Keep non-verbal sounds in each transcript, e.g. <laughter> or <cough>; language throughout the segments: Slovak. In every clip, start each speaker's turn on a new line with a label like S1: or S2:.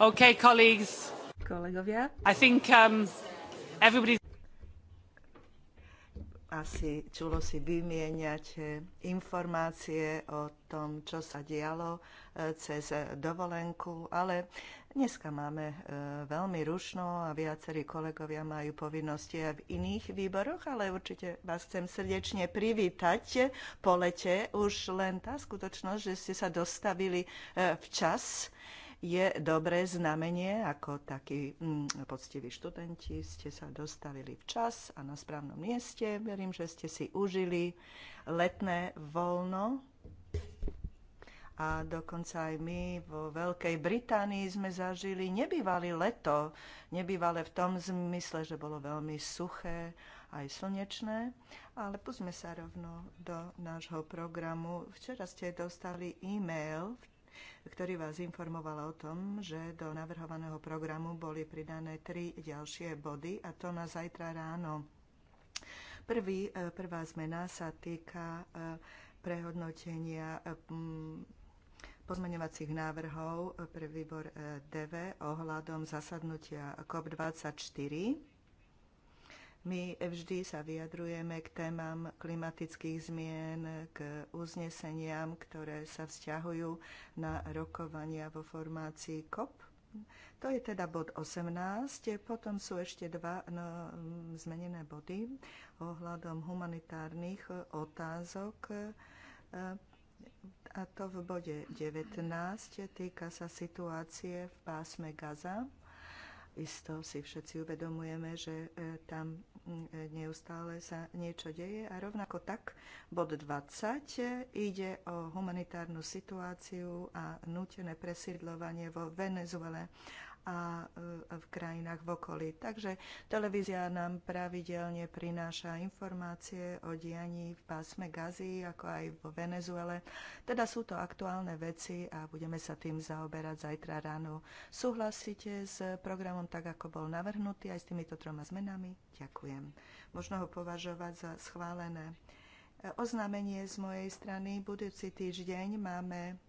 S1: Okay, colleagues. Kolegovia. I think um, everybody...
S2: Asi čulo si vymieňať eh, informácie o tom, čo sa dialo eh, cez eh, dovolenku, ale dneska máme veľmi rušno a viacerí kolegovia majú povinnosti aj v iných výboroch, ale určite vás chcem srdečne privítať po lete. Už len tá skutočnosť, že ste sa dostavili včas. čas je dobré znamenie, ako takí mm, poctiví študenti ste sa dostavili včas a na správnom mieste. Verím, že ste si užili letné voľno. A dokonca aj my vo Veľkej Británii sme zažili nebývalé leto. Nebývalé v tom zmysle, že bolo veľmi suché, aj slnečné. Ale pozme sa rovno do nášho programu. Včera ste dostali e-mail, ktorý vás informoval o tom, že do navrhovaného programu boli pridané tri ďalšie body a to na zajtra ráno. Prvý, e, prvá zmena sa týka e, prehodnotenia e, mm, pozmeňovacích návrhov pre výbor DV ohľadom zasadnutia COP24 my vždy sa vyjadrujeme k témam klimatických zmien, k uzneseniam, ktoré sa vzťahujú na rokovania vo formácii COP. To je teda bod 18. Potom sú ešte dva no, mm, zmenené body ohľadom humanitárnych otázok. E, a to v bode 19 týka sa situácie v pásme Gaza Isto si všetci uvedomujeme, že e, tam e, neustále sa niečo deje a rovnako tak bod 20 e, ide o humanitárnu situáciu a nútené presídlovanie vo Venezuele a e, v krajinách v okolí. Takže televízia nám pravidelne prináša informácie o dianí v pásme Gazi, ako aj vo Venezuele. Teda sú to aktuálne veci a budeme sa tým zaoberať zajtra ráno. Súhlasíte s programom tak, ako bol navrhnutý, aj s týmito troma zmenami? Ďakujem. Možno ho považovať za schválené. E, oznámenie z mojej strany. Budúci týždeň máme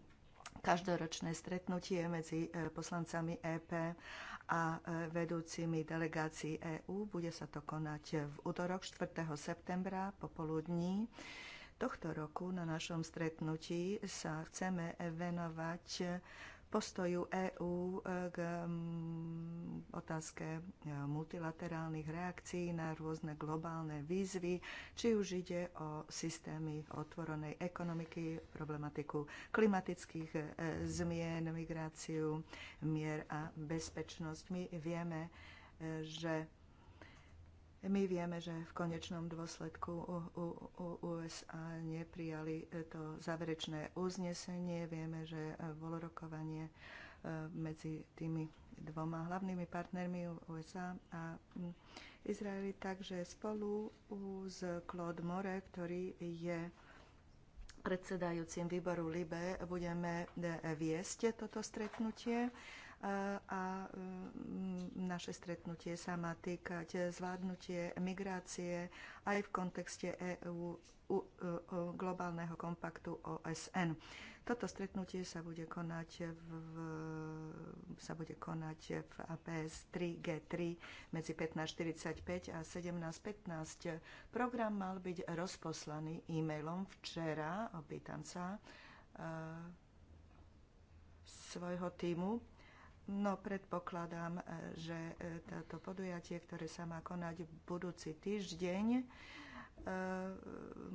S2: každoročné stretnutie medzi e, poslancami EP a e, vedúcimi delegácií EÚ. Bude sa to konať v útorok 4. septembra popoludní. Tohto roku na našom stretnutí sa chceme venovať postoju EÚ e, k otázke e, multilaterálnych reakcií na rôzne globálne výzvy, či už ide o systémy otvorenej ekonomiky, problematiku klimatických e, zmien, migráciu, mier a bezpečnosť. My vieme, že my vieme, že v konečnom dôsledku USA neprijali to záverečné uznesenie. Vieme, že e, bolo rokovanie e, medzi tými dvoma hlavnými partnermi USA a Izraeli. Takže spolu s Claude More, ktorý je predsedajúcim výboru LIBE, budeme e, viesť toto stretnutie a mm, naše stretnutie sa má týkať zvládnutie migrácie aj v kontexte EU e, globálneho kompaktu OSN. Toto stretnutie sa bude konať v, sa bude konať v APS 3G3 medzi 15.45 a 17.15. Program mal byť rozposlaný e-mailom včera, opýtam sa, svojho týmu No predpokladám, e, že e, toto podujatie, ktoré sa má konať budúci týždeň, e,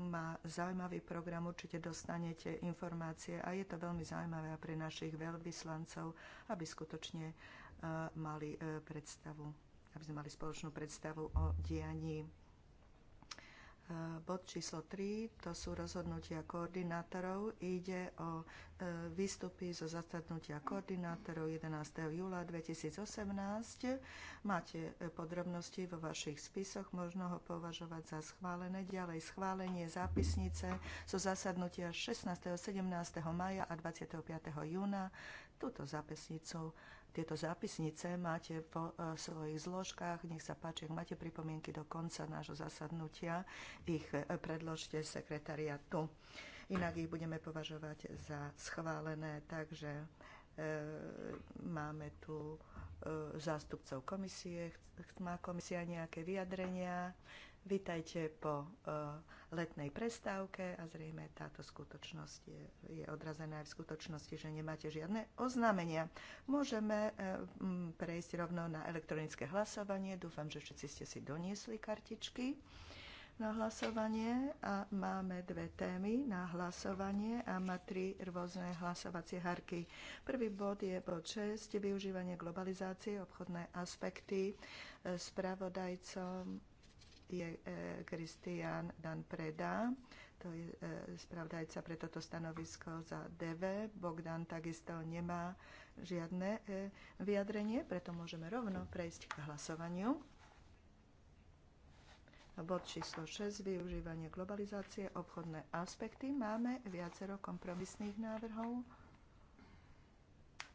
S2: má zaujímavý program, určite dostanete informácie a je to veľmi zaujímavé pre našich veľvyslancov, aby skutočne mali predstavu, aby sme mali spoločnú predstavu o dianí Bod číslo 3, to sú rozhodnutia koordinátorov. Ide o e, výstupy zo zasadnutia koordinátorov 11. júla 2018. Máte e, podrobnosti vo vašich spisoch, možno ho považovať za schválené. Ďalej schválenie zápisnice zo zasadnutia 16. 17. maja a 25. júna. Túto zápisnicu tieto zápisnice máte po e, svojich zložkách. Nech sa páči, ak máte pripomienky do konca nášho zasadnutia, ich e, predložte sekretariatu. Inak ich budeme považovať za schválené, takže e, máme tu e, zástupcov komisie. Má komisia nejaké vyjadrenia? Vítajte po e, letnej prestávke a zrejme táto skutočnosť je, je odrazená aj v skutočnosti, že nemáte žiadne oznámenia. Môžeme e, prejsť rovno na elektronické hlasovanie. Dúfam, že všetci ste si doniesli kartičky na hlasovanie a máme dve témy na hlasovanie a má tri rôzne hlasovacie harky. Prvý bod je bod 6, využívanie globalizácie, obchodné aspekty. E, spravodajcom je Kristián e, Dan Preda, to je e, spravdajca pre toto stanovisko za DV. Bogdan takisto nemá žiadne e, vyjadrenie, preto môžeme rovno prejsť k hlasovaniu. Bod číslo 6, využívanie globalizácie, obchodné aspekty. Máme viacero kompromisných návrhov.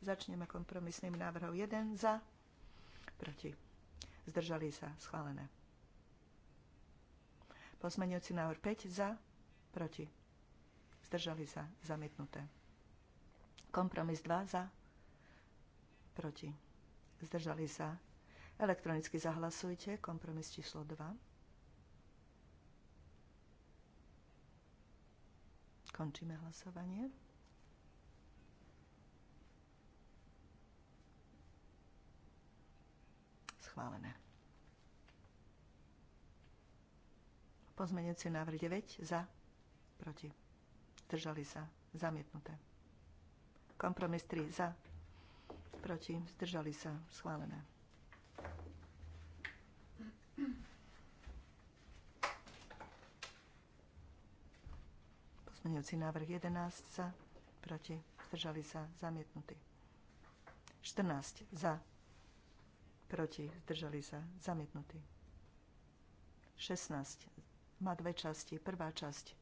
S2: Začneme kompromisným návrhom 1 za, proti. Zdržali sa, schválené. Pozmenujúci návrh 5 za, proti. Zdržali sa, zamietnuté. Kompromis 2 za, proti. Zdržali sa. Elektronicky zahlasujte. Kompromis číslo 2. Končíme hlasovanie. Schválené. Pozmenujúci návrh 9 za, proti. Zdržali sa. Zamietnuté. Kompromis 3 za, proti. Zdržali sa. Schválené. Pozmenujúci návrh 11 za, proti. Zdržali sa. Zamietnutý. 14 za, proti. Zdržali sa. Zamietnutý. 16 má dve časti. Prvá časť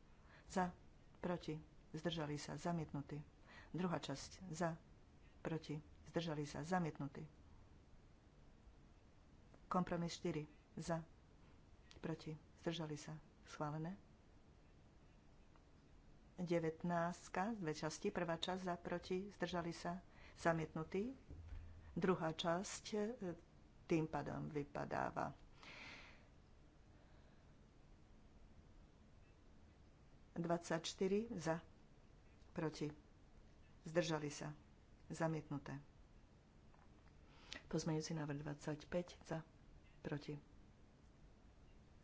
S2: za, proti, zdržali sa, zamietnutý. Druhá časť za, proti, zdržali sa, zamietnutý. Kompromis 4 za, proti, zdržali sa, schválené. 19, dve časti, prvá časť za, proti, zdržali sa, zamietnutý. Druhá časť e, tým pádom vypadáva. 24 za, proti, zdržali sa, zamietnuté. Pozmeňujúci návrh 25 za, proti,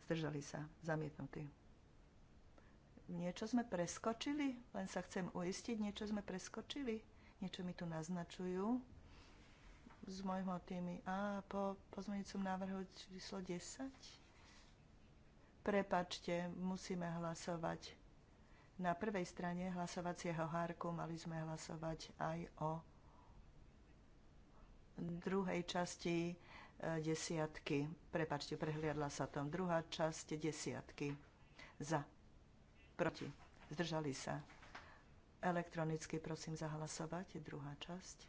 S2: zdržali sa, zamietnutý. Niečo sme preskočili, len sa chcem uistiť, niečo sme preskočili, niečo mi tu naznačujú z môjho týmy. A po pozmeňujúcom návrhu číslo 10? Prepačte, musíme hlasovať na prvej strane hlasovacieho hárku mali sme hlasovať aj o druhej časti e, desiatky. Prepačte, prehliadla sa tom. Druhá časť desiatky. Za. Proti. Zdržali sa. Elektronicky prosím zahlasovať. Druhá časť.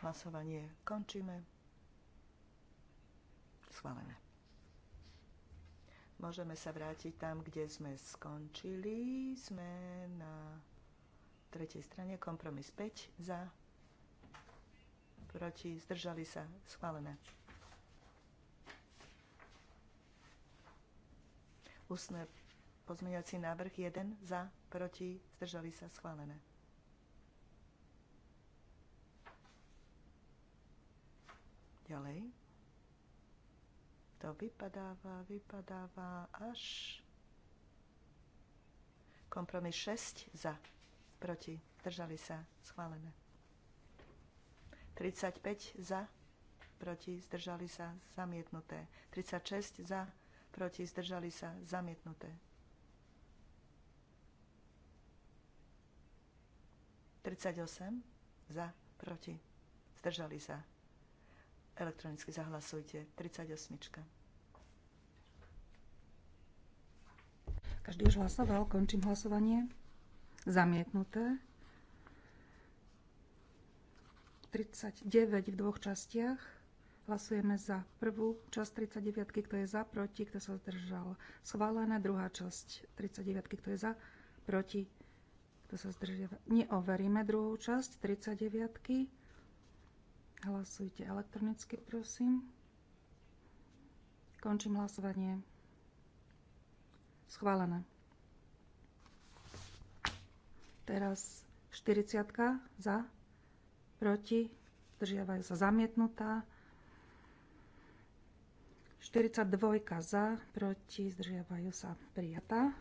S2: Hlasovanie končíme. Schválené. Môžeme sa vrátiť tam, kde sme skončili. Sme na tretej strane. Kompromis 5 za. Proti. Zdržali sa. Schválené. Ústne pozmeňovací návrh 1 za. Proti. Zdržali sa. Schválené. Ďalej to vypadáva, vypadáva až kompromis 6 za, proti, držali sa, schválené. 35 za, proti, zdržali sa, zamietnuté. 36 za, proti, zdržali sa, zamietnuté. 38 za, proti, zdržali sa, Elektronicky zahlasujte. 38.
S1: Každý už hlasoval. Končím hlasovanie. Zamietnuté. 39 v dvoch častiach. Hlasujeme za prvú časť 39, kto je za, proti, kto sa zdržal. Schválená druhá časť 39, kto je za, proti, kto sa zdržal. Neoveríme druhú časť 39. Hlasujte elektronicky, prosím. Končím hlasovanie. Schválené. Teraz 40 za, proti, zdržiavajú sa zamietnutá. 42 za, proti, zdržiavajú sa prijatá.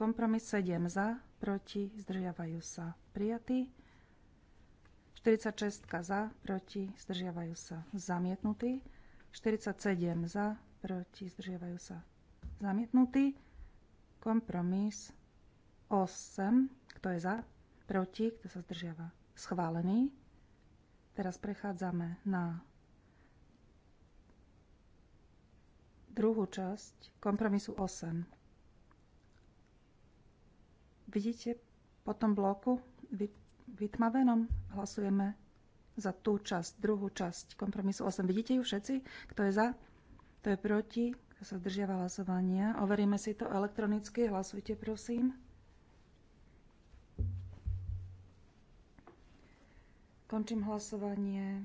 S1: Kompromis 7 za, proti, zdržiavajú sa prijatí. 46 za, proti, zdržiavajú sa zamietnutí. 47 za, proti, zdržiavajú sa zamietnutí. Kompromis 8, kto je za, proti, kto sa zdržiava, schválený. Teraz prechádzame na druhú časť kompromisu 8. Vidíte po tom bloku? vytmavenom. Hlasujeme za tú časť, druhú časť kompromisu 8. Vidíte ju všetci? Kto je za? Kto je proti? Kto sa zdržiava hlasovania? Overíme si to elektronicky. Hlasujte, prosím. Končím hlasovanie.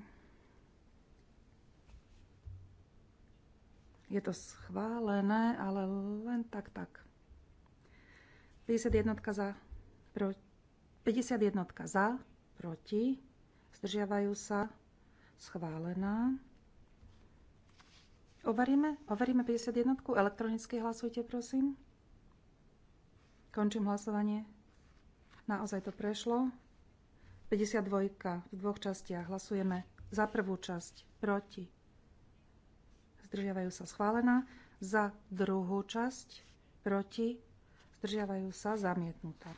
S1: Je to schválené, ale len tak, tak. 51 za, proti 51 za, proti, zdržiavajú sa, schválená. Overíme? Overíme 51. Elektronicky hlasujte, prosím. Končím hlasovanie. Naozaj to prešlo. 52. V dvoch častiach hlasujeme za prvú časť proti. Zdržiavajú sa schválená. Za druhú časť proti. Zdržiavajú sa zamietnutá.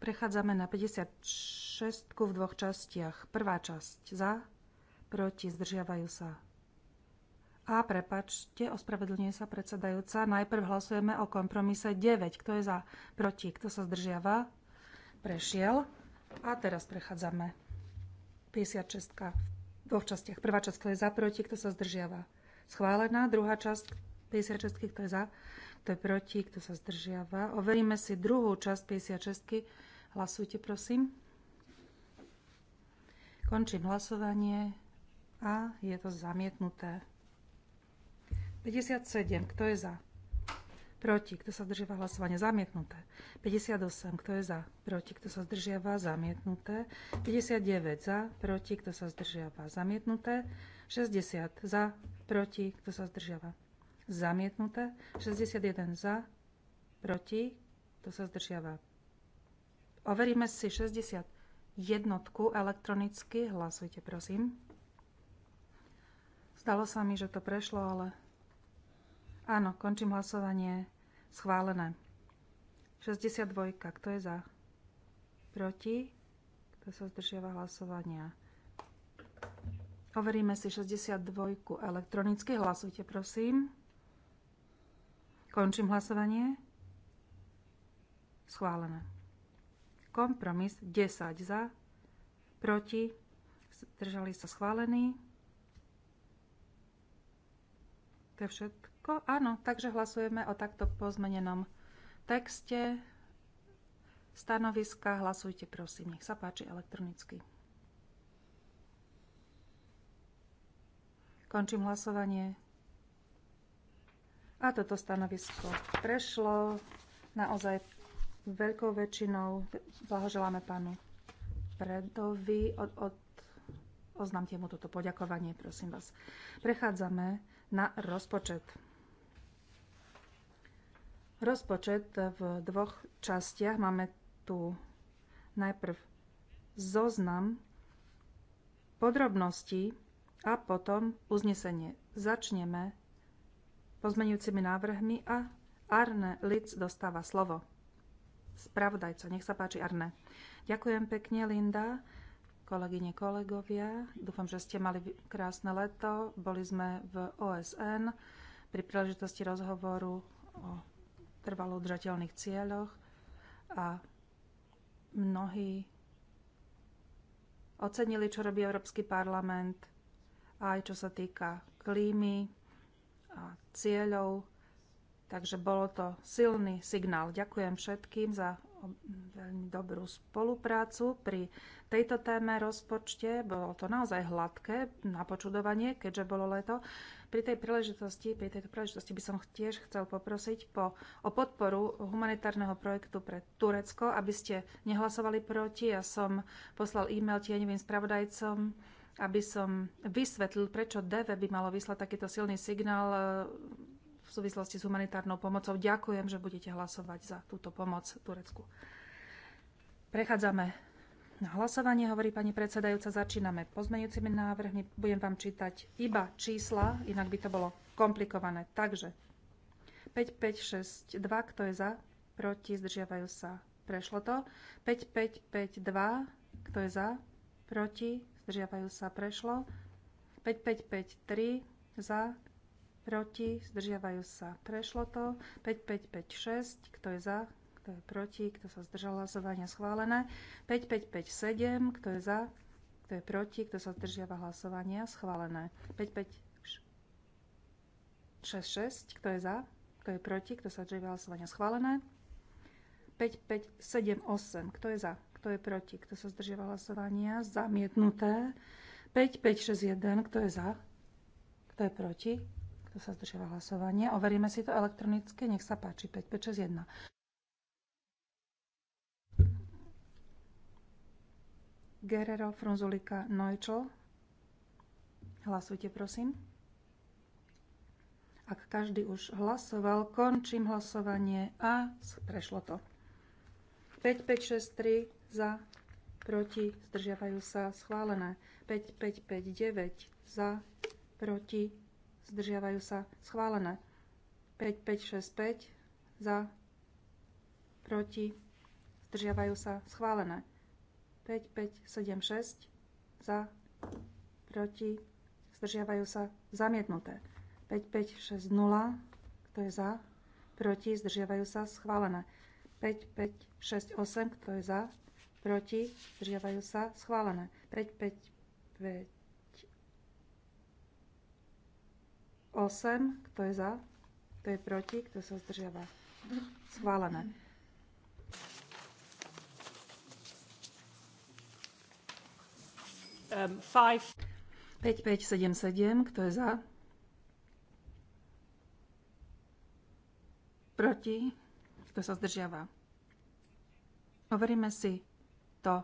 S1: Prechádzame na 56 v dvoch častiach. Prvá časť za, proti, zdržiavajú sa. A prepačte, ospravedlňuje sa predsedajúca. Najprv hlasujeme o kompromise 9. Kto je za, proti, kto sa zdržiava? Prešiel. A teraz prechádzame. 56 v dvoch častiach. Prvá časť, kto je za, proti, kto sa zdržiava? Schválená. Druhá časť, 56, kto je za, kto je proti, kto sa zdržiava. Overíme si druhú časť 56 Hlasujte, prosím. Končím hlasovanie a je to zamietnuté. 57. Kto je za? Proti. Kto sa zdržiava hlasovanie? Zamietnuté. 58. Kto je za? Proti. Kto sa zdržiava? Zamietnuté. 59. Za. Proti. Kto sa zdržiava? Zamietnuté. 60. Za. Proti. Kto sa zdržiava? Zamietnuté. 61. Za. Proti. Kto sa zdržiava? Overíme si 61 elektronicky. Hlasujte, prosím. Zdalo sa mi, že to prešlo, ale... Áno, končím hlasovanie. Schválené. 62. Kto je za? Proti? Kto sa zdržiava hlasovania? Overíme si 62 elektronicky. Hlasujte, prosím. Končím hlasovanie. Schválené. Kompromis 10 za, proti, zdržali sa schválení. To je všetko? Áno, takže hlasujeme o takto pozmenenom texte. Stanoviska hlasujte prosím, nech sa páči elektronicky. Končím hlasovanie. A toto stanovisko prešlo. Naozaj veľkou väčšinou blahoželáme pánu Predovi. Od, od, oznámte mu toto poďakovanie, prosím vás. Prechádzame na rozpočet. Rozpočet v dvoch častiach. Máme tu najprv zoznam podrobností a potom uznesenie. Začneme pozmenujúcimi návrhmi a Arne Litz dostáva slovo spravodajca. Nech sa páči, Arne. Ďakujem pekne, Linda, kolegyne, kolegovia. Dúfam, že ste mali krásne leto. Boli sme v OSN pri príležitosti rozhovoru o trvalo udržateľných cieľoch a mnohí ocenili, čo robí Európsky parlament, aj čo sa týka klímy a cieľov Takže bolo to silný signál. Ďakujem všetkým za veľmi dobrú spoluprácu pri tejto téme rozpočte. Bolo to naozaj hladké na počudovanie, keďže bolo leto. Pri, tej príležitosti, pri tejto príležitosti by som tiež chcel poprosiť po, o podporu humanitárneho projektu pre Turecko, aby ste nehlasovali proti. Ja som poslal e-mail tieňovým spravodajcom, aby som vysvetlil, prečo DV by malo vyslať takýto silný signál v súvislosti s humanitárnou pomocou. Ďakujem, že budete hlasovať za túto pomoc Turecku. Prechádzame na hlasovanie, hovorí pani predsedajúca. Začíname pozmeňujúcimi návrhmi. Budem vám čítať iba čísla, inak by to bolo komplikované. Takže 5, 5, 6, 2, kto je za? Proti, zdržiavajú sa. Prešlo to. 5, 5, 5, 2, kto je za? Proti, zdržiavajú sa. Prešlo. 5, 5, 5, 3, za, proti, zdržiavajú sa. Prešlo to. 5, 5, 5, 6, kto je za, kto je proti, kto sa zdržal hlasovania schválené. 5, 5, 5, 7, kto je za, kto je proti, kto sa zdržiava hlasovania schválené. 5, 5, 6, 6, kto je za, kto je proti, kto sa zdržiava hlasovania schválené. 5, 5, 7, 8, kto je za, kto je proti, kto sa zdržiava hlasovania zamietnuté. 5, 5, 6, 1, kto je za, kto je proti, kto sa zdržiava hlasovania? Overíme si to elektronické. Nech sa páči. 5, 5, 6, 1. Guerrero, Frunzulika, Neuchel. Hlasujte, prosím. Ak každý už hlasoval, končím hlasovanie a prešlo to. 5, 5, 6, 3 za, proti, zdržiavajú sa, schválené. 5, 5, 5, 9 za, proti, zdržiavajú sa, schválené. 5, 5, 6, 5, za, proti, zdržiavajú sa, schválené. 5, 5, 7, 6, za, proti, zdržiavajú sa, zamietnuté. 5, 5, 6, 0, kto je za, proti, zdržiavajú sa, schválené. 5, 5, 6, 8, kto je za, proti, zdržiavajú sa, schválené. 5, 5, 5, 8, kto je za, kto je proti, kto sa zdržiava. Schválené. Um, 7. kto je za? Proti? Kto sa zdržiava? Overíme si to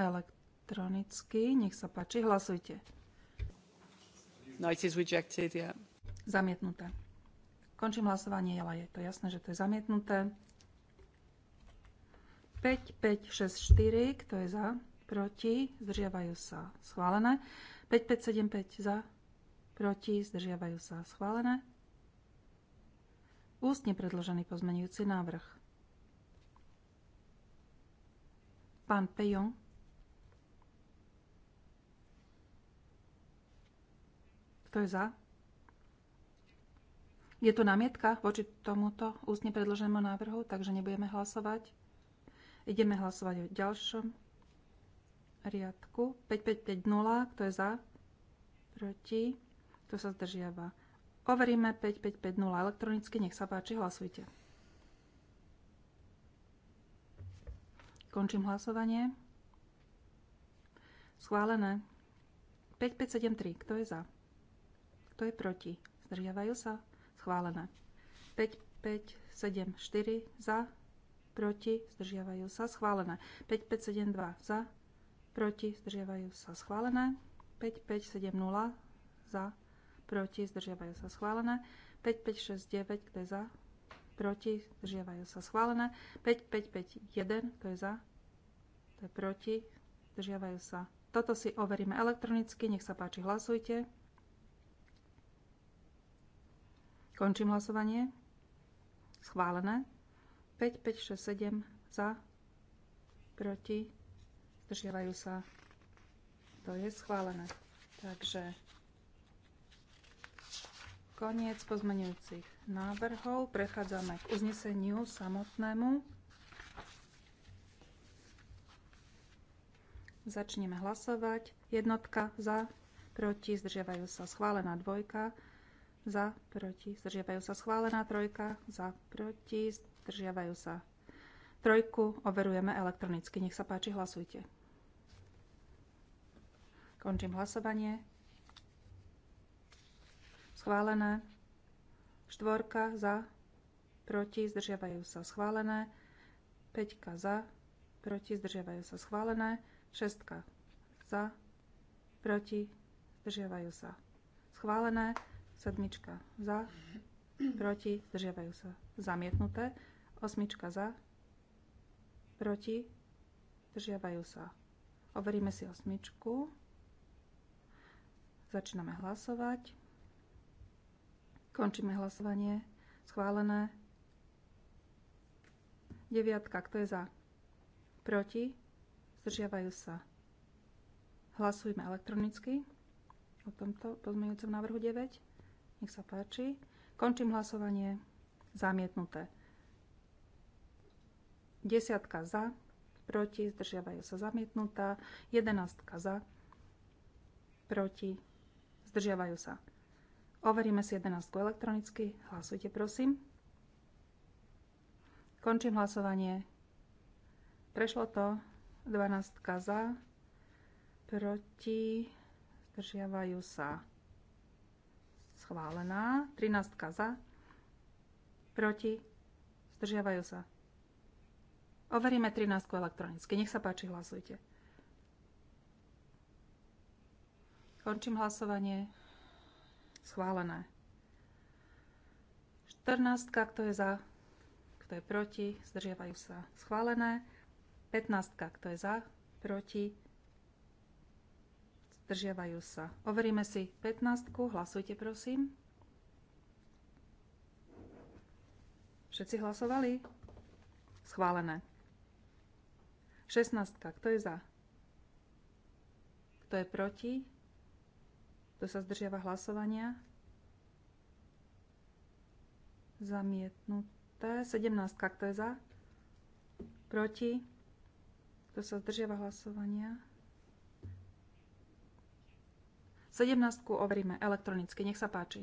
S1: elektronicky. Nech sa páči, hlasujte.
S3: No, it is rejected, yeah.
S1: Zamietnuté. Končím hlasovanie, ale je to jasné, že to je zamietnuté. 5, 5, 6, 4, kto je za, proti, zdržiavajú sa, schválené. 5, 5, 7, 5, za, proti, zdržiavajú sa, schválené. Ústne predložený pozmenujúci návrh. Pán Pejon. Kto je za? Je tu námietka voči tomuto ústne predloženému návrhu, takže nebudeme hlasovať. Ideme hlasovať o ďalšom riadku. 5550, kto je za? Proti? Kto sa zdržiava? Overíme 5550 elektronicky, nech sa páči, hlasujte. Končím hlasovanie. Schválené. 5573. Kto je za? Kto je proti? Zdržiavajú sa? schválené. 5, 5, 7, 4 za, proti, zdržiavajú sa, schválené. 5, 5, 7, 2 za, proti, zdržiavajú sa, schválené. 5, 5, 7, 0 za, proti, zdržiavajú sa, schválené. 5, 5, 6, 9, kto je za, proti, zdržiavajú sa, schválené. 5, 5, 5, 1, kto je za, to je proti, zdržiavajú sa. Toto si overíme elektronicky, nech sa páči, hlasujte. Končím hlasovanie. Schválené. 5, 5, 6, 7 za, proti, zdržiavajú sa. To je schválené. Takže koniec pozmenujúcich návrhov. Prechádzame k uzneseniu samotnému. Začneme hlasovať. Jednotka za, proti, zdržiavajú sa. Schválená dvojka za, proti, zdržiavajú sa. Schválená trojka, za, proti, zdržiavajú sa. Trojku overujeme elektronicky. Nech sa páči, hlasujte. Končím hlasovanie. Schválené. Štvorka za, proti, zdržiavajú sa. Schválené. Peťka za, proti, zdržiavajú sa. Schválené. Šestka za, proti, zdržiavajú sa. Schválené. Sedmička za, proti, zdržiavajú sa. Zamietnuté. Osmička za, proti, zdržiavajú sa. Overíme si osmičku. Začíname hlasovať. Končíme hlasovanie. Schválené. Deviatka, kto je za? Proti? Zdržiavajú sa. Hlasujme elektronicky o tomto pozmeňujúcom návrhu 9. Nech sa páči. Končím hlasovanie. Zamietnuté. Desiatka za, proti, zdržiavajú sa zamietnutá. Jedenáctka za, proti, zdržiavajú sa. Overíme si jedenáctku elektronicky. Hlasujte, prosím. Končím hlasovanie. Prešlo to. 12 za, proti, zdržiavajú sa schválená. 13 za, proti, zdržiavajú sa. Overíme 13 elektronicky. Nech sa páči, hlasujte. Končím hlasovanie. Schválené. 14, kto je za, kto je proti, zdržiavajú sa. Schválené. 15, kto je za, proti, zdržiavajú sa. Overíme si 15. Hlasujte, prosím. Všetci hlasovali? Schválené. 16. Kto je za? Kto je proti? Kto sa zdržiava hlasovania? Zamietnuté. 17. Kto je za? Proti? Kto sa zdržiava hlasovania? 17 overíme elektronicky. Nech sa páči.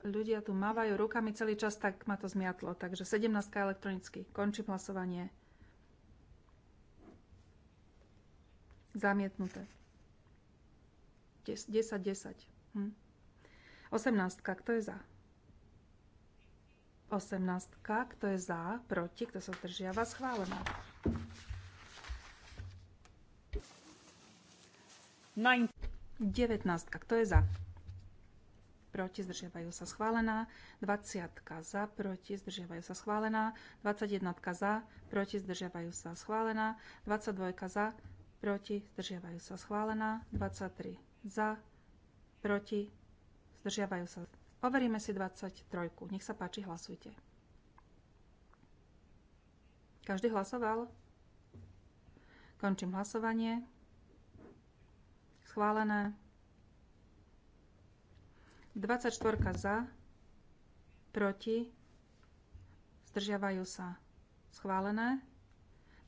S1: Ľudia tu mávajú rukami celý čas, tak ma to zmiatlo. Takže 17 elektronicky. Končím hlasovanie. Zamietnuté. 10, 10. Hm. 18. Kto je za? 18. Kto je za? Proti? Kto sa zdržiava? Schválená. Nine. 19. Kto je za? Proti zdržiavajú sa schválená. 20. Za. Proti zdržiavajú sa schválená. 21. Za. Proti zdržiavajú sa schválená. 22. Za. Proti zdržiavajú sa schválená. 23. Za. Proti zdržiavajú sa. Overíme si 23. Nech sa páči, hlasujte. Každý hlasoval? Končím hlasovanie. Schválené. 24 za, proti, zdržiavajú sa. Schválené.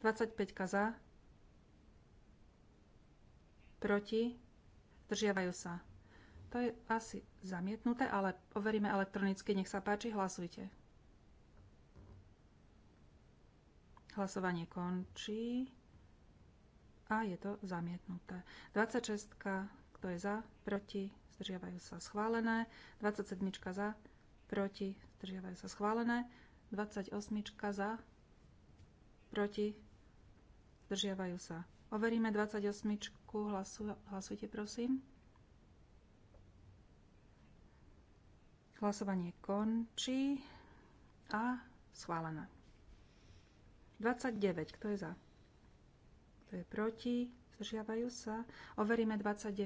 S1: 25 za, proti, zdržiavajú sa. To je asi zamietnuté, ale overíme elektronicky. Nech sa páči, hlasujte. Hlasovanie končí a je to zamietnuté. 26. Kto je za? Proti? Zdržiavajú sa schválené. 27. za? Proti? Zdržiavajú sa schválené. 28. za? Proti? Zdržiavajú sa. Overíme 28. Hlasu, hlasujte prosím. Hlasovanie končí a schválené. 29. Kto je za? Kto je proti? Zdržiavajú sa. Overíme 29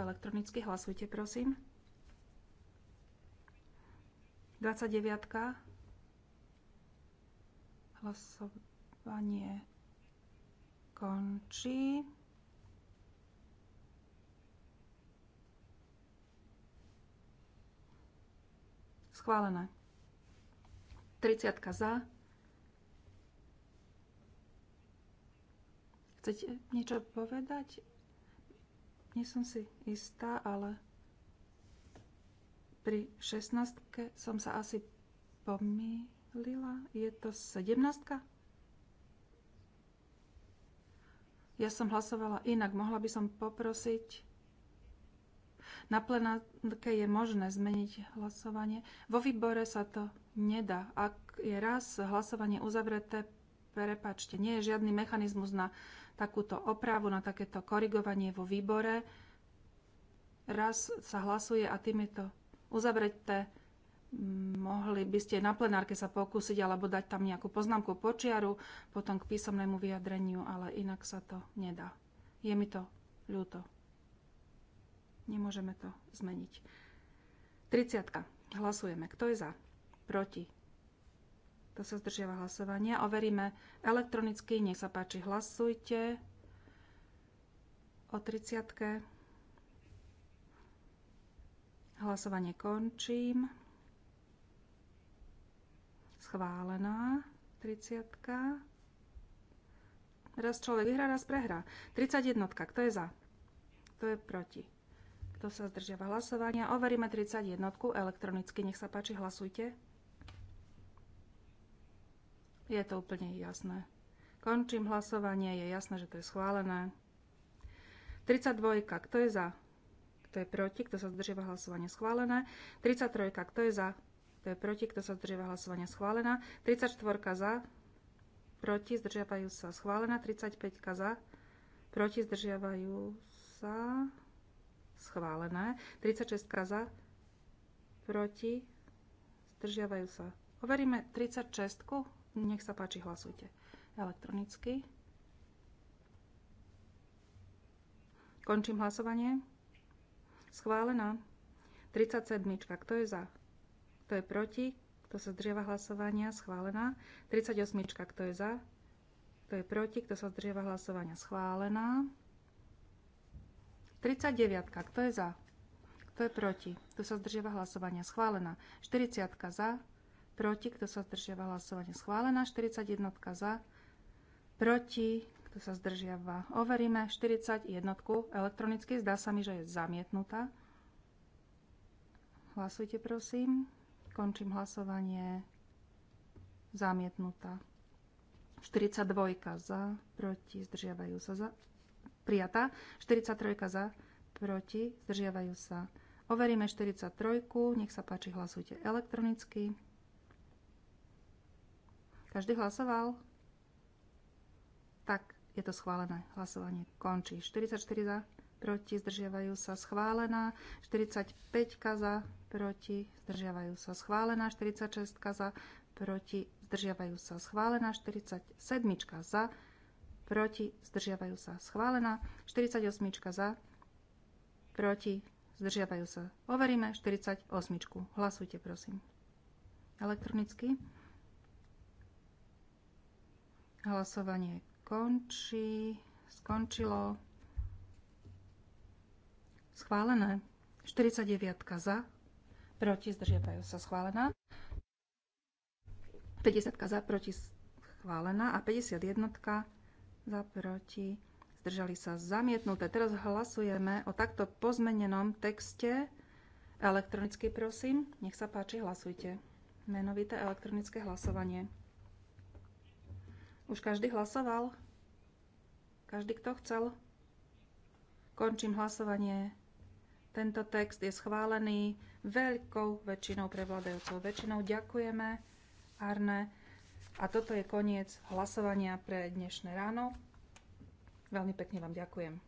S1: elektronicky. Hlasujte, prosím. 29. Hlasovanie končí. Schválené. 30 za, Chcete niečo povedať? Nie som si istá, ale pri 16 som sa asi pomýlila. Je to 17? Ja som hlasovala inak. Mohla by som poprosiť. Na plenárke je možné zmeniť hlasovanie. Vo výbore sa to nedá. Ak je raz hlasovanie uzavreté, prepačte, nie je žiadny mechanizmus na takúto opravu, na takéto korigovanie vo výbore. Raz sa hlasuje a tým je to uzavreté. Mohli by ste na plenárke sa pokúsiť alebo dať tam nejakú poznámku počiaru, potom k písomnému vyjadreniu, ale inak sa to nedá. Je mi to ľúto. Nemôžeme to zmeniť. 30. Hlasujeme. Kto je za? Proti? Kto sa zdržiava hlasovania? Overíme elektronicky. Nech sa páči, hlasujte o 30. Hlasovanie končím. Schválená 30. Raz človek vyhrá, raz prehrá. 31. Kto je za? Kto je proti? Kto sa zdržiava hlasovania? Overíme 31. Elektronicky. Nech sa páči, hlasujte. Je to úplne jasné. Končím hlasovanie, je jasné, že to je schválené. 32, kto je za? Kto je proti? Kto sa zdržiava hlasovanie Schválené. 33, kto je za? Kto je proti? Kto sa zdržiava hlasovanie Schválená. 34 za, proti, zdržiavajú sa. Schválená. 35 za, proti, zdržiavajú sa. Schválené. 36 za, proti, zdržiavajú sa. Overíme 36. Nech sa páči, hlasujte elektronicky. Končím hlasovanie. Schválená. 37. Kto je za? Kto je proti? Kto sa zdrieva hlasovania? Schválená. 38. Kto je za? Kto je proti? Kto sa zdrieva hlasovania? Schválená. 39. Kto je za? Kto je proti? Kto sa zdrieva hlasovania? Schválená. 40. Za proti, kto sa zdržiava hlasovania schválená, 41 za, proti, kto sa zdržiava. Overíme 41 elektronicky, zdá sa mi, že je zamietnutá. Hlasujte prosím. Končím hlasovanie. Zamietnutá. 42 za, proti, zdržiavajú sa za. Prijatá. 43 za, proti, zdržiavajú sa. Overíme 43. Nech sa páči, hlasujte elektronicky. Každý hlasoval? Tak, je to schválené. Hlasovanie končí. 44 za, proti, zdržiavajú sa, schválená. 45 za, proti, zdržiavajú sa, schválená. 46 za, proti, zdržiavajú sa, schválená. 47 za, proti, zdržiavajú sa, schválená. 48 za, proti, zdržiavajú sa. Overíme 48. Hlasujte, prosím. Elektronicky. Hlasovanie končí. Skončilo. Schválené. 49 za. Proti. Zdržiavajú sa. Schválená. 50 za. Proti. Schválená. A 51 za. Proti. Zdržali sa. Zamietnuté. Teraz hlasujeme o takto pozmenenom texte. Elektronicky prosím. Nech sa páči, hlasujte. Menovité elektronické hlasovanie. Už každý hlasoval? Každý, kto chcel? Končím hlasovanie. Tento text je schválený veľkou väčšinou, prevládajúcou väčšinou. Ďakujeme, Arne. A toto je koniec hlasovania pre dnešné ráno. Veľmi pekne vám ďakujem.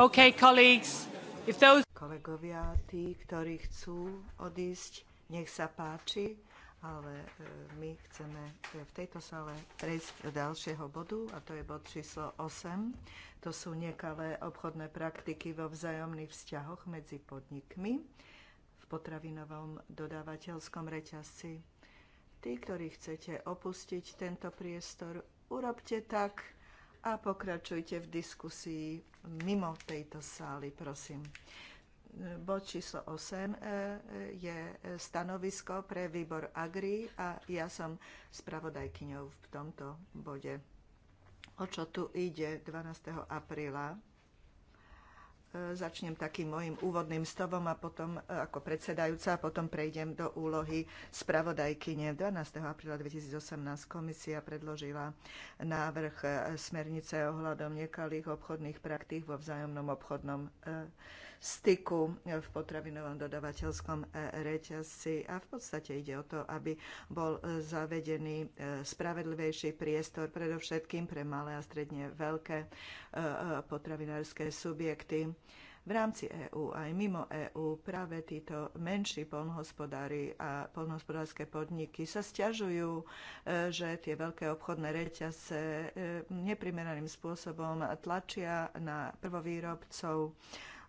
S1: Okay, colleagues, if those...
S2: Kolegovia, tí, ktorí chcú odísť, nech sa páči, ale e, my chceme v tejto sále prejsť do ďalšieho bodu a to je bod číslo 8. To sú nekalé obchodné praktiky vo vzájomných vzťahoch medzi podnikmi v potravinovom dodávateľskom reťazci. Tí, ktorí chcete opustiť tento priestor, urobte tak a pokračujte v diskusii mimo tejto sály, prosím. Bod číslo 8 e, je stanovisko pre výbor Agri a ja som spravodajkyňou v tomto bode. O čo tu ide 12. apríla E, začnem takým mojim úvodným stavom a potom e, ako predsedajúca a potom prejdem do úlohy spravodajkyne. 12. apríla 2018 komisia predložila návrh e, smernice ohľadom nekalých obchodných praktík vo vzájomnom obchodnom styku v potravinovom dodavateľskom e, reťazci a v podstate ide o to, aby bol e, zavedený e, spravedlivejší priestor predovšetkým pre malé a stredne veľké potravinárske subjekty v rámci EÚ aj mimo EÚ práve títo menší polnohospodári a polnohospodárske podniky sa stiažujú, že tie veľké obchodné reťazce neprimeraným spôsobom tlačia na prvovýrobcov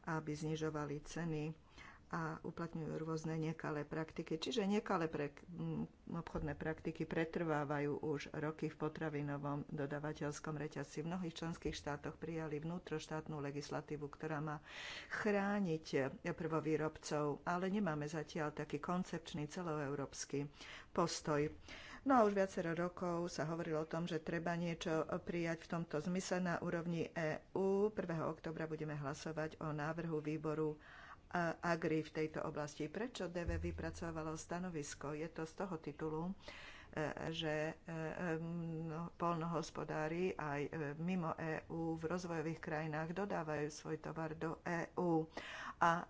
S2: aby znižovali ceny a uplatňujú rôzne nekalé praktiky. Čiže nekalé pre, mm, obchodné praktiky pretrvávajú už roky v potravinovom dodavateľskom reťazci. V mnohých členských štátoch prijali vnútroštátnu legislatívu, ktorá má chrániť prvovýrobcov, ale nemáme zatiaľ taký koncepčný celoeurópsky postoj. No a už viacero rokov sa hovorilo o tom, že treba niečo prijať v tomto zmysle na úrovni EÚ. 1. oktobra budeme hlasovať o návrhu výboru Agri v tejto oblasti. Prečo DV vypracovalo stanovisko? Je to z toho titulu, e, že e, e, no, polnohospodári aj mimo EÚ v rozvojových krajinách dodávajú svoj tovar do EÚ a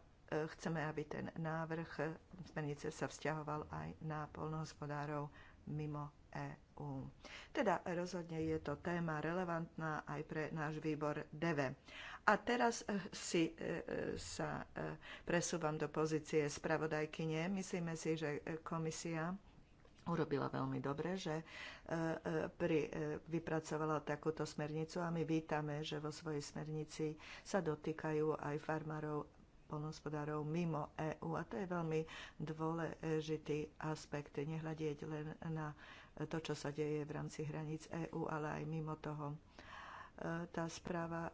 S2: chceme, aby ten návrh smernice sa vzťahoval aj na polnohospodárov mimo EÚ. Teda rozhodne je to téma relevantná aj pre náš výbor DV. A teraz eh, si eh, eh, sa presúvam do pozície spravodajkyne. Myslíme si, že komisia urobila veľmi dobre, že pri, vypracovala takúto smernicu a my vítame, že vo svojej smernici sa dotýkajú aj farmárov polnospodárov mimo EÚ. A to je veľmi dôležitý aspekt, nehľadieť len na to, čo sa deje v rámci hraníc EÚ, ale aj mimo toho tá správa e,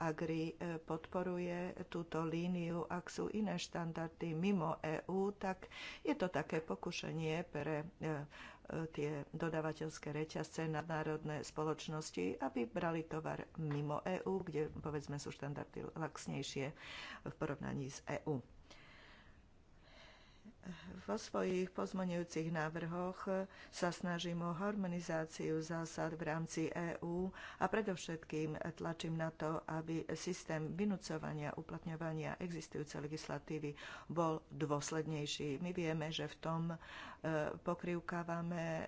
S2: Agri e, podporuje túto líniu. Ak sú iné štandardy mimo EÚ, tak je to také pokušenie pre e, tie dodavateľské reťazce nadnárodné spoločnosti, aby brali tovar mimo EÚ, kde povedzme sú štandardy laxnejšie v porovnaní s EÚ. Vo svojich pozmenujúcich návrhoch sa snažím o harmonizáciu zásad v rámci EÚ a predovšetkým tlačím na to, aby systém vynúcovania, uplatňovania existujúcej legislatívy bol dôslednejší. My vieme, že v tom e, pokrivkávame e,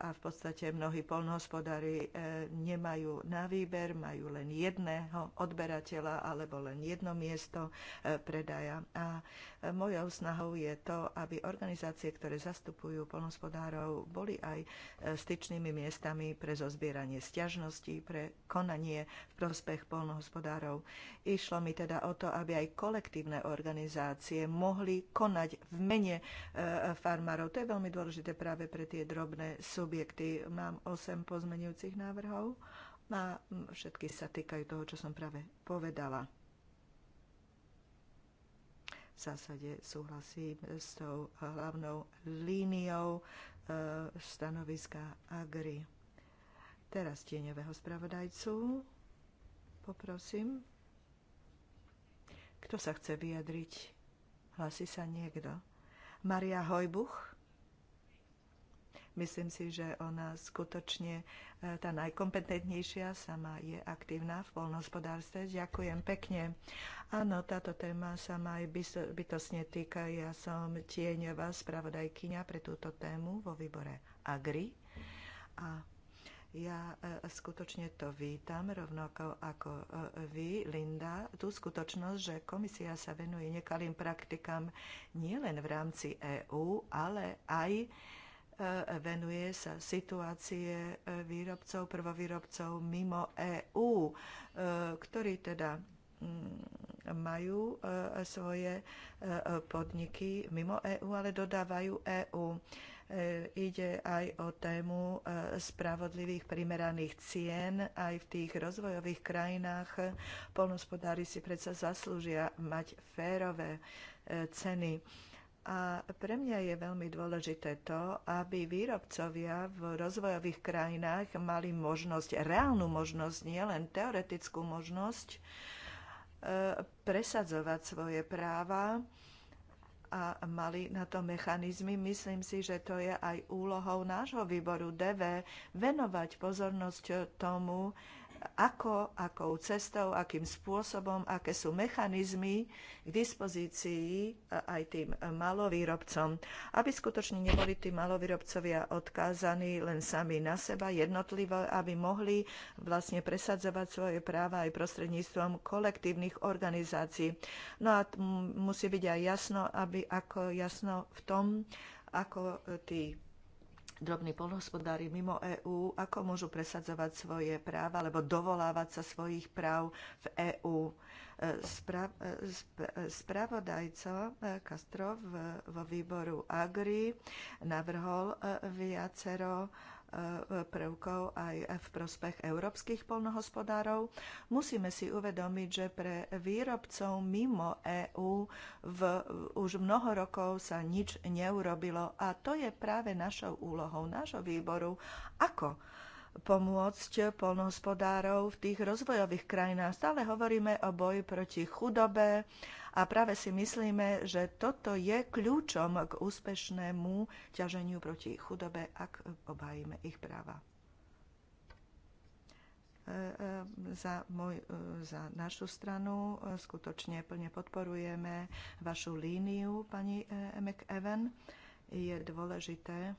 S2: a v podstate mnohí polnohospodári e, nemajú na výber, majú len jedného odberateľa alebo len jedno miesto e, predaja. A e, mojou snahou je to, aby organizácie, ktoré zastupujú polnohospodárov, boli aj styčnými miestami pre zozbieranie stiažností, pre konanie v prospech polnohospodárov. Išlo mi teda o to, aby aj kolektívne organizácie mohli konať v mene farmárov. To je veľmi dôležité práve pre tie drobné subjekty. Mám 8 pozmenujúcich návrhov a všetky sa týkajú toho, čo som práve povedala. V zásade súhlasím s tou hlavnou líniou e, stanoviska Agri. Teraz tieňového spravodajcu poprosím. Kto sa chce vyjadriť? Hlasí sa niekto. Maria Hojbuch? Myslím si, že ona skutočne e, tá najkompetentnejšia sama je aktívna v polnohospodárstve. Ďakujem pekne. Áno, táto téma sa ma aj bytosne týka. Ja som tieňová spravodajkyňa pre túto tému vo výbore Agri. A ja e, skutočne to vítam, rovnako ako e, vy, Linda, tú skutočnosť, že komisia sa venuje nekalým praktikám nielen v rámci EÚ, ale aj E, venuje sa situácie e, výrobcov, prvovýrobcov mimo EÚ, e, ktorí teda mm, majú svoje podniky mimo EÚ, ale dodávajú EÚ ide aj o tému spravodlivých primeraných cien. Aj v tých rozvojových krajinách polnospodári si predsa zaslúžia mať férové ceny. A pre mňa je veľmi dôležité to, aby výrobcovia v rozvojových krajinách mali možnosť, reálnu možnosť, nielen teoretickú možnosť, e, presadzovať svoje práva a mali na to mechanizmy. Myslím si, že to je aj úlohou nášho výboru DV venovať pozornosť tomu, ako, akou cestou, akým spôsobom, aké sú mechanizmy k dispozícii e, aj tým malovýrobcom, aby skutočne neboli tí malovýrobcovia odkázaní len sami na seba jednotlivo, aby mohli vlastne presadzovať svoje práva aj prostredníctvom kolektívnych organizácií. No a musí byť aj jasno, aby ako jasno v tom, ako e, tí drobní polnohospodári mimo EÚ, ako môžu presadzovať svoje práva alebo dovolávať sa svojich práv v EÚ. E, spra- e, e, spravodajco Kastrov vo výboru Agri navrhol viacero E, prvkov aj e, v prospech európskych polnohospodárov. Musíme si uvedomiť, že pre výrobcov mimo EÚ už mnoho rokov sa nič neurobilo a to je práve našou úlohou, nášho výboru, ako pomôcť polnohospodárov v tých rozvojových krajinách. Stále hovoríme o boji proti chudobe a práve si myslíme, že toto je kľúčom k úspešnému ťaženiu proti chudobe, ak obhajíme ich práva. E, e, za, môj, e, za našu stranu skutočne plne podporujeme vašu líniu, pani Even. Je dôležité,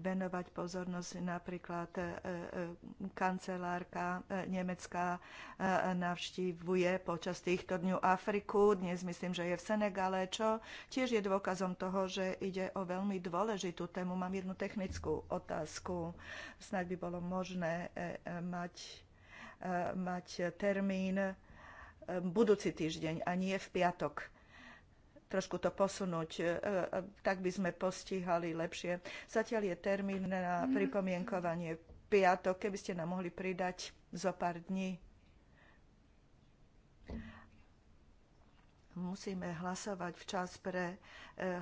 S2: venovať pozornosť napríklad e, e, kancelárka e, nemecká navštívuje počas týchto dňu Afriku, dnes myslím, že je v Senegale, čo tiež je dôkazom toho, že ide o veľmi dôležitú tému. Mám jednu technickú otázku. Snaď by bolo možné mať, mať termín budúci týždeň a nie v piatok trošku to posunúť, e, e, tak by sme postihali lepšie. Zatiaľ je termín na mhm. pripomienkovanie piatok, keby ste nám mohli pridať zo pár dní. Musíme hlasovať včas pre e,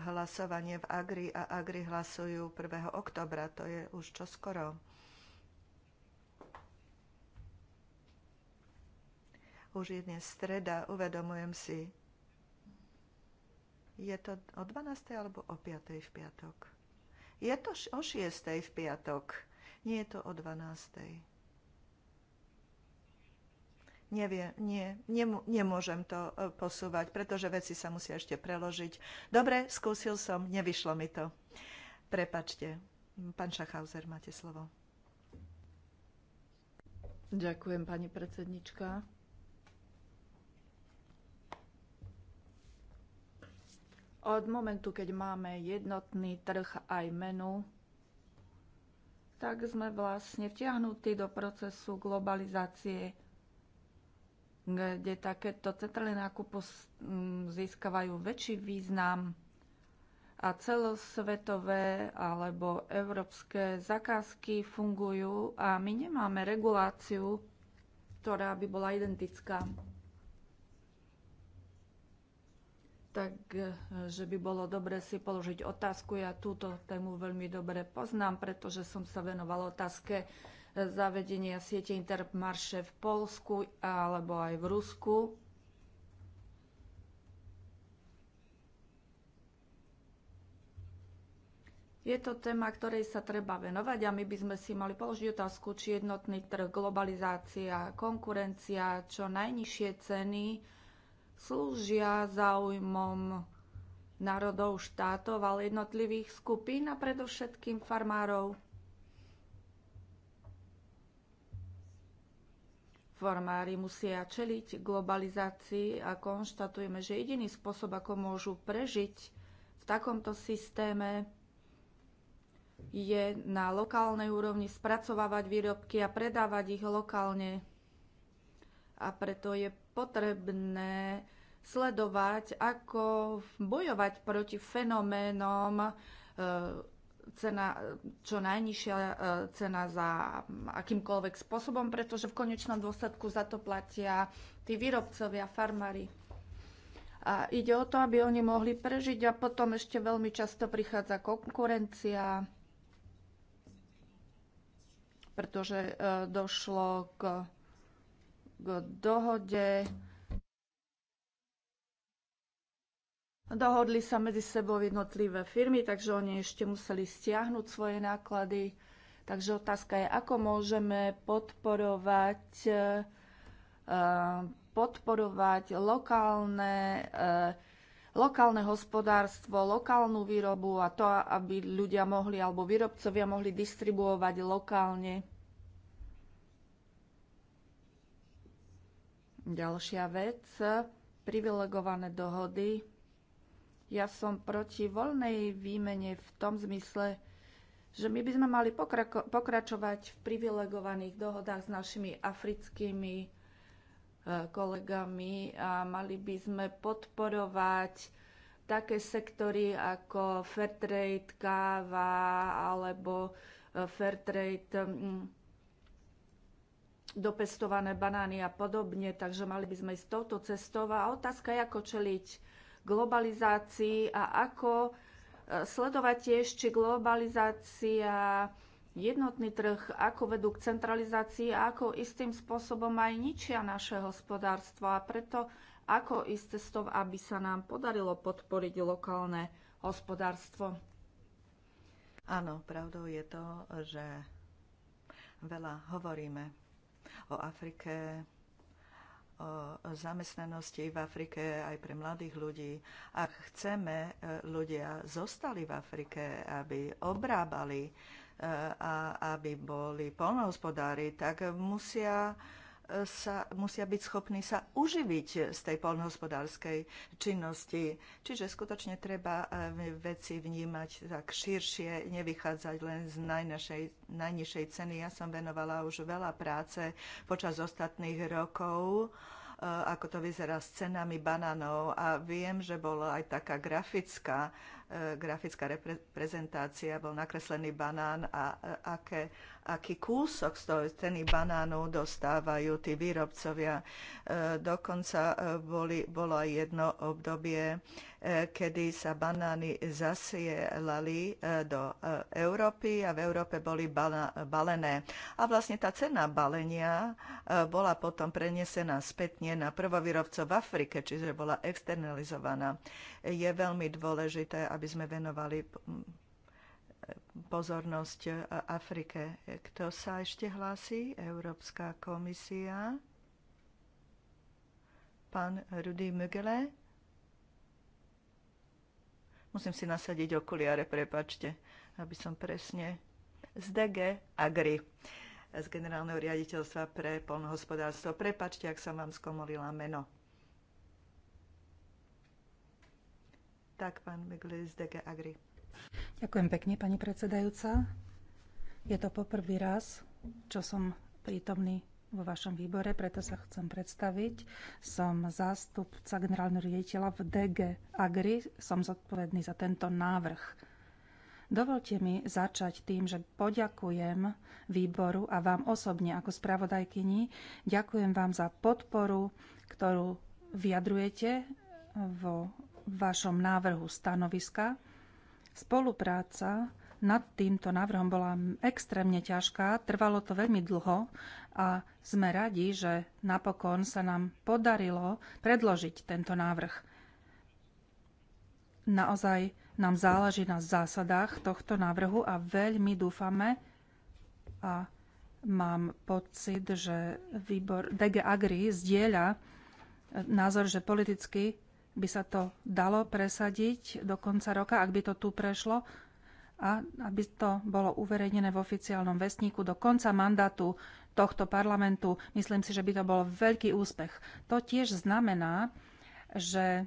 S2: hlasovanie v Agri a Agri hlasujú 1. oktobra, to je už čoskoro. Už je dnes streda, uvedomujem si, je to o 12. alebo o 5. v piatok? Je to o 6. v piatok. Nie je to o 12. Nevie, nie, nem, nemôžem to e, posúvať, pretože veci sa musia ešte preložiť. Dobre, skúsil som, nevyšlo mi to. Prepačte. Pán Šachauser, máte slovo.
S3: Ďakujem, pani predsednička. Od momentu, keď máme jednotný trh aj menu, tak sme vlastne vtiahnutí do procesu globalizácie, kde takéto centrálne nákupy mm, získavajú väčší význam a celosvetové alebo európske zakázky fungujú a my nemáme reguláciu, ktorá by bola identická. Takže eh, by bolo dobre si položiť otázku. Ja túto tému veľmi dobre poznám, pretože som sa venovala otázke eh, zavedenia siete Intermarše v Polsku alebo aj v Rusku. Je to téma, ktorej sa treba venovať a my by sme si mali položiť otázku, či jednotný trh, globalizácia, konkurencia, čo najnižšie ceny, slúžia záujmom národov, štátov, ale jednotlivých skupín a predovšetkým farmárov. Farmári musia čeliť globalizácii a konštatujeme, že jediný spôsob, ako môžu prežiť v takomto systéme, je na lokálnej úrovni spracovávať výrobky a predávať ich lokálne. A preto je potrebné sledovať, ako bojovať proti fenoménom e, cena, čo najnižšia e, cena za akýmkoľvek spôsobom, pretože v konečnom dôsledku za to platia tí výrobcovia, farmári. A ide o to, aby oni mohli prežiť a potom ešte veľmi často prichádza konkurencia, pretože e, došlo k k dohode. Dohodli sa medzi sebou jednotlivé firmy, takže oni ešte museli stiahnuť svoje náklady. Takže otázka je, ako môžeme podporovať, eh, podporovať lokálne, eh, lokálne hospodárstvo, lokálnu výrobu a to, aby ľudia mohli alebo výrobcovia mohli distribuovať lokálne Ďalšia vec, privilegované dohody. Ja som proti voľnej výmene v tom zmysle, že my by sme mali pokrako- pokračovať v privilegovaných dohodách s našimi africkými e, kolegami a mali by sme podporovať také sektory ako Fairtrade, káva alebo e, Fairtrade dopestované banány a podobne, takže mali by sme ísť touto cestou. A otázka je, ako čeliť globalizácii a ako e, sledovať tiež, či globalizácia jednotný trh, ako vedú k centralizácii a ako istým spôsobom aj ničia naše hospodárstvo. A preto ako ísť cestou, aby sa nám podarilo podporiť lokálne hospodárstvo. Áno, pravdou je to, že
S2: veľa hovoríme o Afrike, o zamestnanosti v Afrike aj pre mladých ľudí. Ak chceme e, ľudia zostali v Afrike, aby obrábali e, a aby boli polnohospodári, tak musia sa, musia byť schopní sa uživiť z tej polnohospodárskej činnosti. Čiže skutočne treba eh, veci vnímať tak širšie, nevychádzať len z najnašej, najnižšej ceny. Ja som venovala už veľa práce počas ostatných rokov eh, ako to vyzerá s cenami banánov a viem, že bola aj taká grafická grafická reprezentácia, bol nakreslený banán a e, aké, aký kúsok z toho ceny banánu dostávajú tí výrobcovia. E, dokonca e, boli, bolo aj jedno obdobie, kedy sa banány zasielali do Európy a v Európe boli balené. A vlastne tá cena balenia bola potom prenesená spätne na prvovýrobcov v Afrike, čiže bola externalizovaná. Je veľmi dôležité, aby aby sme venovali mm, pozornosť e, Afrike. Kto sa ešte hlási? Európska komisia. Pán Rudy Mögele. Musím si nasadiť okuliare, prepačte, aby som presne z DG Agri z generálneho riaditeľstva pre polnohospodárstvo. Prepačte, ak som vám skomolila meno. tak pán Megle z DG Agri.
S1: Ďakujem pekne, pani predsedajúca. Je to poprvý raz, čo som prítomný vo vašom výbore, preto sa chcem predstaviť. Som zástupca generálneho riaditeľa v DG Agri, som zodpovedný za tento návrh. Dovolte mi začať tým, že poďakujem výboru a vám osobne ako spravodajkyni. Ďakujem vám za podporu, ktorú vyjadrujete vo vašom návrhu stanoviska. Spolupráca nad týmto návrhom bola extrémne ťažká, trvalo to veľmi dlho a sme radi, že napokon sa nám podarilo predložiť tento návrh. Naozaj nám záleží na zásadách tohto návrhu a veľmi dúfame a mám pocit, že výbor DG Agri zdieľa názor, že politicky by sa to dalo presadiť do konca roka, ak by to tu prešlo, a aby to bolo uverejnené v oficiálnom vestníku do konca mandátu tohto parlamentu. Myslím si, že by to bol veľký úspech. To tiež znamená, že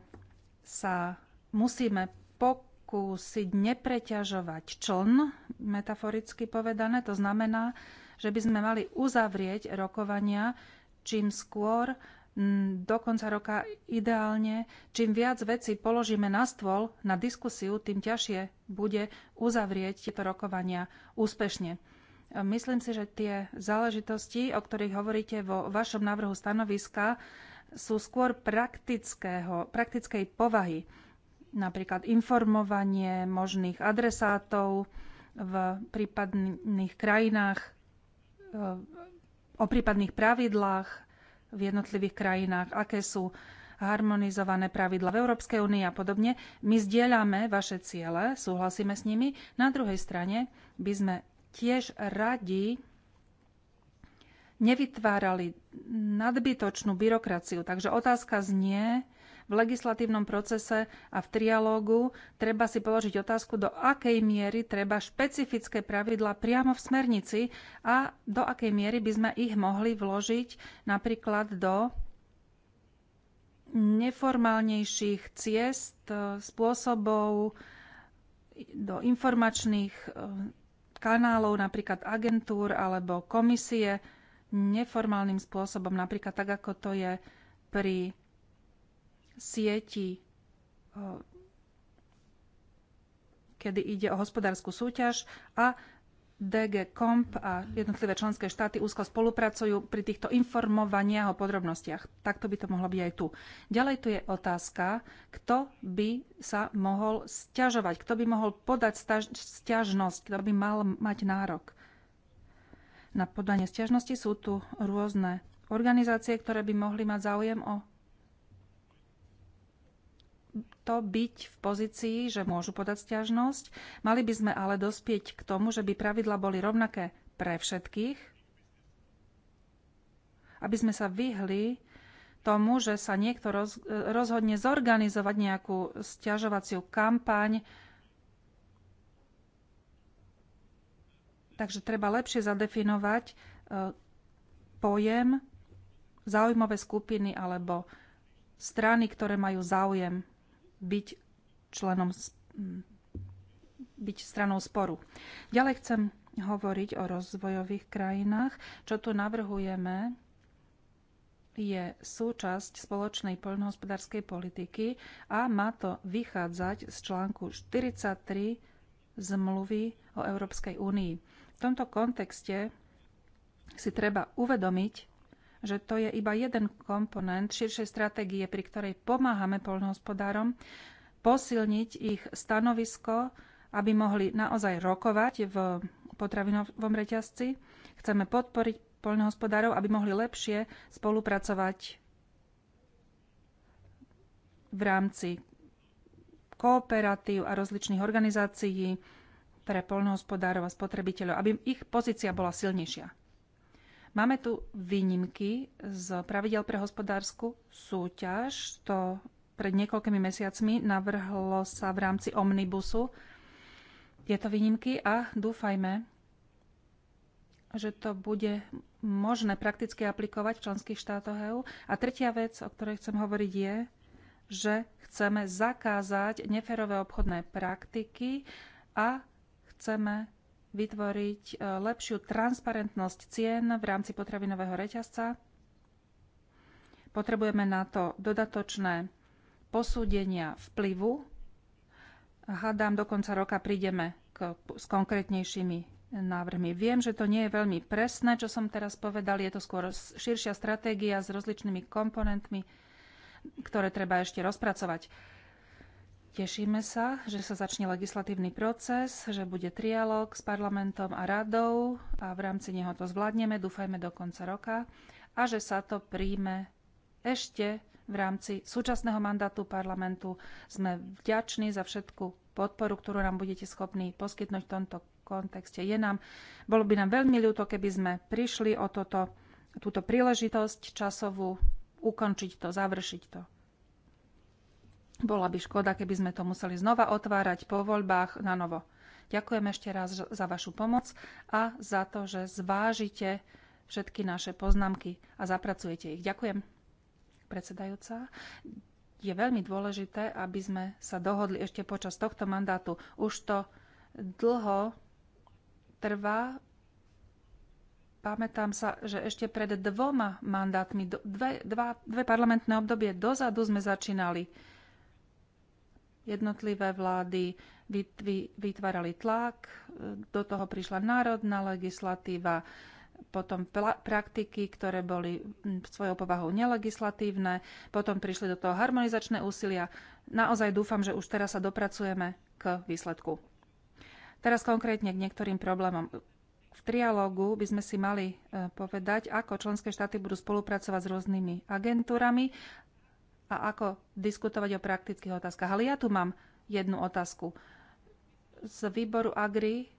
S1: sa musíme pokúsiť nepreťažovať čln, metaforicky povedané. To znamená, že by sme mali uzavrieť rokovania čím skôr, do konca roka ideálne. Čím viac vecí položíme na stôl, na diskusiu, tým ťažšie bude uzavrieť tieto rokovania úspešne. E, myslím si, že tie záležitosti, o ktorých hovoríte vo vašom návrhu stanoviska, sú skôr praktickej povahy. Napríklad informovanie možných adresátov v prípadných krajinách, e, o prípadných pravidlách v jednotlivých krajinách, aké sú harmonizované pravidla v Európskej únii a podobne. My zdieľame vaše ciele, súhlasíme s nimi. Na druhej strane by sme tiež radi nevytvárali nadbytočnú byrokraciu. Takže otázka znie, v legislatívnom procese a v trialógu treba si položiť otázku, do akej miery treba špecifické pravidla priamo v smernici a do akej miery by sme ich mohli vložiť napríklad do neformálnejších ciest, e, spôsobov, do informačných e, kanálov, napríklad agentúr alebo komisie, neformálnym spôsobom, napríklad tak, ako to je pri sieti, kedy ide o hospodárskú súťaž a DG Komp a jednotlivé členské štáty úzko spolupracujú pri týchto informovaniach o podrobnostiach. Takto by to mohlo byť aj tu. Ďalej tu je otázka, kto by sa mohol stiažovať, kto by mohol podať stiažnosť, kto by mal mať nárok. Na podanie stiažnosti sú tu rôzne organizácie, ktoré by mohli mať záujem o to byť v pozícii, že môžu podať stiažnosť. Mali by sme ale dospieť k tomu, že by pravidla boli rovnaké pre všetkých, aby sme sa vyhli tomu, že sa niekto roz, rozhodne zorganizovať nejakú stiažovaciu kampaň. Takže treba lepšie zadefinovať e, pojem záujmové skupiny alebo strany, ktoré majú záujem byť členom byť stranou sporu. Ďalej chcem hovoriť o rozvojových krajinách. Čo tu navrhujeme, je súčasť spoločnej poľnohospodárskej politiky a má to vychádzať z článku 43 zmluvy o Európskej únii. V tomto kontexte si treba uvedomiť, že to je iba jeden komponent širšej stratégie, pri ktorej pomáhame poľnohospodárom posilniť ich stanovisko, aby mohli naozaj rokovať v potravinovom reťazci. Chceme podporiť poľnohospodárov, aby mohli lepšie spolupracovať v rámci kooperatív a rozličných organizácií pre poľnohospodárov a spotrebiteľov, aby ich pozícia bola silnejšia. Máme tu výnimky z pravidel pre hospodárskú súťaž. To pred niekoľkými mesiacmi navrhlo sa v rámci omnibusu tieto výnimky a dúfajme, že to bude možné prakticky aplikovať v členských štátoch EÚ. A tretia vec, o ktorej chcem hovoriť, je, že chceme zakázať neférové obchodné praktiky a chceme vytvoriť e, lepšiu transparentnosť cien v rámci potravinového reťazca. Potrebujeme na to dodatočné posúdenia vplyvu. Hádam, do konca roka prídeme k, s konkrétnejšími návrhmi. Viem, že to nie je veľmi presné, čo som teraz povedal. Je to skôr širšia stratégia s rozličnými komponentmi, ktoré treba ešte rozpracovať. Tešíme sa, že sa začne legislatívny proces, že bude trialog s parlamentom a radou a v rámci neho to zvládneme, dúfajme do konca roka a že sa to príjme ešte v rámci súčasného mandátu parlamentu. Sme vďační za všetku podporu, ktorú nám budete schopní poskytnúť v tomto kontexte. Je nám, bolo by nám veľmi ľúto, keby sme prišli o toto, túto príležitosť časovú ukončiť to, završiť to. Bola by škoda, keby sme to museli znova otvárať po voľbách na novo. Ďakujem ešte raz za vašu pomoc a za to, že zvážite všetky naše poznámky a zapracujete ich. Ďakujem, predsedajúca. Je veľmi dôležité, aby sme sa dohodli ešte počas tohto mandátu. Už to dlho trvá. Pamätám sa, že ešte pred dvoma mandátmi, dve, dva, dve parlamentné obdobie dozadu sme začínali Jednotlivé vlády vytvárali tlak, e, do toho prišla národná legislatíva, potom praktiky, ktoré boli svojou povahou nelegislatívne, potom prišli do toho harmonizačné úsilia. Naozaj dúfam, že už teraz sa dopracujeme k výsledku. Teraz konkrétne k niektorým problémom. V trialógu by sme si mali e, povedať, ako členské štáty budú spolupracovať s rôznymi agentúrami a ako diskutovať o praktických otázkach. Ale ja tu mám jednu otázku. Z výboru Agri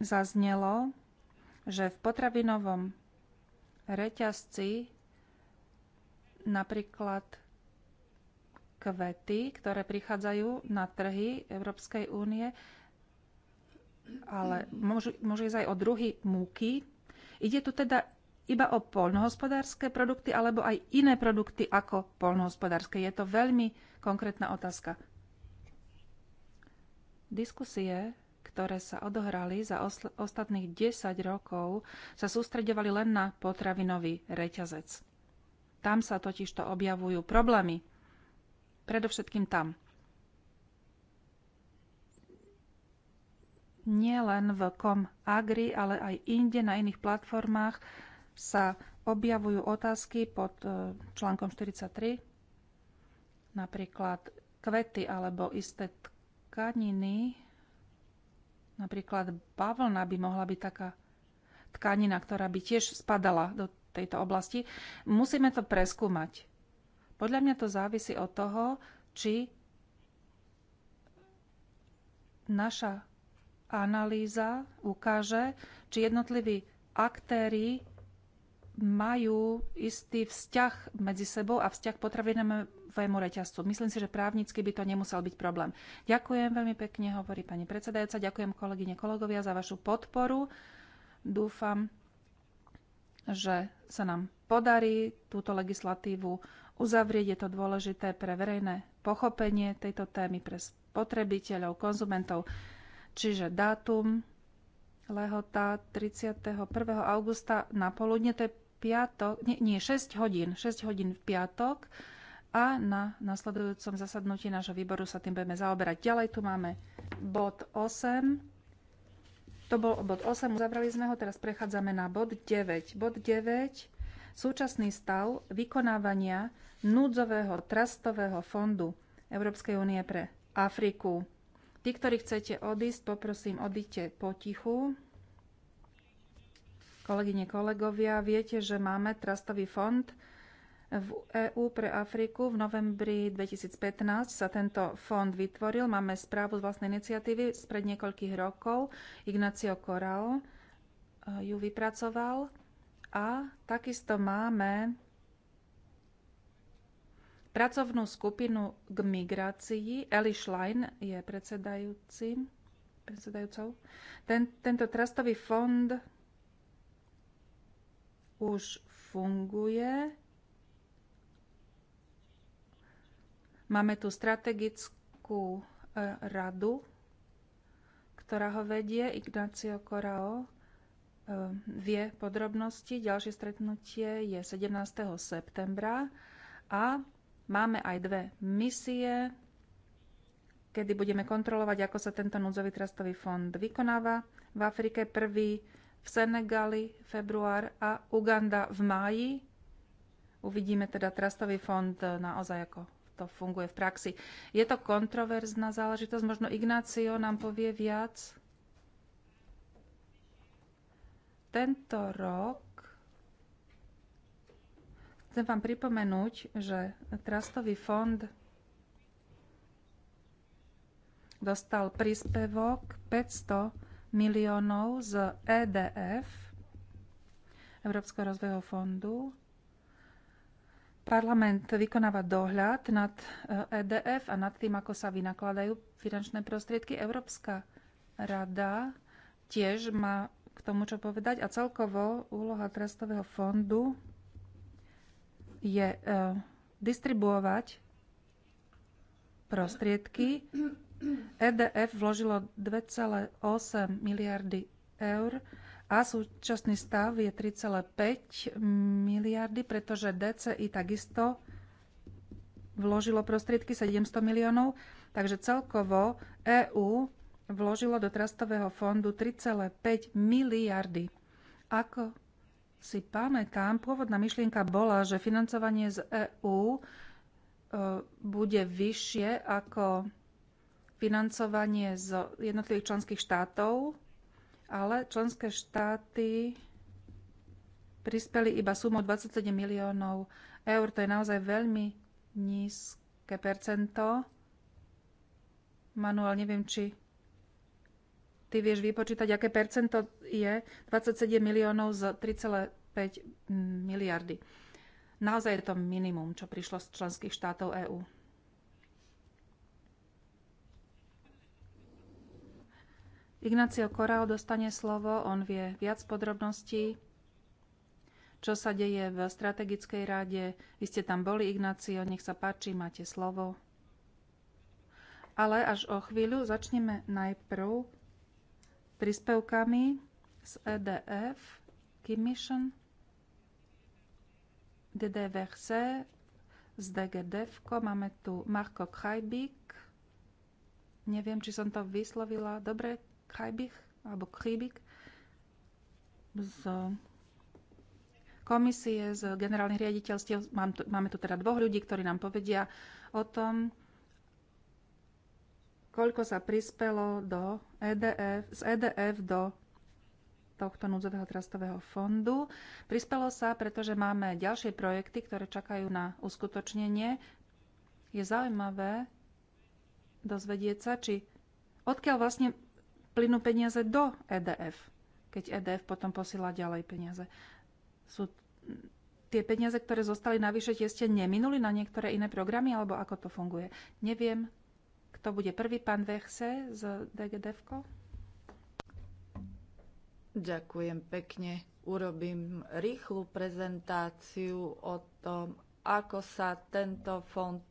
S1: zaznelo, že v potravinovom reťazci napríklad kvety, ktoré prichádzajú na trhy Európskej únie, ale môžu, môže ísť aj o druhy múky. Ide tu teda iba o poľnohospodárske produkty alebo aj iné produkty ako poľnohospodárske? Je to veľmi konkrétna otázka. Diskusie, ktoré sa odohrali za ostatných 10 rokov, sa sústredovali len na potravinový reťazec. Tam sa totižto objavujú problémy. Predovšetkým tam. len v Com agri, ale aj inde na iných platformách sa objavujú otázky pod e, článkom 43, napríklad kvety alebo isté tkaniny, napríklad bavlna by mohla byť taká tkanina, ktorá by tiež spadala do tejto oblasti. Musíme to preskúmať. Podľa mňa to závisí od toho, či naša analýza ukáže, či jednotliví aktéry majú istý vzťah medzi sebou a vzťah potravinovému reťazcu. Myslím si, že právnicky by to nemusel byť problém. Ďakujem veľmi pekne, hovorí pani predsedajúca. Ďakujem kolegyne, kolegovia za vašu podporu. Dúfam, že sa nám podarí túto legislatívu uzavrieť. Je to dôležité pre verejné pochopenie tejto témy pre spotrebiteľov, konzumentov. Čiže dátum lehota 31. augusta na poludne, to je piatok, nie, nie 6 hodín, 6 hodín v piatok a na nasledujúcom zasadnutí nášho výboru sa tým budeme zaoberať. Ďalej tu máme bod 8. To bol bod 8, uzavrali sme ho, teraz prechádzame na bod 9. Bod 9 súčasný stav vykonávania núdzového trastového fondu Európskej únie pre Afriku. Tí, ktorí chcete odísť, poprosím, odíďte potichu. Kolegyne, kolegovia, viete, že máme trastový fond v EÚ pre Afriku. V novembri 2015 sa tento fond vytvoril. Máme správu z vlastnej iniciatívy spred niekoľkých rokov. Ignacio Corral eh, ju vypracoval. A takisto máme pracovnú skupinu k migrácii. Eli Schlein je predsedajúcim, predsedajúcou. Ten, tento trastový fond už funguje. Máme tu strategickú e, radu, ktorá ho vedie, Ignacio Corao e, vie podrobnosti. Ďalšie stretnutie je 17. septembra a máme aj dve misie, kedy budeme kontrolovať, ako sa tento núdzový trastový fond vykonáva. V Afrike prvý v Senegali február a Uganda v máji. Uvidíme teda trastový fond e, naozaj ako to funguje v praxi. Je to kontroverzná záležitosť, možno Ignácio nám povie viac. Tento rok chcem vám pripomenúť, že Trastový fond dostal príspevok 500 miliónov z EDF, Európskeho rozvojového fondu. Parlament vykonáva dohľad nad EDF e a nad tým, ako sa vynakladajú finančné prostriedky. Európska rada tiež má k tomu, čo povedať. A celkovo úloha Trastového fondu je e, distribuovať prostriedky EDF vložilo 2,8 miliardy eur a súčasný stav je 3,5 miliardy, pretože DCI takisto vložilo prostriedky 700 miliónov, takže celkovo EÚ vložilo do trastového fondu 3,5 miliardy. Ako si pamätám, pôvodná myšlienka bola, že financovanie z EÚ e, bude vyššie ako financovanie z jednotlivých členských štátov, ale členské štáty prispeli iba sumou 27 miliónov eur. To je naozaj veľmi nízke percento. Manuel, neviem, či ty vieš vypočítať, aké percento je 27 miliónov z 3,5 miliardy. Naozaj je to minimum, čo prišlo z členských štátov EÚ. Ignacio Koral dostane slovo, on vie viac podrobností, čo sa deje v strategickej rade. Vy ste tam boli, Ignacio, nech sa páči, máte slovo. Ale až o chvíľu začneme najprv príspevkami z EDF, Commission, DD z DGDF. Máme tu Marko Krajbík. Neviem, či som to vyslovila dobre. Krajbich alebo Kribik z komisie, z generálnych riaditeľstiev. Mám tu, máme tu teda dvoch ľudí, ktorí nám povedia o tom, koľko sa prispelo do EDF, z EDF do tohto núdzového trastového fondu. Prispelo sa, pretože máme ďalšie projekty, ktoré čakajú na uskutočnenie. Je zaujímavé dozvedieť sa, či odkiaľ vlastne plynú peniaze do EDF, keď EDF potom posiela ďalej peniaze. Sú tie peniaze, ktoré zostali navyše, tie ste neminuli na niektoré iné programy, alebo ako to funguje? Neviem, kto bude prvý, pán Vechse z DGDF. -ko? Ďakujem
S3: pekne. Urobím rýchlu prezentáciu o tom, ako sa tento fond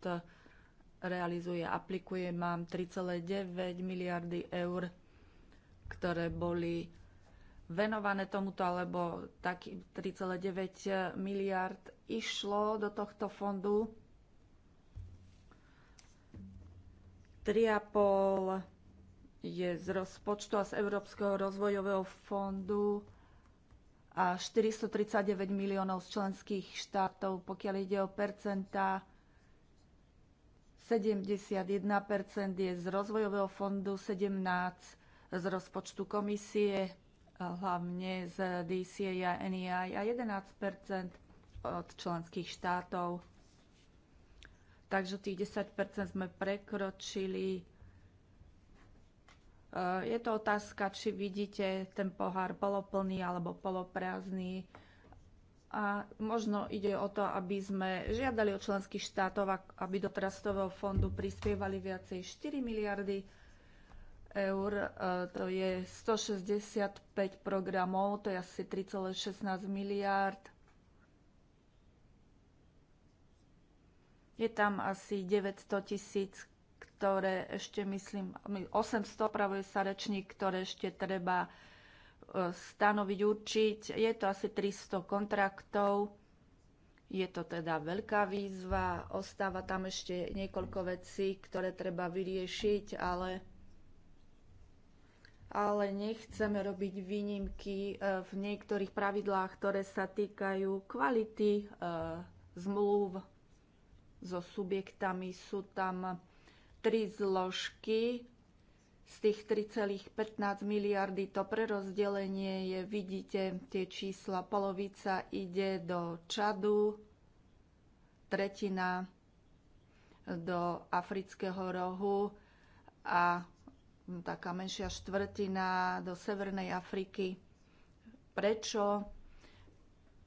S3: realizuje, aplikuje. Mám 3,9 miliardy eur ktoré boli venované tomuto, alebo taký 3,9 miliard išlo do tohto fondu. 3,5 je z rozpočtu a z Európskeho rozvojového fondu a 439 miliónov z členských štátov, pokiaľ ide o percentá 71% je z rozvojového fondu, 17 z rozpočtu komisie, hlavne z DCA a NEI a 11 e od členských štátov. Takže tých 10 sme prekročili. E, je to otázka, či vidíte ten pohár poloplný alebo poloprázdny. A možno ide o to, aby sme žiadali od členských štátov, aby do trastového fondu prispievali viacej 4 miliardy eur, e, to je 165 programov, to je asi 3,16 miliárd. Je tam asi 900 tisíc, ktoré ešte myslím, 800 pravuje sa rečník, ktoré ešte treba e, stanoviť, určiť. Je to asi 300 kontraktov. Je to teda veľká výzva, ostáva tam ešte niekoľko vecí, ktoré treba vyriešiť, ale ale nechceme robiť výnimky eh, v niektorých pravidlách, ktoré sa týkajú kvality eh, zmluv so subjektami. Sú tam tri zložky. Z tých 3,15 miliardy to prerozdelenie je, vidíte tie čísla, polovica ide do Čadu, tretina do Afrického rohu a taká menšia štvrtina do Severnej Afriky. Prečo?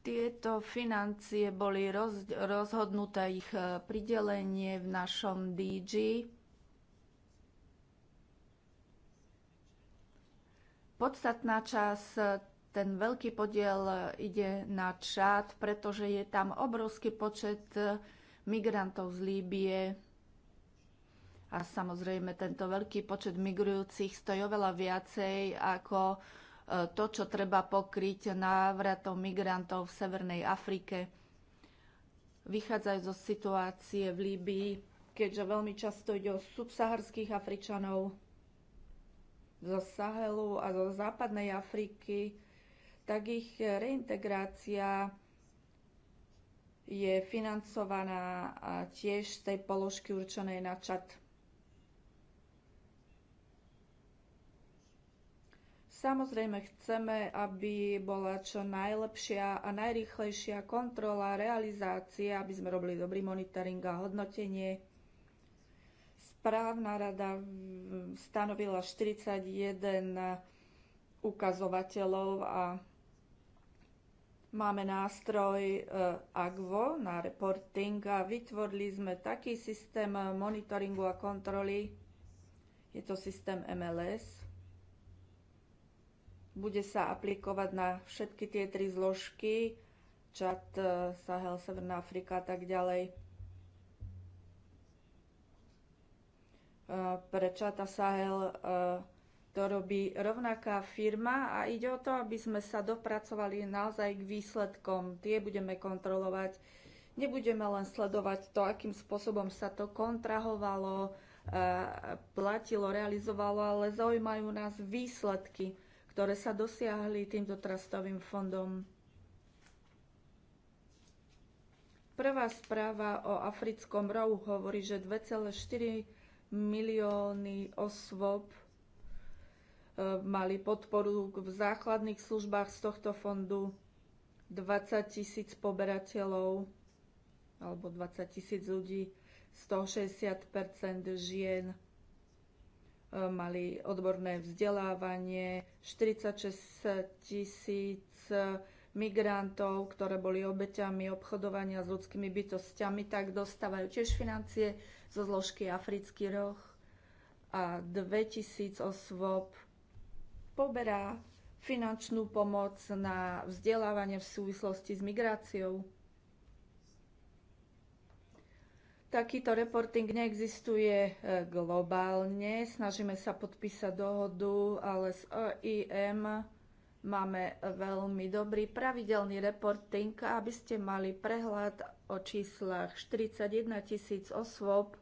S3: Tieto financie boli roz, rozhodnuté ich e, pridelenie v našom DG. Podstatná časť, e, ten veľký podiel e, ide na čát, pretože je tam obrovský počet migrantov z Líbie, a samozrejme, tento veľký počet migrujúcich stojí oveľa viacej ako e, to, čo treba pokryť návratom migrantov v Severnej Afrike. Vychádzajú zo situácie v Líbii, keďže veľmi často ide o subsaharských Afričanov zo Sahelu a zo západnej Afriky, tak ich reintegrácia je financovaná tiež z tej položky určenej na čat. Samozrejme chceme, aby bola čo najlepšia a najrýchlejšia kontrola realizácie, aby sme robili dobrý monitoring a hodnotenie. Správna rada stanovila 41 ukazovateľov a máme nástroj e, AGVO na reporting a vytvorili sme taký systém monitoringu a kontroly. Je to systém MLS, bude sa aplikovať na všetky tie tri zložky, Čad, e, Sahel, Severná Afrika a tak ďalej. E, pre Čad a Sahel e, to robí rovnaká firma a ide o to, aby sme sa dopracovali naozaj k výsledkom. Tie budeme kontrolovať. Nebudeme len sledovať to, akým spôsobom sa to kontrahovalo, platilo, realizovalo, ale zaujímajú nás výsledky ktoré sa dosiahli týmto trastovým fondom. Prvá správa o africkom rohu hovorí, že 2,4 milióny osôb e, mali podporu v základných službách z tohto fondu 20 tisíc poberateľov alebo 20 tisíc ľudí, 160 žien mali odborné vzdelávanie, 46 tisíc eh, migrantov, ktoré boli obeťami obchodovania s ľudskými bytostiami, tak dostávajú tiež financie zo zložky Africký roh a 2000 osôb poberá finančnú pomoc na vzdelávanie v súvislosti s migráciou. Takýto reporting neexistuje e, globálne. Snažíme sa podpísať dohodu, ale s OIM e máme veľmi dobrý pravidelný reporting, aby ste mali prehľad o číslach 41 tisíc osôb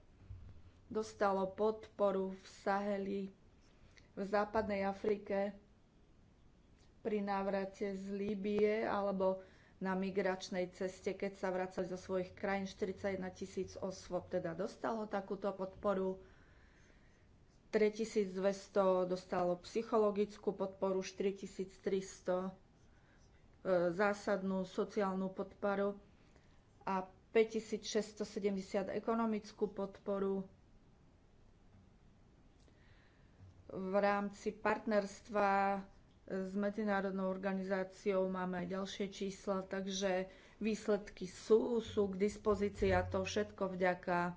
S3: dostalo podporu v Saheli v západnej Afrike pri návrate z Líbie alebo na migračnej ceste, keď sa vracali zo svojich krajín. 41 tisíc osôb teda dostalo takúto podporu. 3200 dostalo psychologickú podporu, 4300 e, zásadnú sociálnu podporu a 5670 ekonomickú podporu v rámci partnerstva s medzinárodnou organizáciou máme aj ďalšie čísla, takže výsledky sú, sú k dispozícii a to všetko vďaka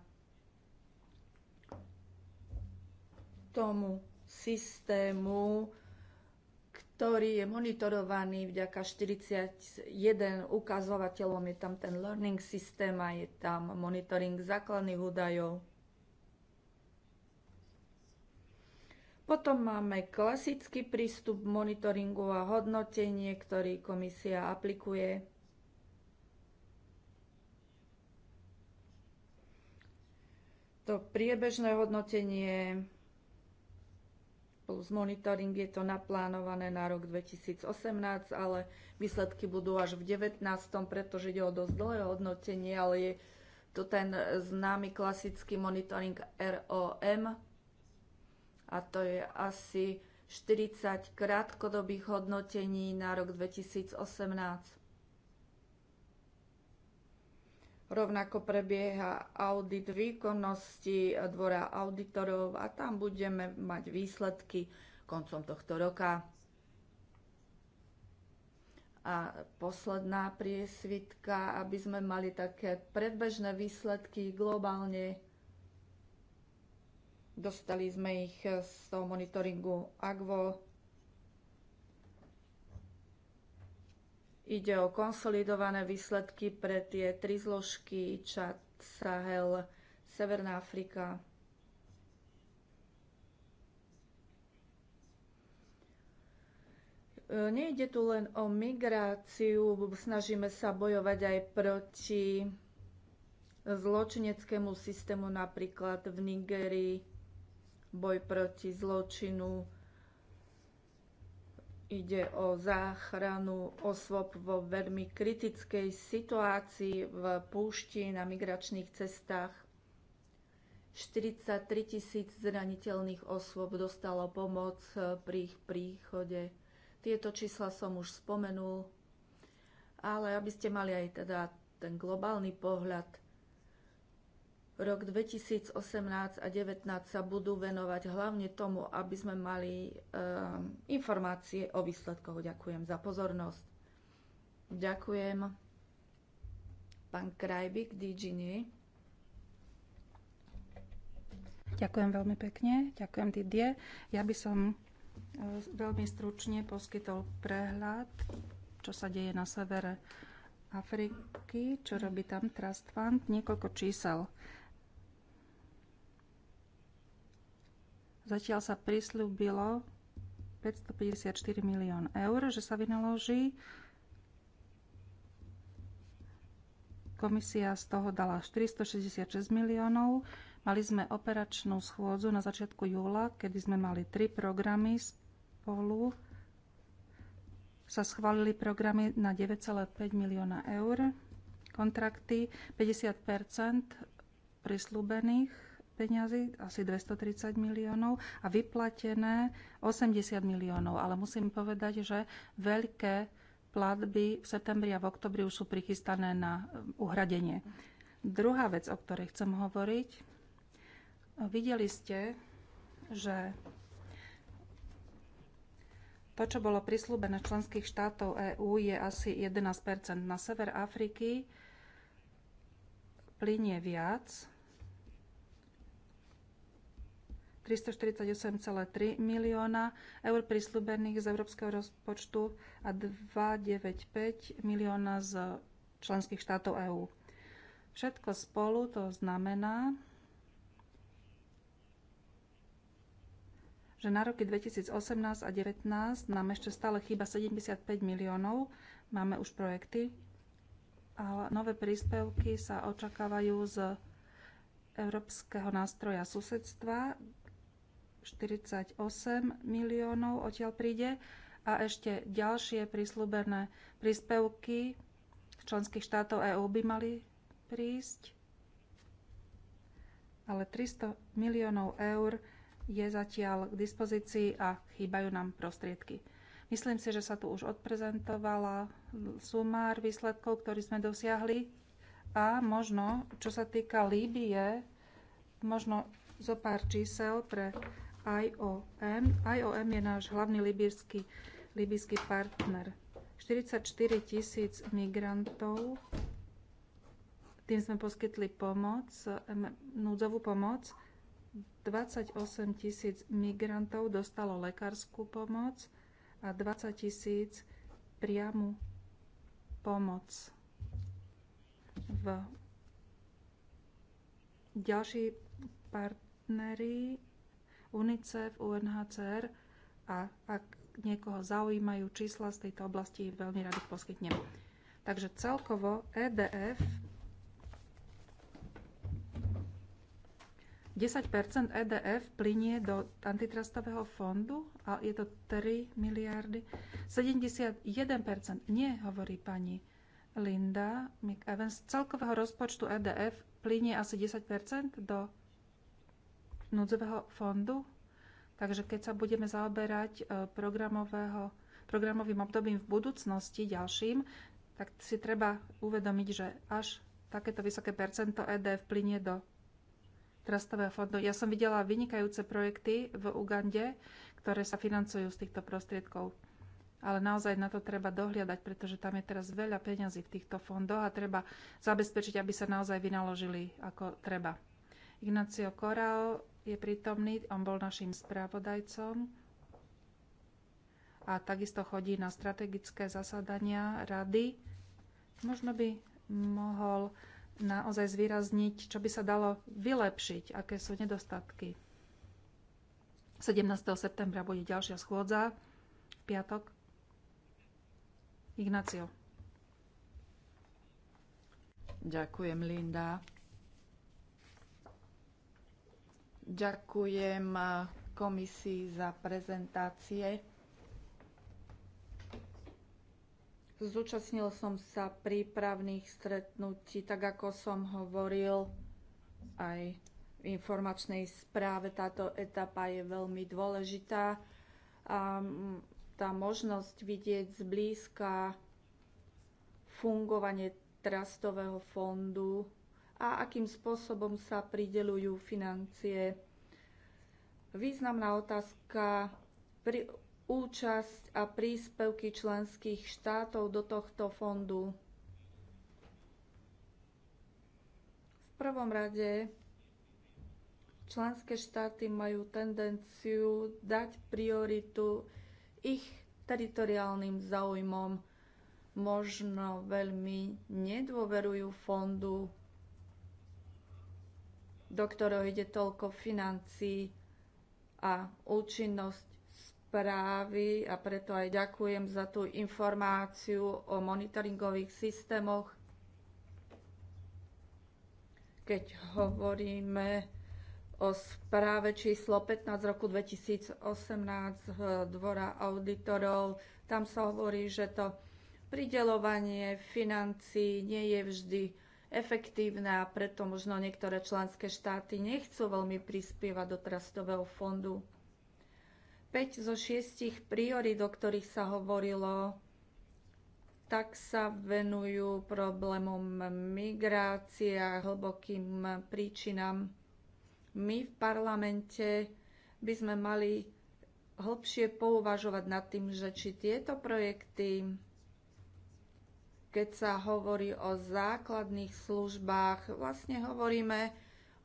S3: tomu systému, ktorý je monitorovaný vďaka 41 ukazovateľom. Je tam ten learning systém a je tam monitoring základných údajov. Potom máme klasický prístup monitoringu a hodnotenie, ktorý komisia aplikuje. To priebežné hodnotenie plus monitoring je to naplánované na rok 2018, ale výsledky budú až v 19., pretože ide o dosť dlhé hodnotenie, ale je to ten známy klasický monitoring ROM, a to je asi 40 krátkodobých hodnotení na rok 2018. Rovnako prebieha audit výkonnosti dvora auditorov a tam budeme mať výsledky koncom tohto roka. A posledná priesvitka, aby sme mali také predbežné výsledky globálne Dostali sme ich eh, z toho monitoringu AGVO. Ide o konsolidované výsledky pre tie tri zložky ČAT, Sahel, Severná Afrika. Eh, nejde tu len o migráciu, snažíme sa bojovať aj proti zločineckému systému napríklad v Nigerii boj proti zločinu, ide o záchranu osôb vo veľmi kritickej situácii v púšti na migračných cestách. 43 tisíc zraniteľných osôb dostalo pomoc pri ich príchode. Tieto čísla som už spomenul, ale aby ste mali aj teda ten globálny pohľad – Rok 2018 a 2019 sa budú venovať hlavne tomu, aby sme mali ehm, informácie o výsledkoch. Ďakujem za pozornosť. Ďakujem. Pán Krajbik, Digini.
S1: Ďakujem veľmi pekne. Ďakujem, Didie. Ja by som e, veľmi stručne poskytol prehľad, čo sa deje na severe Afriky, čo robí tam Trust Fund. Niekoľko čísel. Zatiaľ sa prislúbilo 554 milión eur, že sa vynaloží. Komisia z toho dala 466 miliónov. Mali sme operačnú schôdzu na začiatku júla, kedy sme mali tri programy spolu. Sa schválili programy na 9,5 milióna eur, kontrakty 50 prislúbených peňazí, asi 230 miliónov a vyplatené 80 miliónov. Ale musím povedať, že veľké platby v septembri a v oktobri už sú prichystané na um, uhradenie. Druhá vec, o ktorej chcem hovoriť, videli ste, že to, čo bolo prislúbené členských štátov EÚ, je asi 11 Na sever Afriky plinie viac, 348,3 milióna eur prislúbených z európskeho rozpočtu a 295 milióna z členských štátov EÚ. Všetko spolu to znamená, že na roky 2018 a 2019 nám ešte stále chýba 75 miliónov, máme už projekty, ale nové príspevky sa očakávajú z Európskeho nástroja susedstva 48 miliónov odtiaľ príde a ešte ďalšie prísľubené príspevky členských štátov EÚ by mali prísť. Ale 300 miliónov eur je zatiaľ k dispozícii a chýbajú nám prostriedky. Myslím si, že sa tu už odprezentovala sumár výsledkov, ktorý sme dosiahli a možno, čo sa týka Líbie, možno zo pár čísel pre IOM. IOM je náš hlavný libýrsky, partner. 44 tisíc migrantov, tým sme poskytli pomoc, núdzovú pomoc. 28 tisíc migrantov dostalo lekárskú pomoc a 20 tisíc priamu pomoc v ďalší partneri UNICEF, UNHCR a ak niekoho zaujímajú čísla z tejto oblasti, veľmi radi poskytnem. Takže celkovo EDF 10 EDF plinie do antitrustového fondu a je to 3 miliardy. 71 nie, hovorí pani Linda McEvans. Z celkového rozpočtu EDF plinie asi 10 do núdzového fondu. Takže keď sa budeme zaoberať e, programového, programovým obdobím v budúcnosti ďalším, tak si treba uvedomiť, že až takéto vysoké percento EDF plinie do trastového fondu. Ja som videla vynikajúce projekty v Ugande, ktoré sa financujú z týchto prostriedkov. Ale naozaj na to treba dohliadať, pretože tam je teraz veľa peňazí v týchto fondoch a treba zabezpečiť, aby sa naozaj vynaložili ako treba. Ignacio Corao je prítomný, on bol našim správodajcom a takisto chodí na strategické zasadania rady. Možno by mohol naozaj zvýrazniť, čo by sa dalo vylepšiť, aké sú nedostatky. 17. septembra bude ďalšia schôdza, v piatok. Ignácio.
S3: Ďakujem, Linda. Ďakujem eh, komisii za prezentácie. Zúčastnil som sa prípravných stretnutí, tak ako som hovoril aj v informačnej správe. Táto etapa je veľmi dôležitá. A mm, tá možnosť vidieť zblízka fungovanie trastového fondu a akým spôsobom sa pridelujú financie. Významná otázka pri účasť a príspevky členských štátov do tohto fondu. V prvom rade členské štáty majú tendenciu dať prioritu ich teritoriálnym záujmom. Možno veľmi nedôverujú fondu do ktorého ide toľko financií a účinnosť správy a preto aj ďakujem za tú informáciu o monitoringových systémoch. Keď hovoríme o správe číslo 15 z roku 2018 eh, Dvora auditorov. Tam sa hovorí, že to pridelovanie financí nie je vždy efektívne a preto možno niektoré členské štáty nechcú veľmi prispievať do trastového fondu. 5 zo 6 priorit, o ktorých sa hovorilo, tak sa venujú problémom migrácie a hlbokým príčinám. My v parlamente by sme mali hlbšie pouvažovať nad tým, že či tieto projekty keď sa hovorí o základných službách, vlastne hovoríme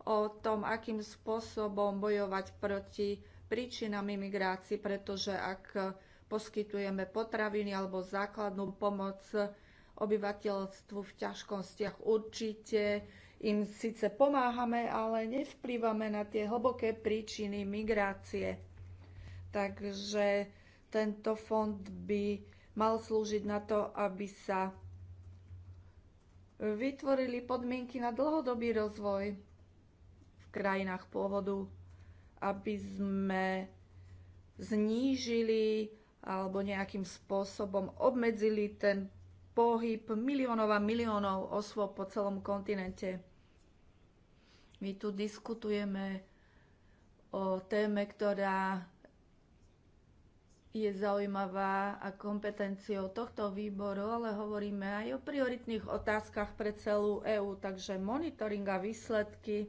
S3: o tom, akým spôsobom bojovať proti príčinám imigrácií, pretože ak poskytujeme potraviny alebo základnú pomoc obyvateľstvu v ťažkostiach, určite im síce pomáhame, ale nevplývame na tie hlboké príčiny migrácie. Takže tento fond by mal slúžiť na to, aby sa vytvorili podmienky na dlhodobý rozvoj v krajinách pôvodu, aby sme znížili alebo nejakým spôsobom obmedzili ten pohyb miliónov a miliónov osôb po celom kontinente. My tu diskutujeme o téme, ktorá je zaujímavá a kompetenciou tohto výboru, ale hovoríme aj o prioritných otázkach pre celú EÚ, takže monitoring a výsledky,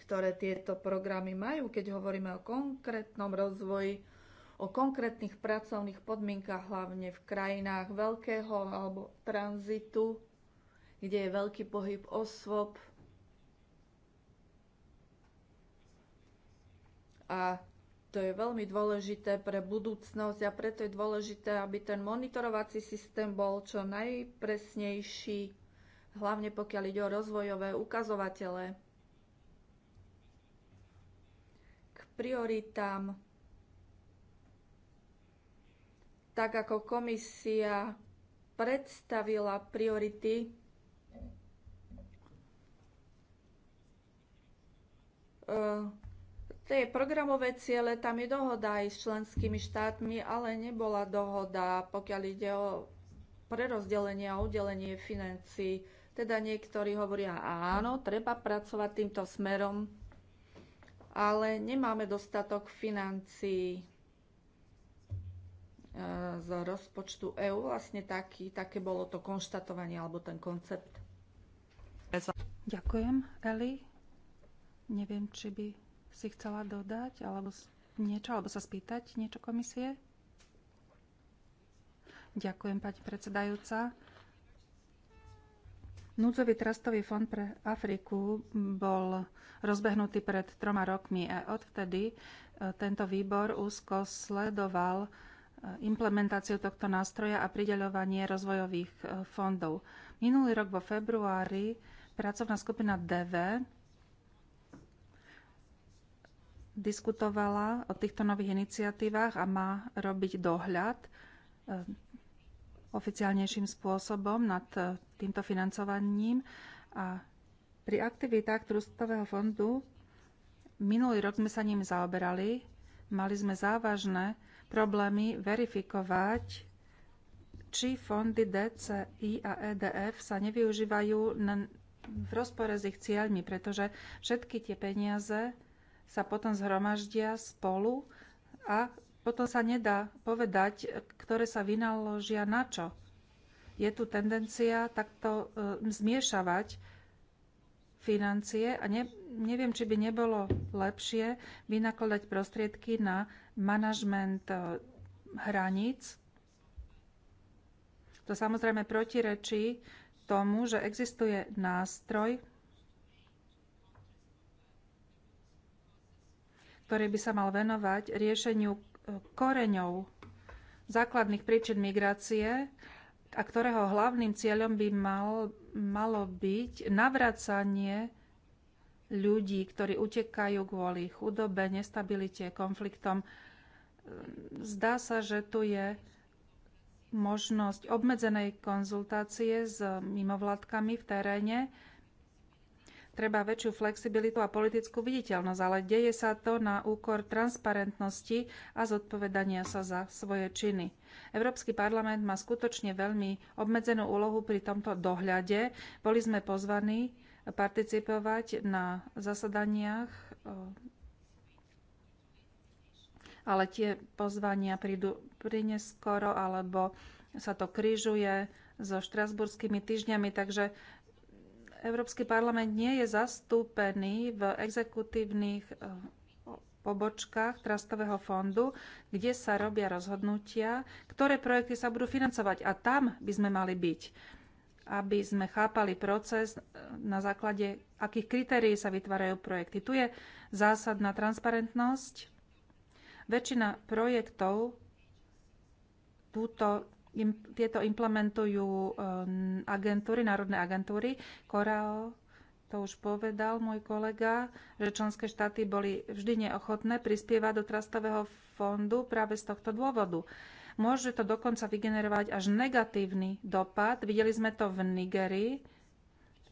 S3: ktoré tieto programy majú, keď hovoríme o konkrétnom rozvoji, o konkrétnych pracovných podmienkach, hlavne v krajinách veľkého alebo tranzitu, kde je veľký pohyb osôb a to je veľmi dôležité pre budúcnosť a preto je dôležité, aby ten monitorovací systém bol čo najpresnejší, hlavne pokiaľ ide o rozvojové ukazovatele. K prioritám, tak ako komisia predstavila priority, uh, Tie programové ciele, tam je dohoda aj s členskými štátmi, ale nebola dohoda, pokiaľ ide o prerozdelenie a udelenie financií. Teda niektorí hovoria, áno, treba pracovať týmto smerom, ale nemáme dostatok financií e, z rozpočtu EÚ. Vlastne taký, také bolo to konštatovanie alebo ten koncept.
S1: Ďakujem, Eli. Neviem, či by si chcela dodať alebo niečo, alebo sa spýtať niečo komisie? Ďakujem, pani predsedajúca. Núdzový trastový fond pre Afriku bol rozbehnutý pred troma rokmi a odvtedy e, tento výbor úzko sledoval e, implementáciu tohto nástroja a prideľovanie rozvojových e, fondov. Minulý rok vo februári pracovná skupina DV diskutovala o týchto nových iniciatívach a má robiť dohľad e, oficiálnejším spôsobom nad e, týmto financovaním. A pri aktivitách Trustového fondu minulý rok sme sa ním zaoberali. Mali sme závažné problémy verifikovať, či fondy DCI a EDF sa nevyužívajú v rozpore s ich cieľmi, pretože všetky tie peniaze sa potom zhromaždia spolu a potom sa nedá povedať, ktoré sa vynaložia na čo. Je tu tendencia takto e, zmiešavať financie a ne, neviem, či by nebolo lepšie vynakladať prostriedky na manažment e, hraníc. To samozrejme protirečí tomu, že existuje nástroj, ktorý by sa mal venovať riešeniu e, koreňov základných príčin migrácie a ktorého hlavným cieľom by mal, malo byť navracanie ľudí, ktorí utekajú kvôli chudobe, nestabilite, konfliktom. E, zdá sa, že tu je možnosť obmedzenej konzultácie s mimovládkami v teréne, treba väčšiu flexibilitu a politickú viditeľnosť, ale deje sa to na úkor transparentnosti a zodpovedania sa za svoje činy. Európsky parlament má skutočne veľmi obmedzenú úlohu pri tomto dohľade. Boli sme pozvaní participovať na zasadaniach, eh, ale tie pozvania prídu prineskoro alebo sa to krížuje so štrasburskými týždňami, takže Európsky parlament nie je zastúpený v exekutívnych eh, pobočkách Trastového fondu, kde sa robia rozhodnutia, ktoré projekty sa budú financovať. A tam by sme mali byť, aby sme chápali proces, eh, na základe akých kritérií sa vytvárajú projekty. Tu je zásadná transparentnosť. Väčšina projektov túto im, tieto implementujú um, agentúry, národné agentúry. Koreo, to už povedal môj kolega, že členské štáty boli vždy neochotné prispievať do trastového fondu práve z tohto dôvodu. Môže to dokonca vygenerovať až negatívny dopad. Videli sme to v Nigerii.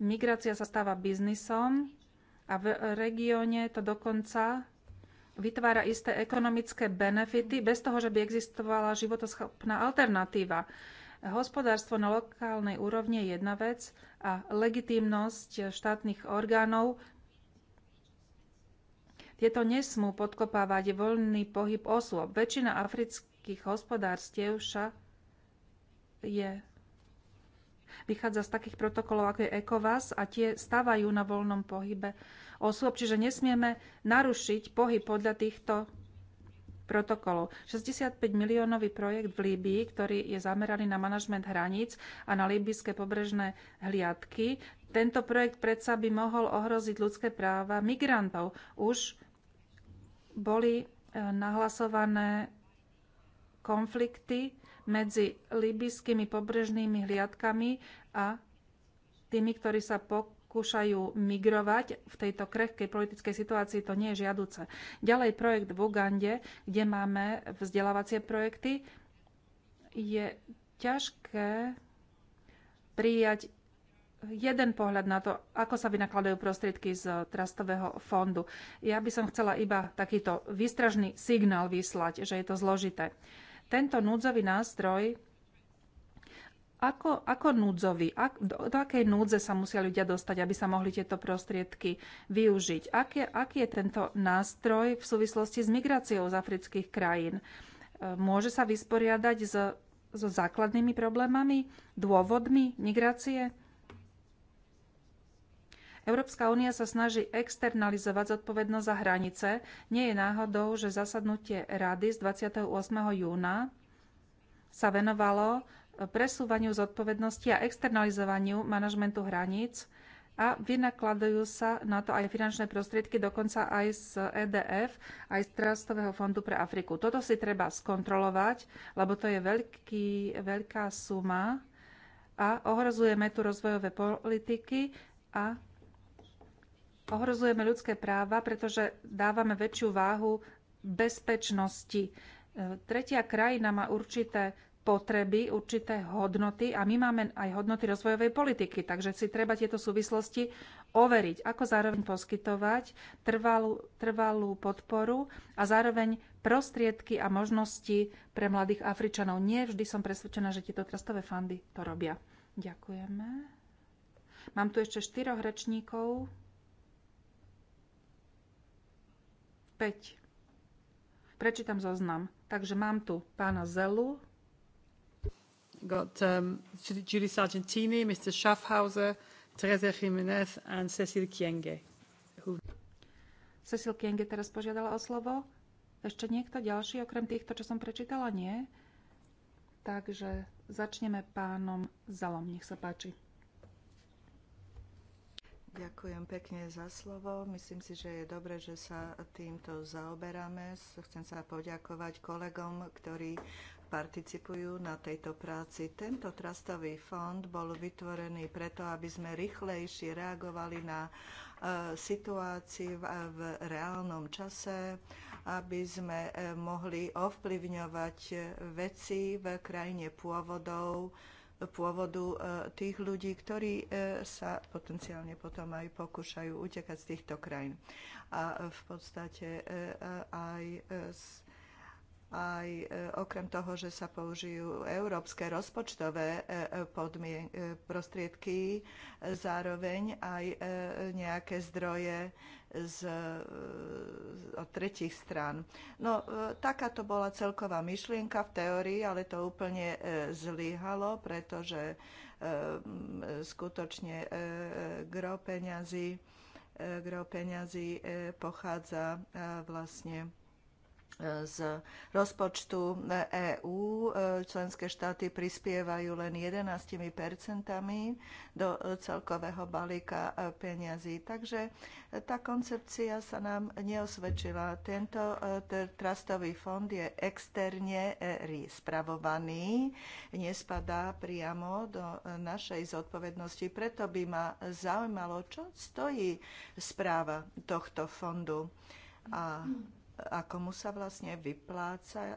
S1: Migrácia sa stáva biznisom a v regióne to dokonca vytvára isté ekonomické benefity bez toho, že by existovala životoschopná alternatíva. Hospodárstvo na lokálnej úrovni je jedna vec a legitímnosť štátnych orgánov tieto nesmú podkopávať voľný pohyb osôb. Väčšina afrických hospodárstiev však je vychádza z takých protokolov, ako je ECOVAS a tie stavajú na voľnom pohybe osôb, čiže nesmieme narušiť pohyb podľa týchto protokolov. 65 miliónový projekt v Líbii, ktorý je zameraný na manažment hraníc a na líbyjské pobrežné hliadky. Tento projekt predsa by mohol ohroziť ľudské práva migrantov. Už boli e, nahlasované konflikty medzi líbyjskými pobrežnými hliadkami a tými, ktorí sa pok- skúšajú migrovať v tejto krehkej politickej situácii, to nie je žiaduce. Ďalej projekt v Ugande, kde máme vzdelávacie projekty, je ťažké prijať jeden pohľad na to, ako sa vynakladajú prostriedky z trastového fondu. Ja by som chcela iba takýto výstražný signál vyslať, že je to zložité. Tento núdzový nástroj ako, ako núdzovi, ak, do, do akej núdze sa musia ľudia dostať, aby sa mohli tieto prostriedky využiť? Aký, aký je tento nástroj v súvislosti s migráciou z afrických krajín? E, môže sa vysporiadať s, so základnými problémami, dôvodmi migrácie? Európska únia sa snaží externalizovať zodpovednosť za hranice. Nie je náhodou, že zasadnutie rady z 28. júna sa venovalo presúvaniu zodpovednosti a externalizovaniu manažmentu hraníc a vynakladajú sa na to aj finančné prostriedky, dokonca aj z EDF, aj z Trastového fondu pre Afriku. Toto si treba skontrolovať, lebo to je veľký, veľká suma a ohrozujeme tu rozvojové politiky a ohrozujeme ľudské práva, pretože dávame väčšiu váhu bezpečnosti. Tretia krajina má určité potreby, určité hodnoty a my máme aj hodnoty rozvojovej politiky, takže si treba tieto súvislosti overiť, ako zároveň poskytovať trvalú, trvalú podporu a zároveň prostriedky a možnosti pre mladých Afričanov. Nie vždy som presvedčená, že tieto trastové fandy to robia. Ďakujeme. Mám tu ešte štyroch rečníkov. Peť. Prečítam zoznam. Takže mám tu pána Zelu, got um, Sargentini, Mr. Schaffhauser, Teresa Jiménez and Cecil Kienge. Who... Cecil teraz požiadala o slovo. Ešte niekto ďalší, okrem týchto, čo som prečítala? Nie. Takže začneme pánom Zalom. Nech sa páči.
S2: Ďakujem pekne za slovo. Myslím si, že je dobre, že sa týmto zaoberáme. Chcem sa poďakovať kolegom, ktorí participujú na tejto práci. Tento trastový fond bol vytvorený preto, aby sme rýchlejšie reagovali na e, situácii v reálnom čase, aby sme e, mohli ovplyvňovať veci v krajine pôvodov, pôvodu e, tých ľudí, ktorí sa potenciálne potom aj pokúšajú utekať z týchto krajín. A v podstate aj aj e, okrem toho, že sa použijú európske rozpočtové e, e, prostriedky, zároveň aj nejaké zdroje z, od tretich strán. No, taká to bola celková myšlienka v teórii, ale to úplne zlyhalo, pretože skutočne gro peňazí, gro peňazí pochádza vlastne z rozpočtu EÚ e, členské štáty prispievajú len 11 percentami do e, celkového balíka e, peňazí. Takže tá koncepcia sa nám neosvedčila. Tento trastový fond je externe spravovaný, nespadá priamo do našej zodpovednosti. Preto by ma zaujímalo, čo stojí správa tohto fondu. A a komu sa vlastne vypláca, e,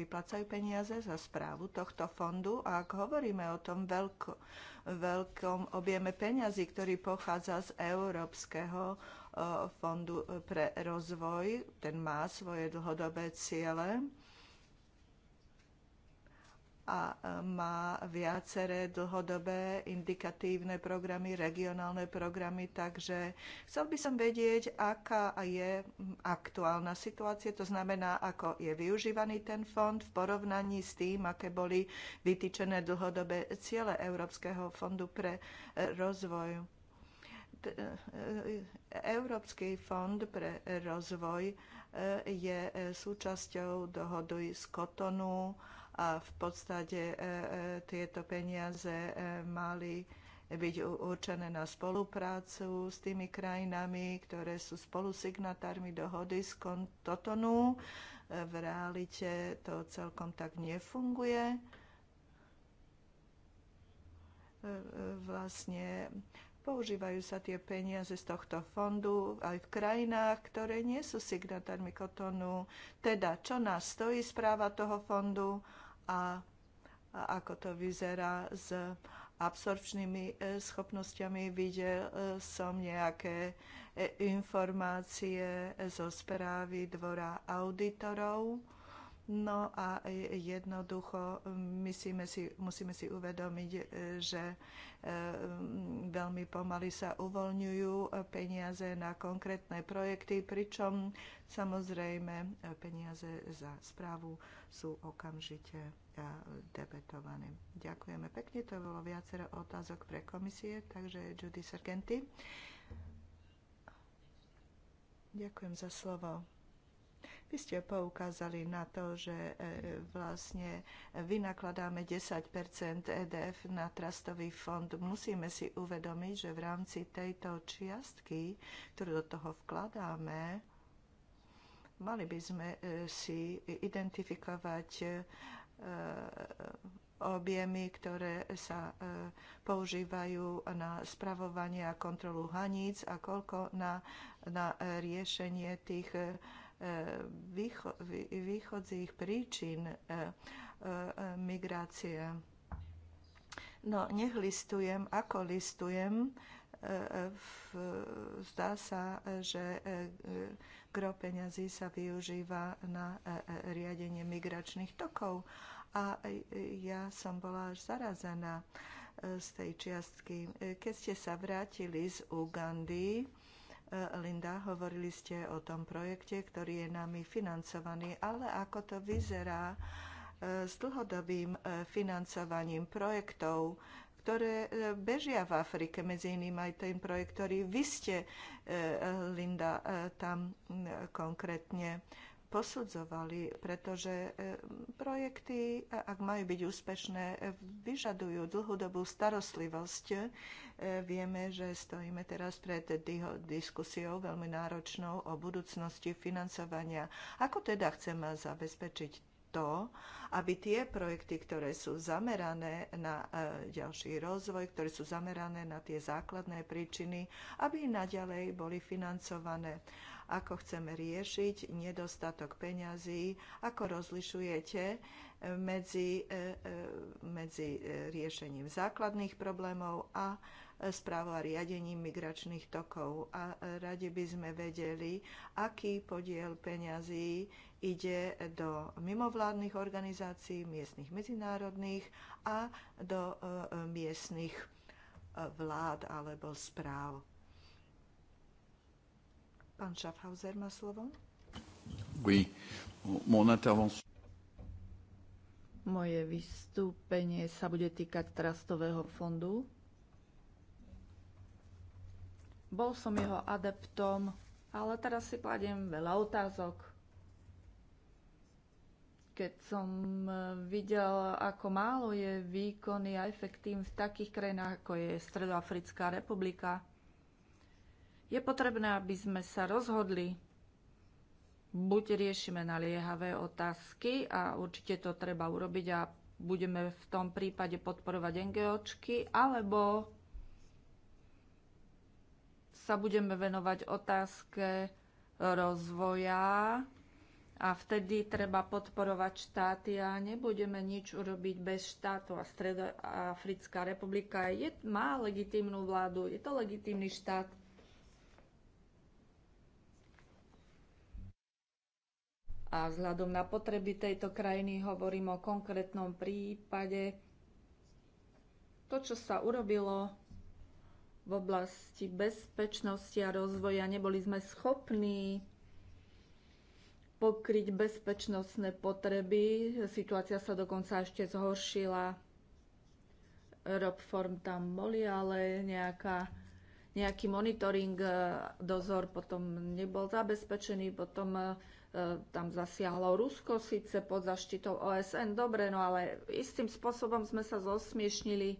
S2: vyplácajú peniaze za správu tohto fondu. A ak hovoríme o tom veľko, veľkom objeme peňazí, ktorý pochádza z Európskeho e, fondu e, pre rozvoj, ten má svoje dlhodobé ciele, a e, má viaceré dlhodobé indikatívne programy, regionálne programy, takže chcel by som vedieť, aká je aktuálna situácia, to znamená, ako je využívaný ten fond v porovnaní s tým, aké boli vytýčené dlhodobé ciele Európskeho fondu pre e, rozvoj. E, Európsky fond pre rozvoj je súčasťou dohody z Kotonu, a v podstate e, e, tieto peniaze e, mali byť určené na spoluprácu s tými krajinami, ktoré sú spolusignatármi dohody z Kotonu. V realite to celkom tak nefunguje. Vlastne používajú sa tie peniaze z tohto fondu aj v krajinách, ktoré nie sú signatármi Kotonu. Teda, čo nás stojí správa toho fondu? a, a ako to vyzerá s absorpčnými e, schopnosťami. Videl e, som nejaké e, informácie zo správy dvora auditorov No a jednoducho myslíme si, musíme si uvedomiť, e, že e, veľmi pomaly sa uvoľňujú e, peniaze na konkrétne projekty, pričom samozrejme peniaze za správu sú okamžite debetované. Ďakujeme pekne, to bolo viacero otázok pre komisie, takže Judy Sargenti. Ďakujem za slovo. Vy ste poukázali na to, že e, vlastne vynakladáme 10 EDF na trastový fond. Musíme si uvedomiť, že v rámci tejto čiastky, ktorú do toho vkladáme, mali by sme e, si identifikovať e, objemy, ktoré sa používajú na spravovanie a kontrolu haníc a koľko na, na riešenie tých E, východzích príčin e, e, migrácie. No, nech listujem, ako listujem, zdá sa, že gro peňazí sa využíva na riadenie migračných tokov. A ja som bola až zarazená z tej čiastky. Keď ste sa vrátili z Ugandy, Linda, hovorili ste o tom projekte, ktorý je nami financovaný, ale ako to vyzerá e, s dlhodobým e, financovaním projektov, ktoré e, bežia v Afrike, medzi iným aj ten projekt, ktorý vy ste, Linda, tam konkrétne posudzovali, pretože e, projekty, ak majú byť úspešné, e, vyžadujú dlhodobú starostlivosť. E, vieme, že stojíme teraz pred diskusiou veľmi náročnou o budúcnosti financovania. Ako teda chceme zabezpečiť to, aby tie projekty, ktoré sú zamerané na ďalší rozvoj, ktoré sú zamerané na tie základné príčiny, aby naďalej boli financované ako chceme riešiť nedostatok peňazí, ako rozlišujete eh, medzi, eh, eh, medzi riešením základných problémov a správou a riadením migračných tokov. A radi by sme vedeli, aký podiel peňazí ide do mimovládnych organizácií, miestnych medzinárodných a do miestnych vlád alebo správ. Pán Schaffhauser má slovo. Oui. Mon
S3: intervention... Moje vystúpenie sa bude týkať trastového fondu. Bol som jeho adeptom, ale teraz si kladiem veľa otázok. Keď som e, videl, ako málo je výkonný a efektív v takých krajinách, ako je Stredoafrická republika, je potrebné, aby sme sa rozhodli, buď riešime naliehavé otázky a určite to treba urobiť a budeme v tom prípade podporovať NGOčky, alebo sa budeme venovať otázke rozvoja a vtedy treba podporovať štáty a nebudeme nič urobiť bez štátu. A Stredoafrická republika je, má legitímnu vládu, je to legitímny štát, a vzhľadom na potreby tejto krajiny hovorím o konkrétnom prípade. To, čo sa urobilo v oblasti bezpečnosti a rozvoja, neboli sme schopní pokryť bezpečnostné potreby. Situácia sa dokonca ešte zhoršila. Robform tam boli, ale nejaká nejaký monitoring, eh, dozor potom nebol zabezpečený, potom eh, E, tam zasiahlo Rusko, síce pod zaštitou OSN, dobre, no ale istým spôsobom sme sa zosmiešnili.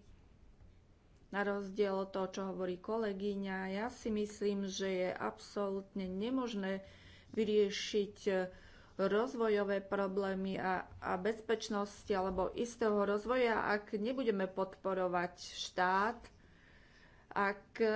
S3: Na rozdiel od toho, čo hovorí kolegyňa, ja si myslím, že je absolútne nemožné vyriešiť e, rozvojové problémy a, a bezpečnosti alebo istého rozvoja, ak nebudeme podporovať štát, ak e,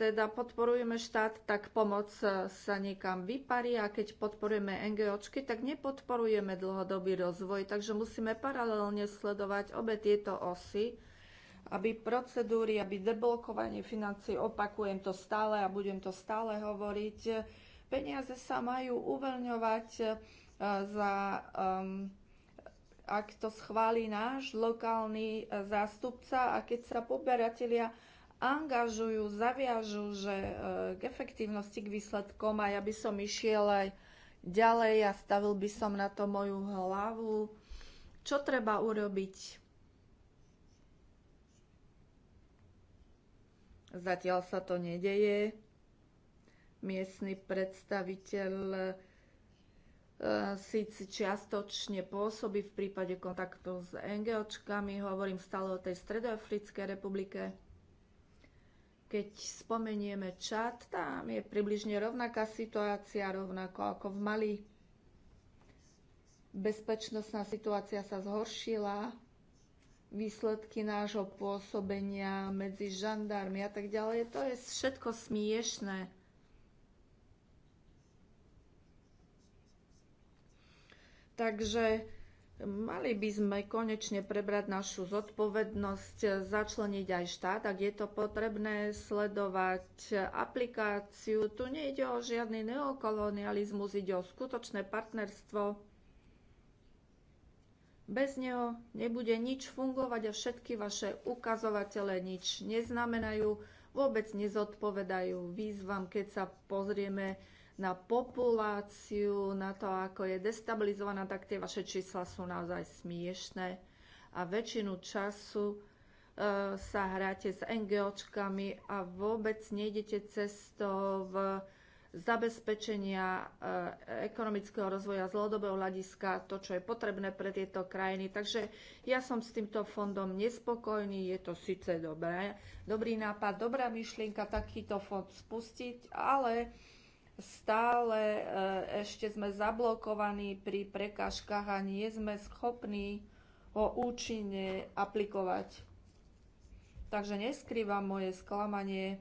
S3: teda podporujeme štát, tak pomoc e, sa niekam vyparí a keď podporujeme NGOčky, tak nepodporujeme dlhodobý rozvoj. Takže musíme paralelne sledovať obe tieto osy, aby procedúry, aby deblokovanie financí, opakujem to stále a budem to stále hovoriť, peniaze sa majú uvoľňovať e, za... Um, ak to schválí náš lokálny e, zástupca a keď sa poberatelia angažujú, zaviažu, že e, k efektívnosti, k výsledkom a ja by som išiel aj ďalej a stavil by som na to moju hlavu. Čo treba urobiť? Zatiaľ sa to nedeje. Miestny predstaviteľ e, síci čiastočne pôsobí v prípade kontaktov s NGOčkami. Hovorím stále o tej Stredoafrickej republike. Keď spomenieme čat, tam je približne rovnaká situácia, rovnako ako v Mali. Bezpečnostná situácia sa zhoršila, výsledky nášho pôsobenia medzi žandármi a tak ďalej. To je všetko smiešné. Takže Mali by sme konečne prebrať našu zodpovednosť, začleniť aj štát, ak je to potrebné, sledovať aplikáciu. Tu nejde o žiadny neokolonializmus, ide o skutočné partnerstvo. Bez neho nebude nič fungovať a všetky vaše ukazovatele nič neznamenajú, vôbec nezodpovedajú výzvam, keď sa pozrieme na populáciu, na to, ako je destabilizovaná, tak tie vaše čísla sú naozaj smiešné a väčšinu času e, sa hráte s NGOčkami a vôbec nejdete cestou v zabezpečenia e, ekonomického rozvoja z dlhodobého hľadiska, to, čo je potrebné pre tieto krajiny. Takže ja som s týmto fondom nespokojný, je to síce dobré, dobrý nápad, dobrá myšlienka takýto fond spustiť, ale Stále e, ešte sme zablokovaní pri prekážkach a nie sme schopní ho účinne aplikovať. Takže neskrývam moje sklamanie.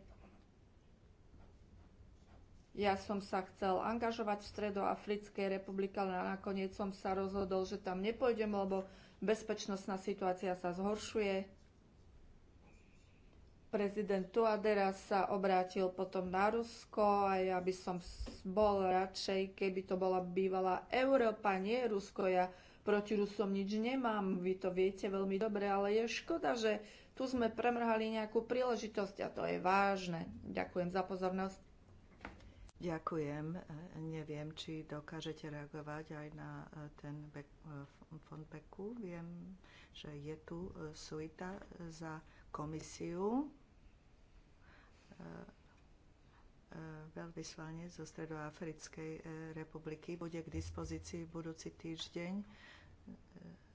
S3: Ja som sa chcel angažovať v Stredoafrickej republike, ale nakoniec som sa rozhodol, že tam nepôjdem, lebo bezpečnostná situácia sa zhoršuje prezident Tuadera sa obrátil potom na Rusko a ja by som bol radšej, keby to bola bývalá Európa, nie Rusko. Ja proti Rusom nič nemám, vy to viete veľmi dobre, ale je škoda, že tu sme premrhali nejakú príležitosť a to je vážne. Ďakujem za pozornosť.
S2: Ďakujem. Neviem, či dokážete reagovať aj na eh, ten Beck, von eh, Viem, že je tu eh, suita za komisiu. E, e, veľvyslanec zo Stredoafrickej e, republiky bude k dispozícii budúci týždeň.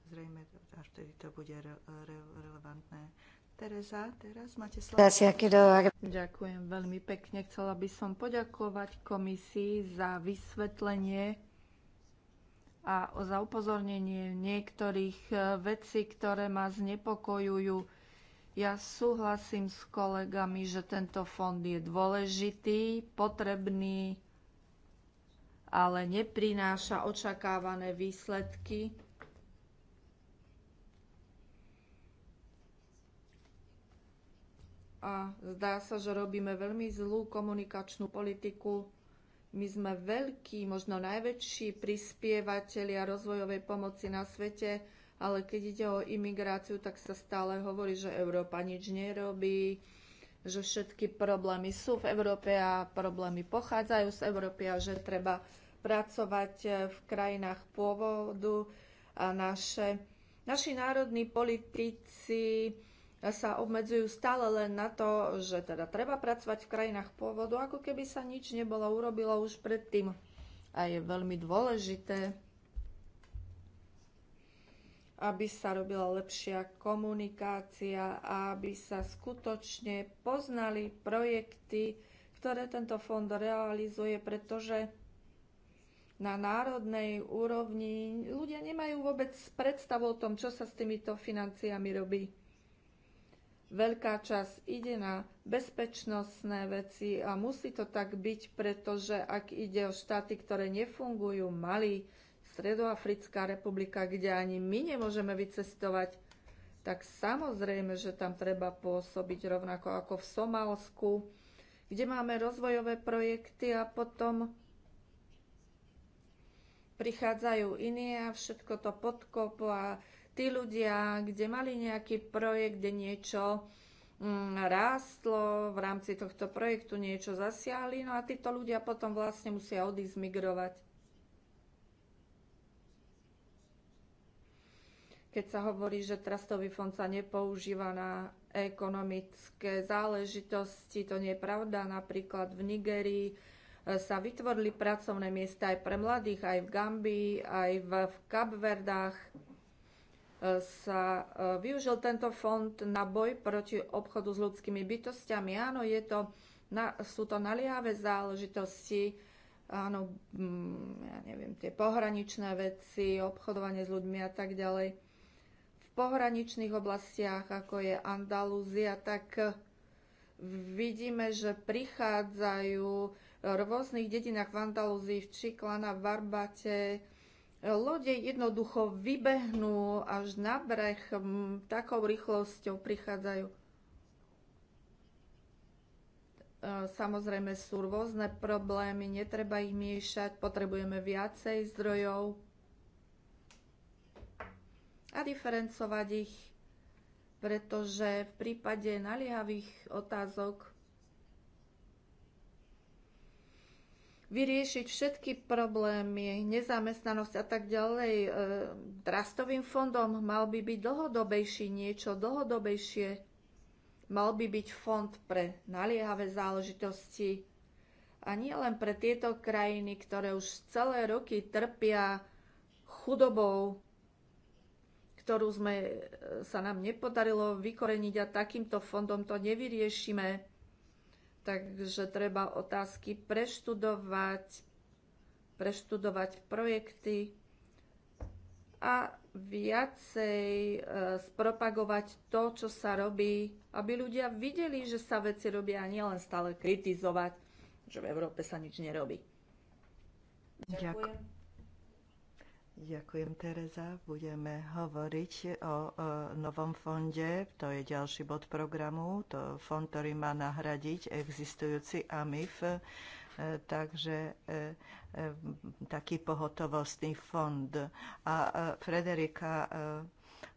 S2: Zrejme až vtedy to bude re, re, relevantné. Tereza, teraz máte slovo.
S3: Ďakujem veľmi pekne. Chcela by som poďakovať komisii za vysvetlenie a za upozornenie niektorých vecí, ktoré ma znepokojujú ja súhlasím s kolegami, že tento fond je dôležitý, potrebný, ale neprináša očakávané výsledky. A zdá sa, že robíme veľmi zlú komunikačnú politiku. My sme veľkí, možno najväčší prispievateľia rozvojovej pomoci na svete ale keď ide o imigráciu, tak sa stále hovorí, že Európa nič nerobí, že všetky problémy sú v Európe a problémy pochádzajú z Európy a že treba pracovať eh, v krajinách pôvodu a naše, naši národní politici eh, sa obmedzujú stále len na to, že teda treba pracovať v krajinách pôvodu, ako keby sa nič nebolo urobilo už predtým. A je veľmi dôležité, aby sa robila lepšia komunikácia a aby sa skutočne poznali projekty, ktoré tento fond realizuje, pretože na národnej úrovni ľudia nemajú vôbec predstavu o tom, čo sa s týmito financiami robí. Veľká časť ide na bezpečnostné veci a musí to tak byť, pretože ak ide o štáty, ktoré nefungujú, Mali, Stredoafrická republika, kde ani my nemôžeme vycestovať, tak samozrejme, že tam treba pôsobiť rovnako ako v Somálsku, kde máme rozvojové projekty a potom prichádzajú iní a všetko to podkopu a tí ľudia, kde mali nejaký projekt, kde niečo mm, rástlo v rámci tohto projektu, niečo zasiahli, no a títo ľudia potom vlastne musia odísť migrovať. keď sa hovorí, že trastový fond sa nepoužíva na ekonomické záležitosti. To nie je pravda. Napríklad v Nigerii e, sa vytvorili pracovné miesta aj pre mladých, aj v Gambii, aj v, Kapverdách e, sa e, využil tento fond na boj proti obchodu s ľudskými bytostiami. Áno, je to, na, sú to naliehavé záležitosti, áno, mm, ja neviem, tie pohraničné veci, obchodovanie s ľuďmi a tak ďalej pohraničných oblastiach, ako je Andalúzia, tak e, vidíme, že prichádzajú v rôznych dedinách v Andalúzii, v Čiklana, v Arbate. Lode jednoducho vybehnú až na breh, takou rýchlosťou prichádzajú. E, samozrejme sú rôzne problémy, netreba ich miešať, potrebujeme viacej zdrojov a diferencovať ich, pretože v prípade naliehavých otázok vyriešiť všetky problémy, nezamestnanosť a tak ďalej. E, trastovým fondom mal by byť dlhodobejší niečo, dlhodobejšie. Mal by byť fond pre naliehavé záležitosti a nie len pre tieto krajiny, ktoré už celé roky trpia chudobou ktorú sme, e, sa nám nepodarilo vykoreniť a takýmto fondom to nevyriešime. Takže treba otázky preštudovať, preštudovať projekty a viacej e, spropagovať to, čo sa robí, aby ľudia videli, že sa veci robia a nielen stále kritizovať, že v Európe sa nič nerobí.
S2: Ďakujem. Ďakujem, Tereza. Budeme hovoriť o, novom fonde. To je ďalší bod programu. To fond, ktorý má nahradiť existujúci AMIF. E, takže e, e, taký pohotovostný fond. A Frederika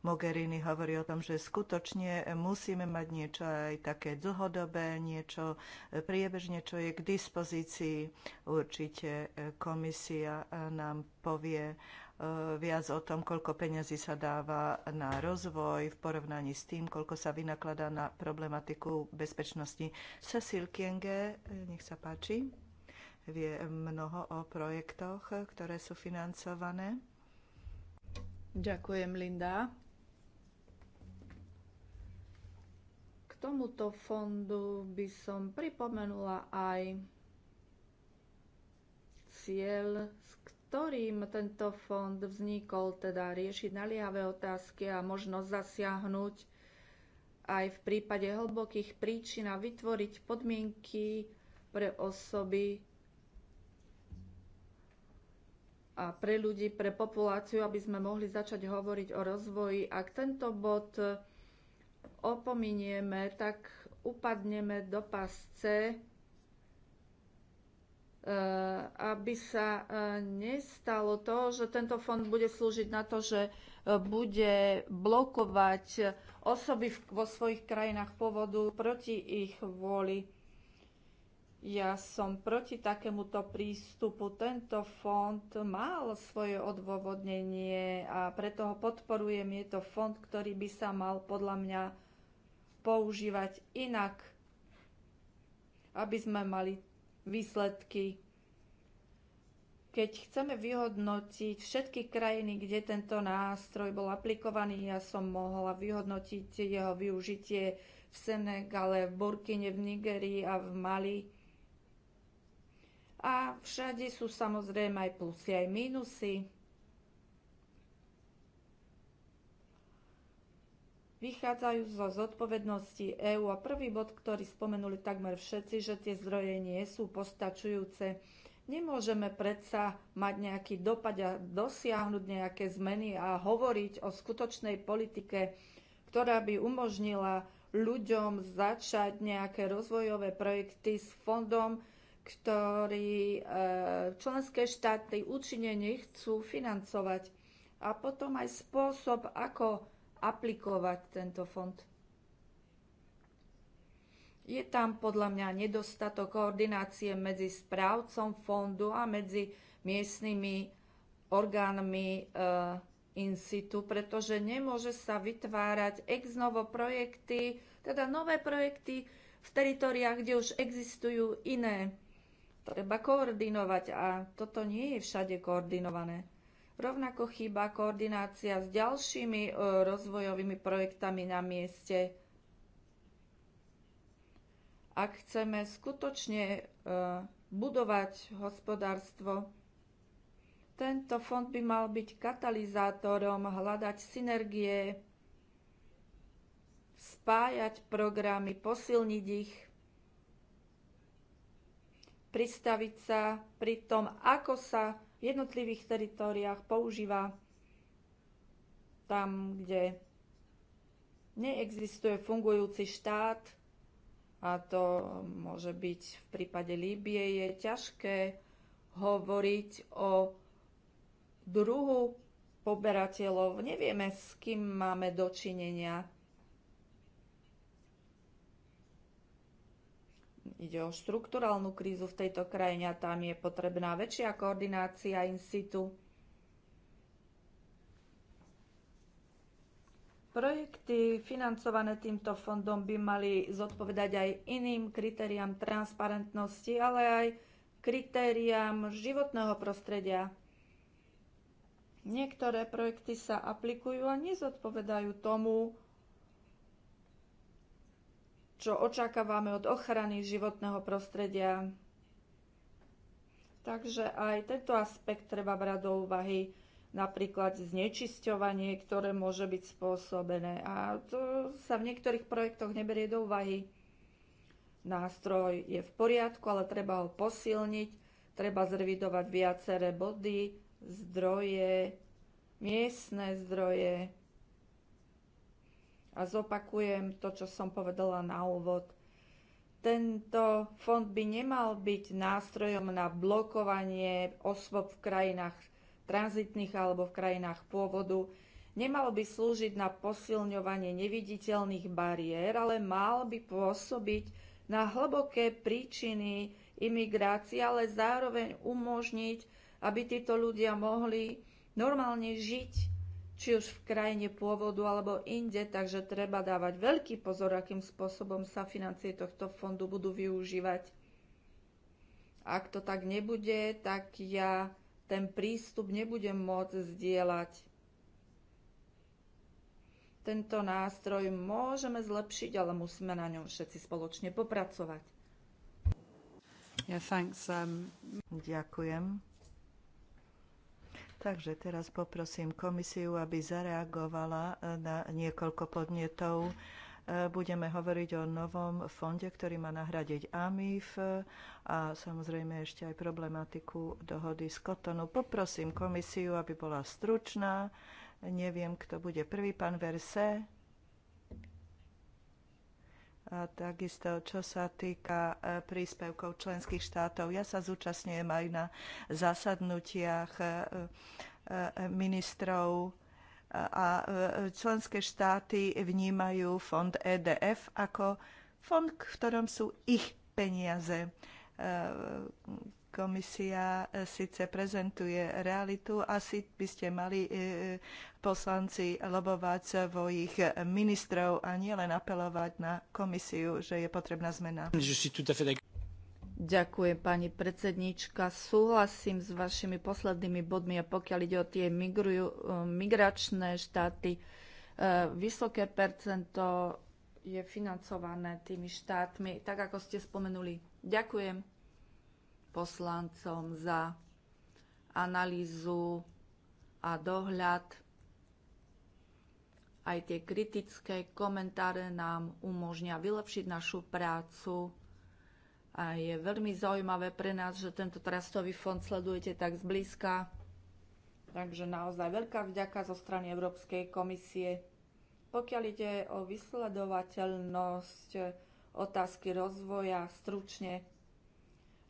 S2: Mogherini hovorí o tom, že skutočne musíme mať niečo aj také dlhodobé, niečo priebežne, čo je k dispozícii. Určite komisia nám povie viac o tom, koľko peňazí sa dáva na rozvoj v porovnaní s tým, koľko sa vynakladá na problematiku bezpečnosti. Cecil Kienge, nech sa páči, vie mnoho o projektoch, ktoré sú
S3: financované. Ďakujem, Linda. K tomuto fondu by som pripomenula aj cieľ, s ktorým tento fond vznikol, teda riešiť naliehavé otázky a možno zasiahnuť aj v prípade hlbokých príčin a vytvoriť podmienky pre osoby a pre ľudí, pre populáciu, aby sme mohli začať hovoriť o rozvoji. Ak tento bod opominieme, tak upadneme do pasce, E, aby sa e, nestalo to, že tento fond bude slúžiť na to, že e, bude blokovať osoby vo svojich krajinách pôvodu proti ich vôli. Ja som proti takémuto prístupu. Tento fond mal svoje odôvodnenie a preto ho podporujem. Je to fond, ktorý by sa mal podľa mňa používať inak, aby sme mali výsledky. Keď chceme vyhodnotiť všetky krajiny, kde tento nástroj bol aplikovaný, ja som mohla vyhodnotiť jeho využitie v Senegale, v Burkine, v Nigerii a v Mali. A všade sú samozrejme aj plusy, aj mínusy. vychádzajú zo zodpovednosti EÚ a prvý bod, ktorý spomenuli takmer všetci, že tie zdroje nie sú postačujúce. Nemôžeme predsa mať nejaký dopad a dosiahnuť nejaké zmeny a hovoriť o skutočnej politike, ktorá by umožnila ľuďom začať nejaké rozvojové projekty s fondom, ktorý eh, členské štáty účinne nechcú financovať. A potom aj spôsob, ako aplikovať tento fond. Je tam podľa mňa nedostatok koordinácie medzi správcom fondu a medzi miestnymi orgánmi e, in situ, pretože nemôže sa vytvárať ex novo projekty, teda nové projekty v teritoriách, kde už existujú iné. Treba koordinovať a toto nie je všade koordinované. Rovnako chýba koordinácia s ďalšími e, rozvojovými projektami na mieste. Ak chceme skutočne e, budovať hospodárstvo, tento fond by mal byť katalizátorom, hľadať synergie, spájať programy, posilniť ich, pristaviť sa pri tom, ako sa jednotlivých teritóriách používa tam, kde neexistuje fungujúci štát, a to môže byť v prípade Líbie, je ťažké hovoriť o druhu poberateľov. Nevieme, s kým máme dočinenia. Ide o štrukturálnu krízu v tejto krajine a tam je potrebná väčšia koordinácia in situ. Projekty financované týmto fondom by mali zodpovedať aj iným kritériám transparentnosti, ale aj kritériám životného prostredia. Niektoré projekty sa aplikujú a nezodpovedajú tomu, čo očakávame od ochrany životného prostredia. Takže aj tento aspekt treba brať do úvahy, napríklad znečisťovanie, ktoré môže byť spôsobené. A to sa v niektorých projektoch neberie do úvahy. Nástroj je v poriadku, ale treba ho posilniť, treba zrevidovať viaceré body, zdroje, miestne zdroje, a zopakujem to, čo som povedala na úvod. Tento fond by nemal byť nástrojom na blokovanie osôb v krajinách tranzitných alebo v krajinách pôvodu. Nemal by slúžiť na posilňovanie neviditeľných bariér, ale mal by pôsobiť na hlboké príčiny imigrácie, ale zároveň umožniť, aby títo ľudia mohli normálne žiť či už v krajine pôvodu alebo inde, takže treba dávať veľký pozor, akým spôsobom sa financie tohto fondu budú využívať. Ak to tak nebude, tak ja ten prístup nebudem môcť zdieľať. Tento nástroj môžeme zlepšiť, ale musíme na ňom všetci spoločne popracovať.
S2: Yeah, thanks, um... Ďakujem. Takže teraz poprosím komisiu, aby zareagovala e, na niekoľko podnetov. E, budeme hovoriť o novom fonde, ktorý má nahradiť AMIF e, a samozrejme ešte aj problematiku dohody z Kotonu. Poprosím komisiu, aby bola stručná. Neviem, kto bude prvý, pán Verse a takisto čo sa týka e, príspevkov členských štátov. Ja sa zúčastňujem aj na zasadnutiach e, e, ministrov a členské štáty vnímajú fond EDF ako fond, v ktorom sú ich peniaze komisia e, síce prezentuje realitu, asi by ste mali e, poslanci lobovať svojich ministrov
S3: a nielen apelovať na komisiu, že je potrebná zmena. Ďakujem, pani predsednička. Súhlasím s vašimi poslednými bodmi a pokiaľ ide o tie migrujú, e, migračné štáty, vysoké percento je financované tými štátmi, tak ako ste spomenuli. Ďakujem poslancom za analýzu a dohľad. Aj tie kritické komentáre nám umožňa vylepšiť našu prácu. A je veľmi zaujímavé pre nás, že tento trastový fond sledujete tak zblízka. Takže naozaj veľká vďaka zo strany Európskej komisie. Pokiaľ ide o vysledovateľnosť otázky rozvoja, stručne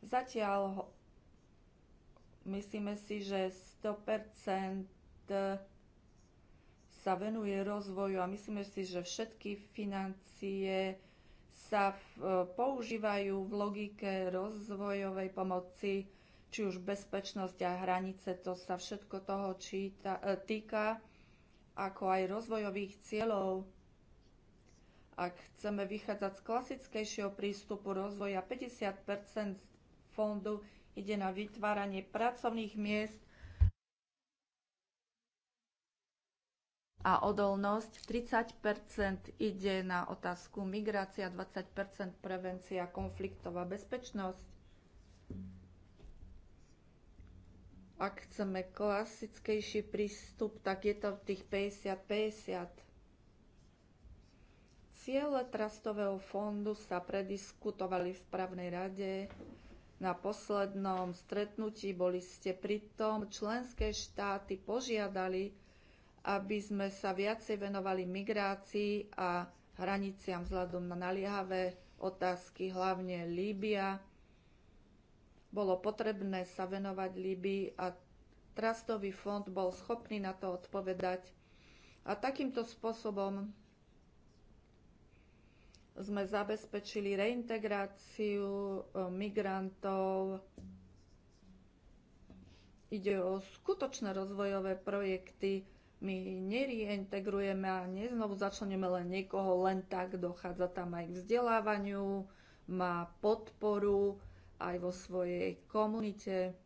S3: Zatiaľ myslíme si, že 100% sa venuje rozvoju a myslíme si, že všetky financie sa v, e, používajú v logike rozvojovej pomoci, či už bezpečnosť a hranice, to sa všetko toho číta, e, týka, ako aj rozvojových cieľov. Ak chceme vychádzať z klasickejšieho prístupu rozvoja, 50 fondu. Ide na vytváranie pracovných miest a odolnosť. 30 ide na otázku migrácia, 20 prevencia konfliktov a bezpečnosť. Ak chceme klasickejší prístup, tak je to v tých 50-50. Ciele Trastového fondu sa prediskutovali v právnej rade na poslednom stretnutí boli ste pritom. Členské štáty požiadali, aby sme sa viacej venovali migrácii a hraniciam vzhľadom na naliehavé otázky, hlavne Líbia. Bolo potrebné sa venovať Líbii a Trastový fond bol schopný na to odpovedať. A takýmto spôsobom sme zabezpečili reintegráciu e, migrantov. Ide o skutočné rozvojové projekty. My nereintegrujeme a neznovu začlenujeme len niekoho, len tak dochádza tam aj k vzdelávaniu, má podporu aj vo svojej komunite.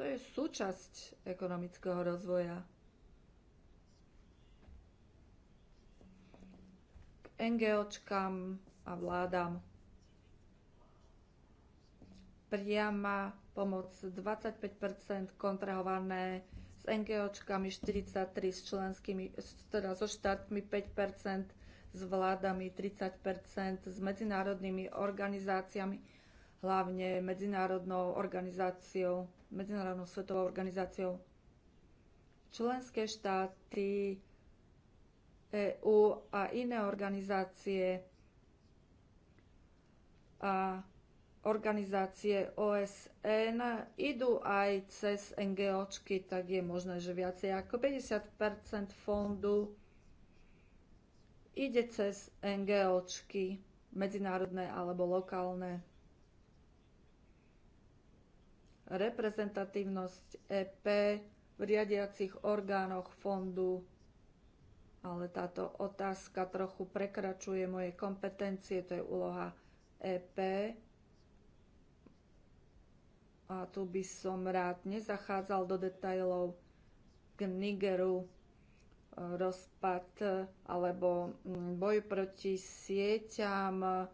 S3: To je súčasť ekonomického rozvoja. NGOčkám a vládam. Priama pomoc 25 kontrahované s NGOčkami 43 s členskými, teda so štátmi 5 s vládami 30 s medzinárodnými organizáciami, hlavne medzinárodnou organizáciou, medzinárodnou svetovou organizáciou. Členské štáty EÚ a iné organizácie a organizácie OSN idú aj cez NGOčky, tak je možné, že viacej ako 50 fondu ide cez NGOčky, medzinárodné alebo lokálne. Reprezentatívnosť EP v riadiacich orgánoch fondu ale táto otázka trochu prekračuje moje kompetencie, to je úloha EP. A tu by som rád nezachádzal do detajlov k Nigeru, e, rozpad alebo mm, boj proti sieťam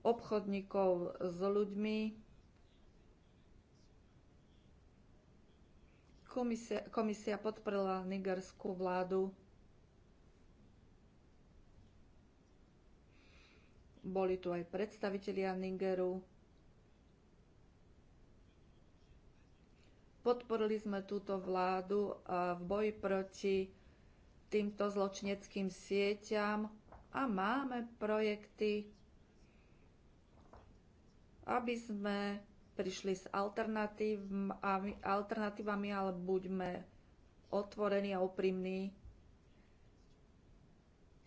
S3: obchodníkov s ľuďmi. Komisia, komisia podporila nigerskú vládu Boli tu aj predstavitelia Nigeru. Podporili sme túto vládu v boji proti týmto zločneckým sieťam a máme projekty, aby sme prišli s alternatívami, alternatívami ale buďme otvorení a úprimní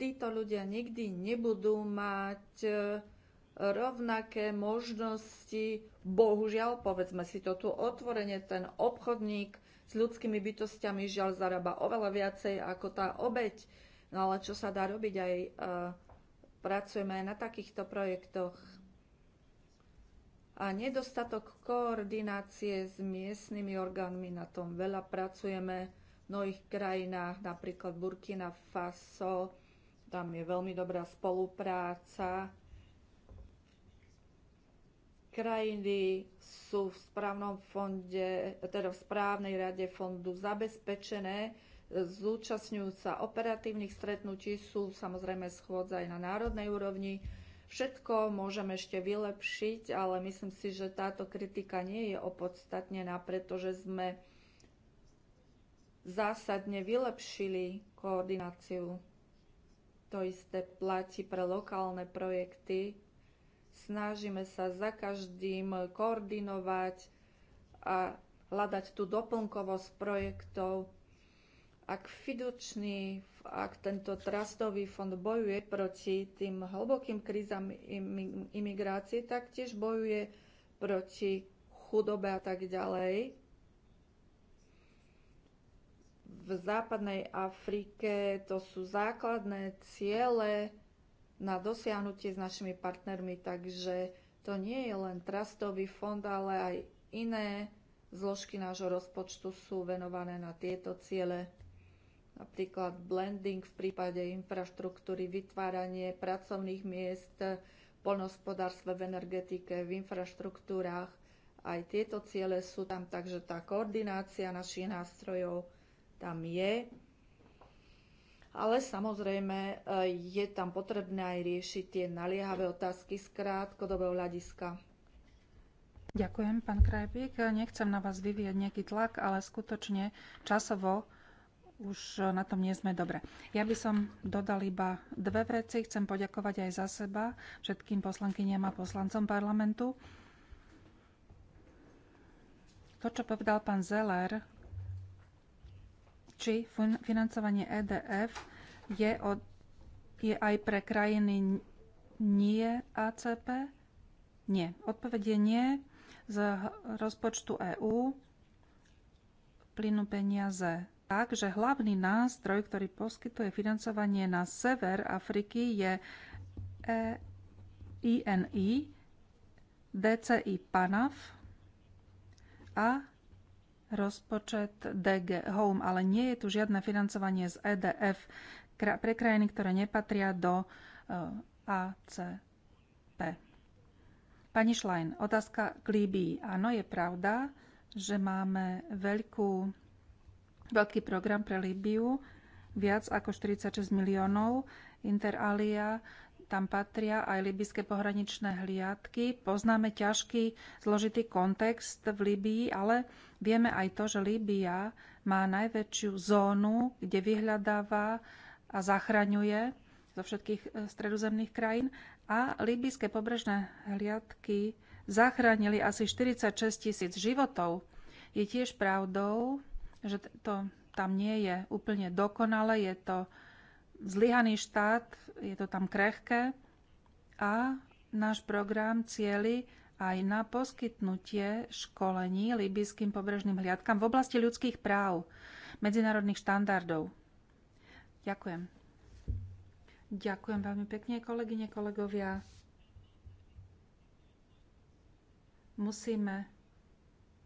S3: títo ľudia nikdy nebudú mať e, rovnaké možnosti. Bohužiaľ, povedzme si to tu otvorene, ten obchodník s ľudskými bytostiami žiaľ zarába oveľa viacej ako tá obeď. No ale čo sa dá robiť, aj e, pracujeme aj na takýchto projektoch. A nedostatok koordinácie s miestnymi orgánmi, na tom veľa pracujeme v mnohých krajinách, napríklad Burkina Faso, tam je veľmi dobrá spolupráca. Krajiny sú v správnom fonde, teda v správnej rade fondu zabezpečené, zúčastňujú sa operatívnych stretnutí, sú samozrejme schôdza aj na národnej úrovni. Všetko môžeme ešte vylepšiť, ale myslím si, že táto kritika nie je opodstatnená, pretože sme zásadne vylepšili koordináciu to isté platí pre lokálne projekty. Snažíme sa za každým koordinovať a hľadať tú doplnkovosť projektov. Ak fidučný, ak tento trastový fond bojuje proti tým hlbokým krízam imigrácie, tak tiež bojuje proti chudobe a tak ďalej. v západnej Afrike. To sú základné ciele na dosiahnutie s našimi partnermi, takže to nie je len trastový fond, ale aj iné zložky nášho rozpočtu sú venované na tieto ciele. Napríklad blending v prípade infraštruktúry, vytváranie pracovných miest, poľnohospodárstve v energetike, v infraštruktúrach. Aj tieto ciele sú tam, takže tá koordinácia našich nástrojov tam je. Ale samozrejme e, je tam potrebné aj riešiť tie naliehavé otázky z krátkodobého hľadiska.
S1: Ďakujem, pán Krajpík. Nechcem na vás vyvíjať nejaký tlak, ale skutočne časovo už na tom nie sme dobre. Ja by som dodal iba dve veci. Chcem poďakovať aj za seba všetkým poslankyniam a poslancom parlamentu. To, čo povedal pán Zeller, či financovanie EDF je, od, je aj pre krajiny nie ACP? Nie. Odpovedie nie. Z rozpočtu EÚ plynú peniaze tak, že hlavný nástroj, ktorý poskytuje financovanie na sever Afriky, je e- INI, DCI PANAF a rozpočet DG Home, ale nie je tu žiadne financovanie z EDF pre krajiny, ktoré nepatria do eh, ACP. Pani Schlein, otázka k Líbii. Áno, je pravda, že máme veľkú, veľký program pre Líbiu, viac ako 46 miliónov inter alia tam patria aj libyské pohraničné hliadky. Poznáme ťažký, zložitý kontext v Libii, ale vieme aj to, že Líbia má najväčšiu zónu, kde vyhľadáva a zachraňuje zo všetkých e, stredozemných krajín. A libyské pobrežné hliadky zachránili asi 46 tisíc životov. Je tiež pravdou, že to tam nie je úplne dokonale, je to zlyhaný štát, je to tam krehké a náš program cieli aj na poskytnutie školení libyským pobrežným hliadkam v oblasti ľudských práv, medzinárodných štandardov. Ďakujem. Ďakujem veľmi pekne, kolegyne, kolegovia. Musíme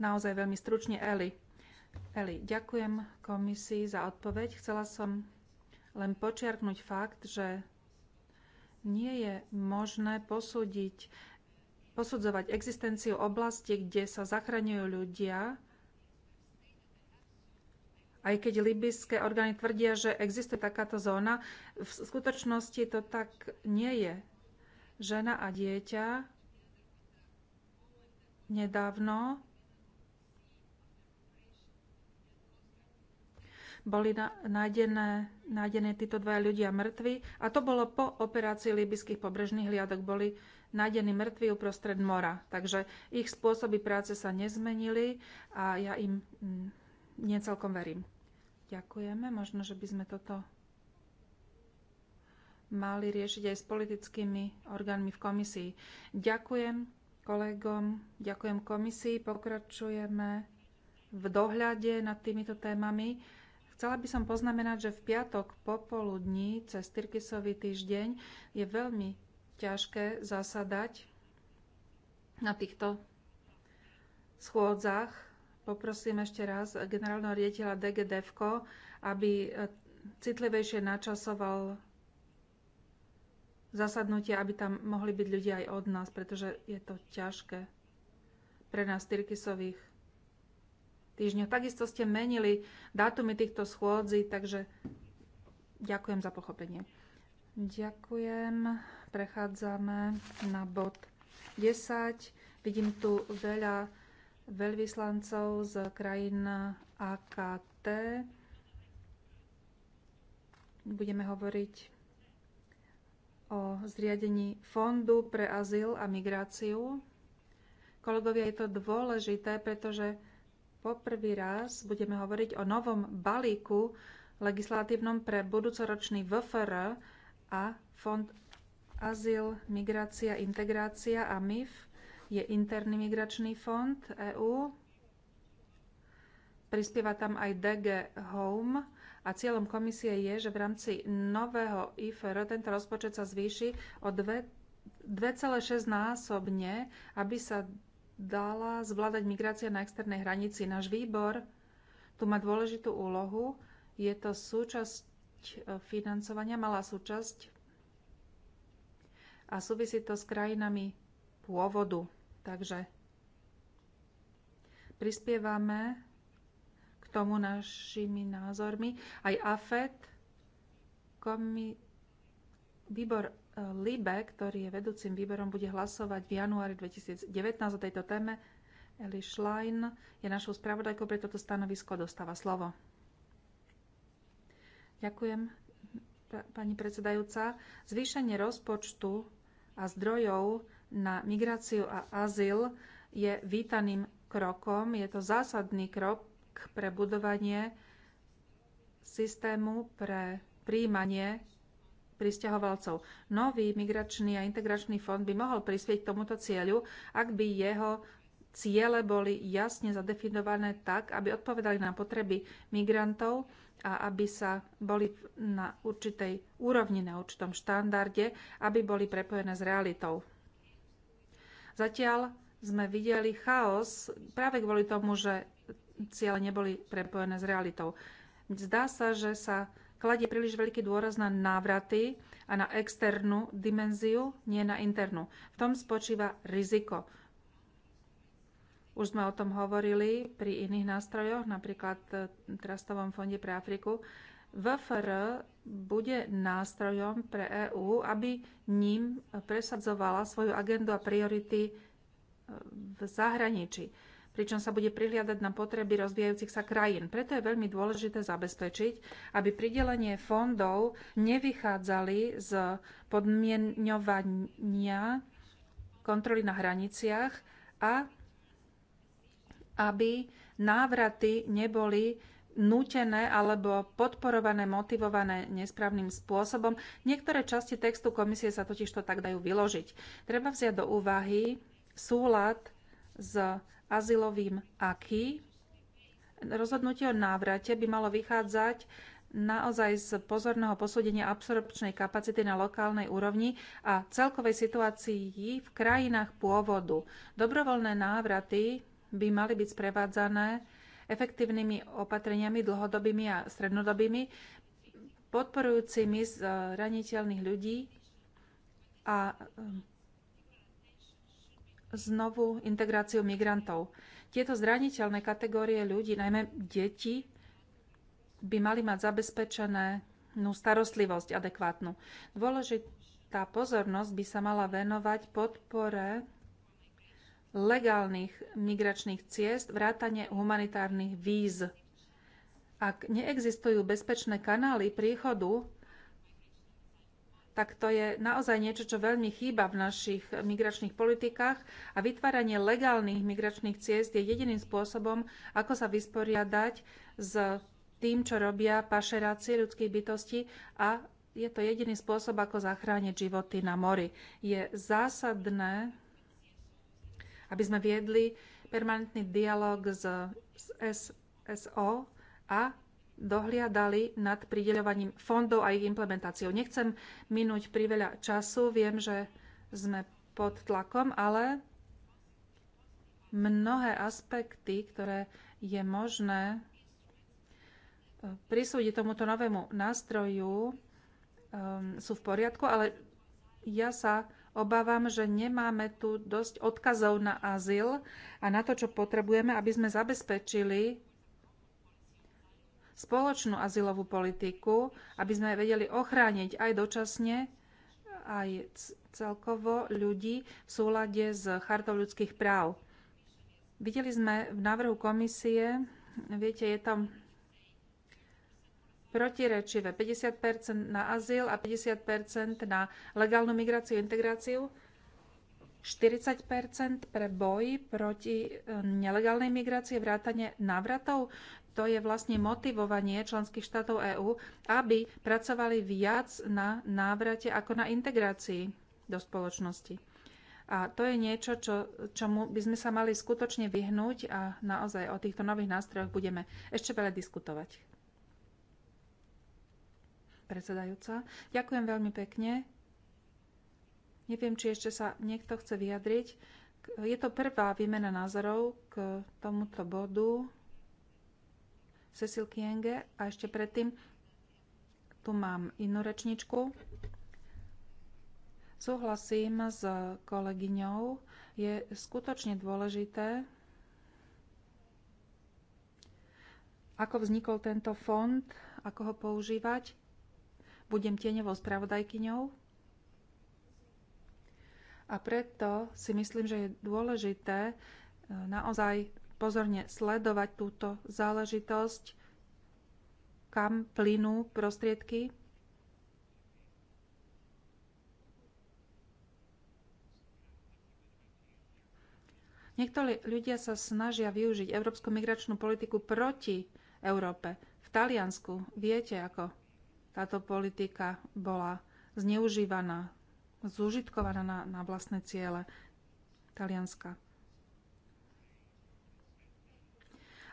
S1: naozaj veľmi stručne Eli. Eli, ďakujem komisii za odpoveď. Chcela som len počiarknúť fakt, že nie je možné posúdiť, posudzovať existenciu oblasti, kde sa zachraňujú ľudia, aj keď libyské orgány tvrdia, že existuje takáto zóna, v skutočnosti to tak nie je. Žena a dieťa nedávno boli nájdené, nájdené títo dvaja ľudia mŕtvi a to bolo po operácii líbyských pobrežných hliadok. Boli nájdení mŕtvi uprostred mora. Takže ich spôsoby práce sa nezmenili a ja im mm, necelkom verím. Ďakujeme. Možno, že by sme toto mali riešiť aj s politickými orgánmi v komisii. Ďakujem kolegom, ďakujem komisii. Pokračujeme v dohľade nad týmito témami. Chcela by som poznamenať, že v piatok popoludní cez Tyrkisový týždeň je veľmi ťažké zasadať na týchto schôdzach. Poprosím ešte raz generálneho riaditeľa DGDFko, aby eh, citlivejšie načasoval zasadnutie, aby tam mohli byť ľudia aj od nás, pretože je to ťažké pre nás Tyrkisových týždňoch. Takisto ste menili dátumy týchto schôdzí, takže ďakujem za pochopenie. Ďakujem. Prechádzame na bod 10. Vidím tu veľa veľvyslancov z krajín AKT. Budeme hovoriť o zriadení Fondu pre azyl a migráciu. Kolegovia, je to dôležité, pretože poprvý raz budeme hovoriť o novom balíku legislatívnom pre budúcoročný VFR a Fond Azyl, Migrácia, Integrácia a MIF je interný migračný fond EÚ. Prispieva tam aj DG Home a cieľom komisie je, že v rámci nového IFR tento rozpočet sa zvýši o 2,6 násobne, aby sa dala zvládať migrácia na externej hranici. Náš výbor tu má dôležitú úlohu. Je to súčasť e, financovania, malá súčasť a súvisí to s krajinami pôvodu. Takže prispievame k tomu našimi názormi. Aj AFET, komi, výbor Libe, ktorý je vedúcim výberom, bude hlasovať v januári 2019 o tejto téme. Eli Schlein je našou spravodajkou, pre toto stanovisko dostáva slovo. Ďakujem, pani predsedajúca. Zvýšenie rozpočtu a zdrojov na migráciu a azyl je vítaným krokom. Je to zásadný krok pre budovanie systému pre príjmanie pristahovalcov. Nový migračný a integračný fond by mohol prispieť k tomuto cieľu, ak by jeho ciele boli jasne zadefinované tak, aby odpovedali na potreby migrantov a aby sa boli na určitej úrovni, na určitom štandarde, aby boli prepojené s realitou. Zatiaľ sme videli chaos práve kvôli tomu, že ciele neboli prepojené s realitou. Zdá sa, že sa kladie príliš veľký dôraz na návraty a na externú dimenziu, nie na internú. V tom spočíva riziko. Už sme o tom hovorili pri iných nástrojoch, napríklad v e, Trastovom fonde pre Afriku. VFR bude nástrojom pre EÚ, aby ním presadzovala svoju agendu a priority e, v zahraničí pričom sa bude prihliadať na potreby rozvíjajúcich sa krajín. Preto je veľmi dôležité zabezpečiť, aby pridelenie fondov nevychádzali z podmienovania kontroly na hraniciach a aby návraty neboli nútené alebo podporované, motivované nesprávnym spôsobom. Niektoré časti textu komisie sa totiž to tak dajú vyložiť. Treba vziať do úvahy súlad s azylovým aký. Rozhodnutie o návrate by malo vychádzať naozaj z pozorného posúdenia absorpčnej kapacity na lokálnej úrovni a celkovej situácii v krajinách pôvodu. Dobrovoľné návraty by mali byť sprevádzané efektívnymi opatreniami dlhodobými a strednodobými, podporujúcimi zraniteľných eh, ľudí a eh, znovu integráciu migrantov. Tieto zraniteľné kategórie ľudí, najmä deti, by mali mať zabezpečené starostlivosť adekvátnu. Dôležitá pozornosť by sa mala venovať podpore legálnych migračných ciest, vrátane humanitárnych víz. Ak neexistujú bezpečné kanály príchodu tak to je naozaj niečo, čo veľmi chýba v našich migračných politikách a vytváranie legálnych migračných ciest je jediným spôsobom, ako sa vysporiadať s tým, čo robia pašeráci ľudských bytostí a je to jediný spôsob, ako zachrániť životy na mori. Je zásadné, aby sme viedli permanentný dialog s, SSO. a dohliadali nad prideľovaním fondov a ich implementáciou. Nechcem minúť priveľa času, viem, že sme pod tlakom, ale mnohé aspekty, ktoré je možné e, prisúdiť tomuto novému nástroju, e, sú v poriadku, ale ja sa obávam, že nemáme tu dosť odkazov na azyl a na to, čo potrebujeme, aby sme zabezpečili spoločnú azylovú politiku, aby sme vedeli ochrániť aj dočasne, aj celkovo ľudí v súlade s chartou ľudských práv. Videli sme v návrhu komisie, viete, je tam protirečivé 50 na azyl a 50 na legálnu migráciu a integráciu. 40 pre boj proti eh, nelegálnej migrácie, vrátane návratov to je vlastne motivovanie členských štátov EÚ, aby pracovali viac na návrate ako na integrácii do spoločnosti. A to je niečo, čo, čomu by sme sa mali skutočne vyhnúť a naozaj o týchto nových nástrojoch budeme ešte veľa diskutovať. Predsedajúca, ďakujem veľmi pekne. Neviem, či ešte sa niekto chce vyjadriť. Je to prvá výmena názorov k tomuto bodu. Cecil Kienge. A ešte predtým tu mám inú rečničku. Súhlasím s kolegyňou. Je skutočne dôležité, ako vznikol tento fond, ako ho používať. Budem tieňovou spravodajkyňou. A preto si myslím, že je dôležité e, naozaj pozorne sledovať túto záležitosť, kam plynú prostriedky. Niektorí ľudia sa snažia využiť európsku migračnú politiku proti Európe. V Taliansku viete, ako táto politika bola zneužívaná, zúžitkovaná na, na vlastné ciele Talianska.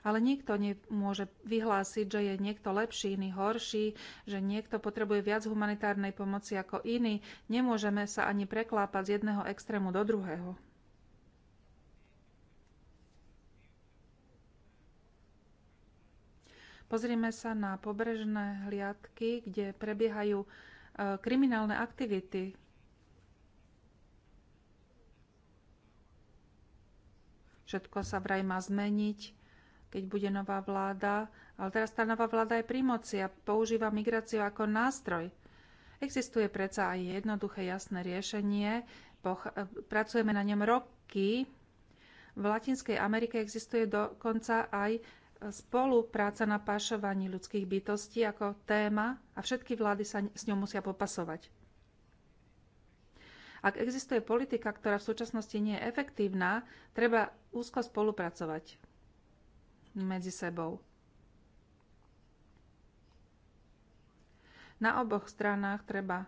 S1: ale nikto nemôže vyhlásiť, že je niekto lepší, iný horší, že niekto potrebuje viac humanitárnej pomoci ako iný. Nemôžeme sa ani preklápať z jedného extrému do druhého. Pozrieme sa na pobrežné hliadky, kde prebiehajú e, kriminálne aktivity. Všetko sa vraj má zmeniť keď bude nová vláda. Ale teraz tá nová vláda je pri moci a používa migráciu ako nástroj. Existuje predsa aj jednoduché, jasné riešenie. Poch- pracujeme na ňom roky. V Latinskej Amerike existuje dokonca aj spolupráca na pašovaní ľudských bytostí ako téma a všetky vlády sa s ňou musia popasovať. Ak existuje politika, ktorá v súčasnosti nie je efektívna, treba úzko spolupracovať medzi sebou. Na oboch stranách treba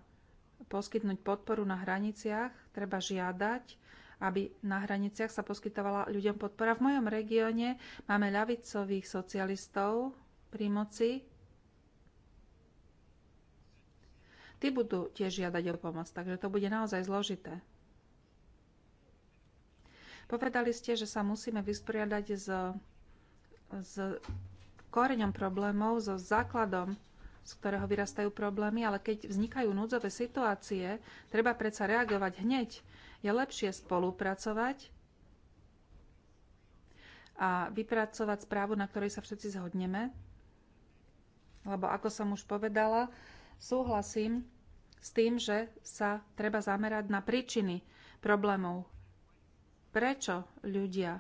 S1: poskytnúť podporu na hraniciach, treba žiadať, aby na hraniciach sa poskytovala ľuďom podpora. V mojom regióne máme ľavicových socialistov pri moci. Tí budú tiež žiadať o pomoc, takže to bude naozaj zložité. Povedali ste, že sa musíme vysporiadať s s koreňom problémov, so základom, z ktorého vyrastajú problémy, ale keď vznikajú núdzové situácie, treba predsa reagovať hneď. Je lepšie spolupracovať a vypracovať správu, na ktorej sa všetci zhodneme. Lebo ako som už povedala, súhlasím s tým, že sa treba zamerať na príčiny problémov. Prečo ľudia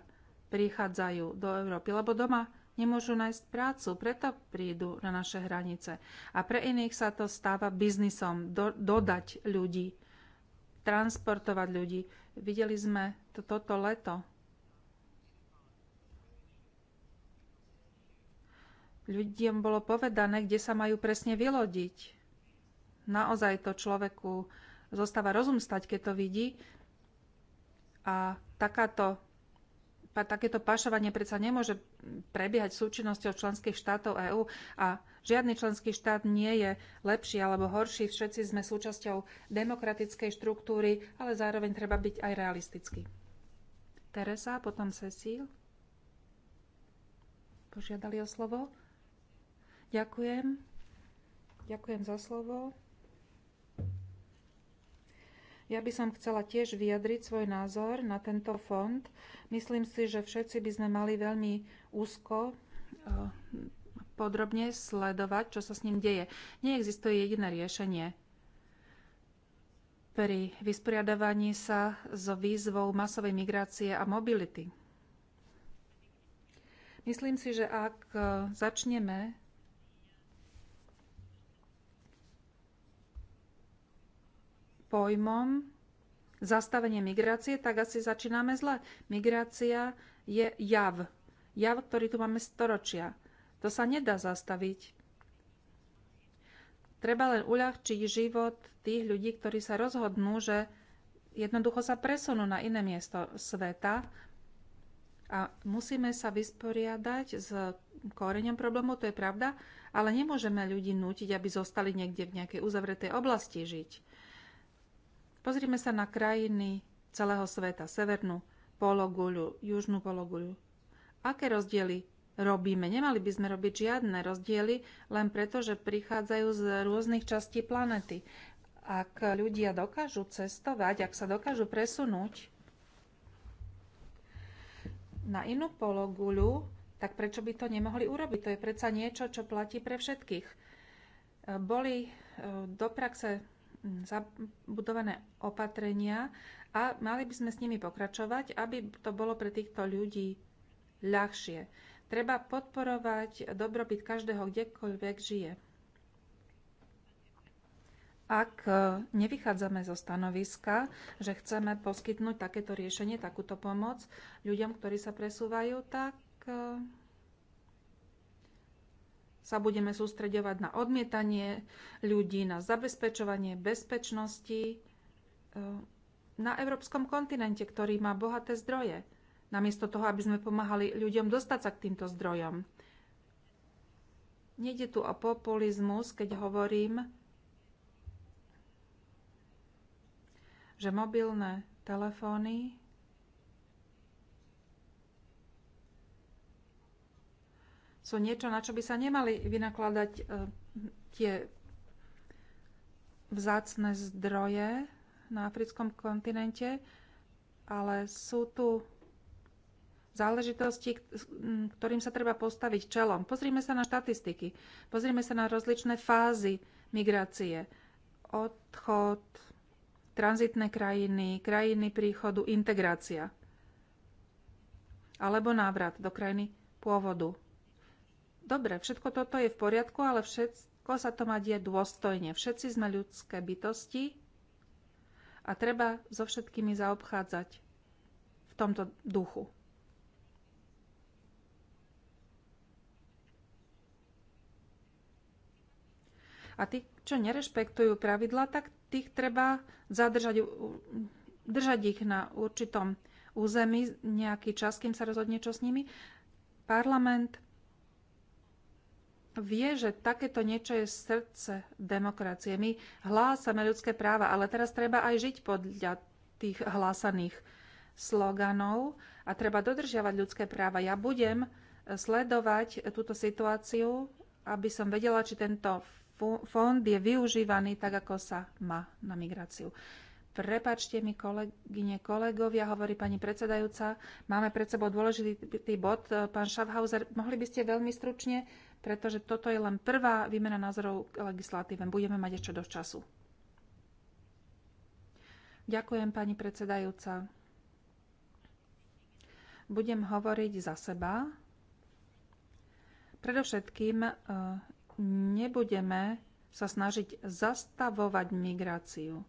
S1: prichádzajú do Európy, lebo doma nemôžu nájsť prácu, preto prídu na naše hranice. A pre iných sa to stáva biznisom, do, dodať ľudí, transportovať ľudí. Videli sme to, toto leto. Ľudiem bolo povedané, kde sa majú presne vylodiť. Naozaj to človeku zostáva rozum stať, keď to vidí. A takáto takéto pašovanie predsa nemôže prebiehať súčinnosťou členských štátov EÚ a žiadny členský štát nie je lepší alebo horší. Všetci sme súčasťou demokratickej štruktúry, ale zároveň treba byť aj realistický. Teresa, potom Cecil. Požiadali o slovo. Ďakujem. Ďakujem za slovo. Ja by som chcela tiež vyjadriť svoj názor na tento fond. Myslím si, že všetci by sme mali veľmi úzko e, podrobne sledovať, čo sa s ním deje. Neexistuje jediné riešenie. Pri vysporiadavaní sa so výzvou masovej migrácie a mobility. Myslím si, že ak e, začneme pojmom zastavenie migrácie, tak asi začíname zle. Migrácia je jav. Jav, ktorý tu máme storočia. To sa nedá zastaviť. Treba len uľahčiť život tých ľudí, ktorí sa rozhodnú, že jednoducho sa presunú na iné miesto sveta a musíme sa vysporiadať s koreňom problému, to je pravda, ale nemôžeme ľudí nútiť, aby zostali niekde v nejakej uzavretej oblasti žiť Pozrime sa na krajiny celého sveta, severnú pologuľu, južnú pologuľu. Aké rozdiely robíme? Nemali by sme robiť žiadne rozdiely, len preto, že prichádzajú z rôznych častí planety. Ak ľudia dokážu cestovať, ak sa dokážu presunúť na inú pologuľu, tak prečo by to nemohli urobiť? To je predsa niečo, čo platí pre všetkých. Boli e, do praxe zabudované opatrenia a mali by sme s nimi pokračovať, aby to bolo pre týchto ľudí ľahšie. Treba podporovať dobrobyt každého, kdekoľvek žije. Ak e, nevychádzame zo stanoviska, že chceme poskytnúť takéto riešenie, takúto pomoc ľuďom, ktorí sa presúvajú, tak e, sa budeme sústreďovať na odmietanie ľudí, na zabezpečovanie bezpečnosti e, na európskom kontinente, ktorý má bohaté zdroje, namiesto toho, aby sme pomáhali ľuďom dostať sa k týmto zdrojom. Nede tu o populizmus, keď hovorím, že mobilné telefóny sú niečo, na čo by sa nemali vynakladať e, tie vzácne zdroje na africkom kontinente, ale sú tu záležitosti, ktorým sa treba postaviť čelom. Pozrime sa na štatistiky, pozrime sa na rozličné fázy migrácie, odchod, tranzitné krajiny, krajiny príchodu, integrácia alebo návrat do krajiny pôvodu dobre, všetko toto je v poriadku, ale všetko sa to má diať dôstojne. Všetci sme ľudské bytosti a treba so všetkými zaobchádzať v tomto duchu. A tí, čo nerešpektujú pravidla, tak tých treba zadržať, držať ich na určitom území nejaký čas, kým sa rozhodne, čo s nimi. Parlament vie, že takéto niečo je srdce demokracie. My hlásame ľudské práva, ale teraz treba aj žiť podľa tých hlásaných sloganov a treba dodržiavať ľudské práva. Ja budem sledovať túto situáciu, aby som vedela, či tento fond je využívaný tak, ako sa má na migráciu. Prepačte mi, kolegyne, kolegovia, hovorí pani predsedajúca. Máme pred sebou dôležitý bod. Pán Schaffhauser, mohli by ste veľmi stručne pretože toto je len prvá výmena názorov k legislatíve. Budeme mať ešte dosť času. Ďakujem, pani predsedajúca. Budem hovoriť za seba. Predovšetkým e, nebudeme sa snažiť zastavovať migráciu.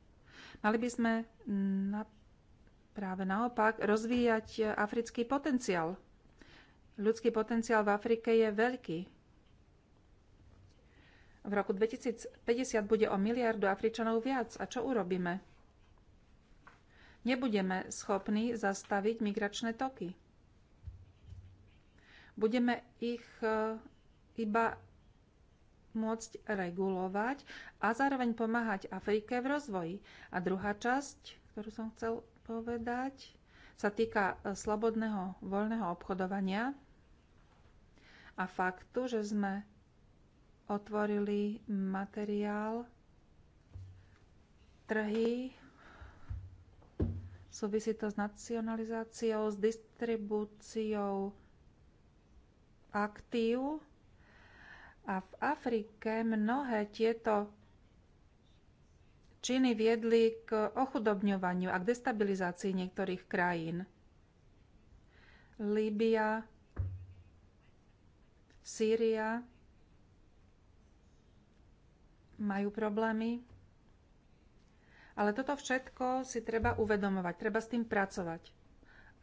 S1: Mali by sme na, práve naopak rozvíjať africký potenciál. Ľudský potenciál v Afrike je veľký. V roku 2050 bude o miliardu Afričanov viac. A čo urobíme? Nebudeme schopní zastaviť migračné toky. Budeme ich e, iba môcť regulovať a zároveň pomáhať Afrike v rozvoji. A druhá časť, ktorú som chcel povedať, sa týka e, slobodného voľného obchodovania a faktu, že sme otvorili materiál trhy. Súvisí to s nacionalizáciou, s distribúciou aktív. A v Afrike mnohé tieto činy viedli k ochudobňovaniu a k destabilizácii niektorých krajín. Líbia, Sýria, majú problémy. Ale toto všetko si treba uvedomovať, treba s tým pracovať.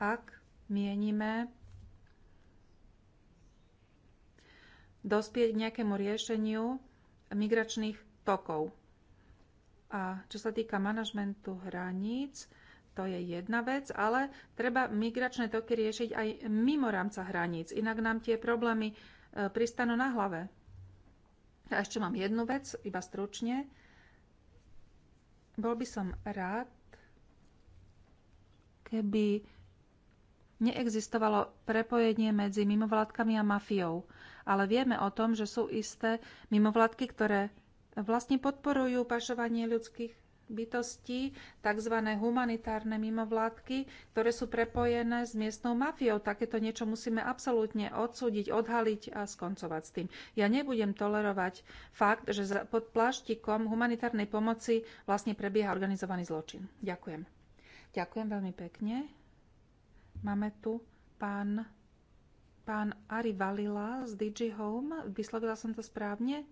S1: Ak mienime dospieť k nejakému riešeniu migračných tokov. A čo sa týka manažmentu hraníc, to je jedna vec, ale treba migračné toky riešiť aj mimo rámca hraníc, inak nám tie problémy e, pristanú na hlave. A ešte mám jednu vec, iba stručne. Bol by som rád, keby neexistovalo prepojenie medzi mimovládkami a mafiou. Ale vieme o tom, že sú isté mimovládky, ktoré vlastne podporujú pašovanie ľudských bytosti, tzv. humanitárne mimovládky, ktoré sú prepojené s miestnou mafiou. Takéto niečo musíme absolútne odsúdiť, odhaliť a skoncovať s tým. Ja nebudem tolerovať fakt, že pod pláštikom humanitárnej pomoci vlastne prebieha organizovaný zločin. Ďakujem. Ďakujem veľmi pekne. Máme tu pán, pán Ari Valila z Digi Home. Vyslovila som to správne?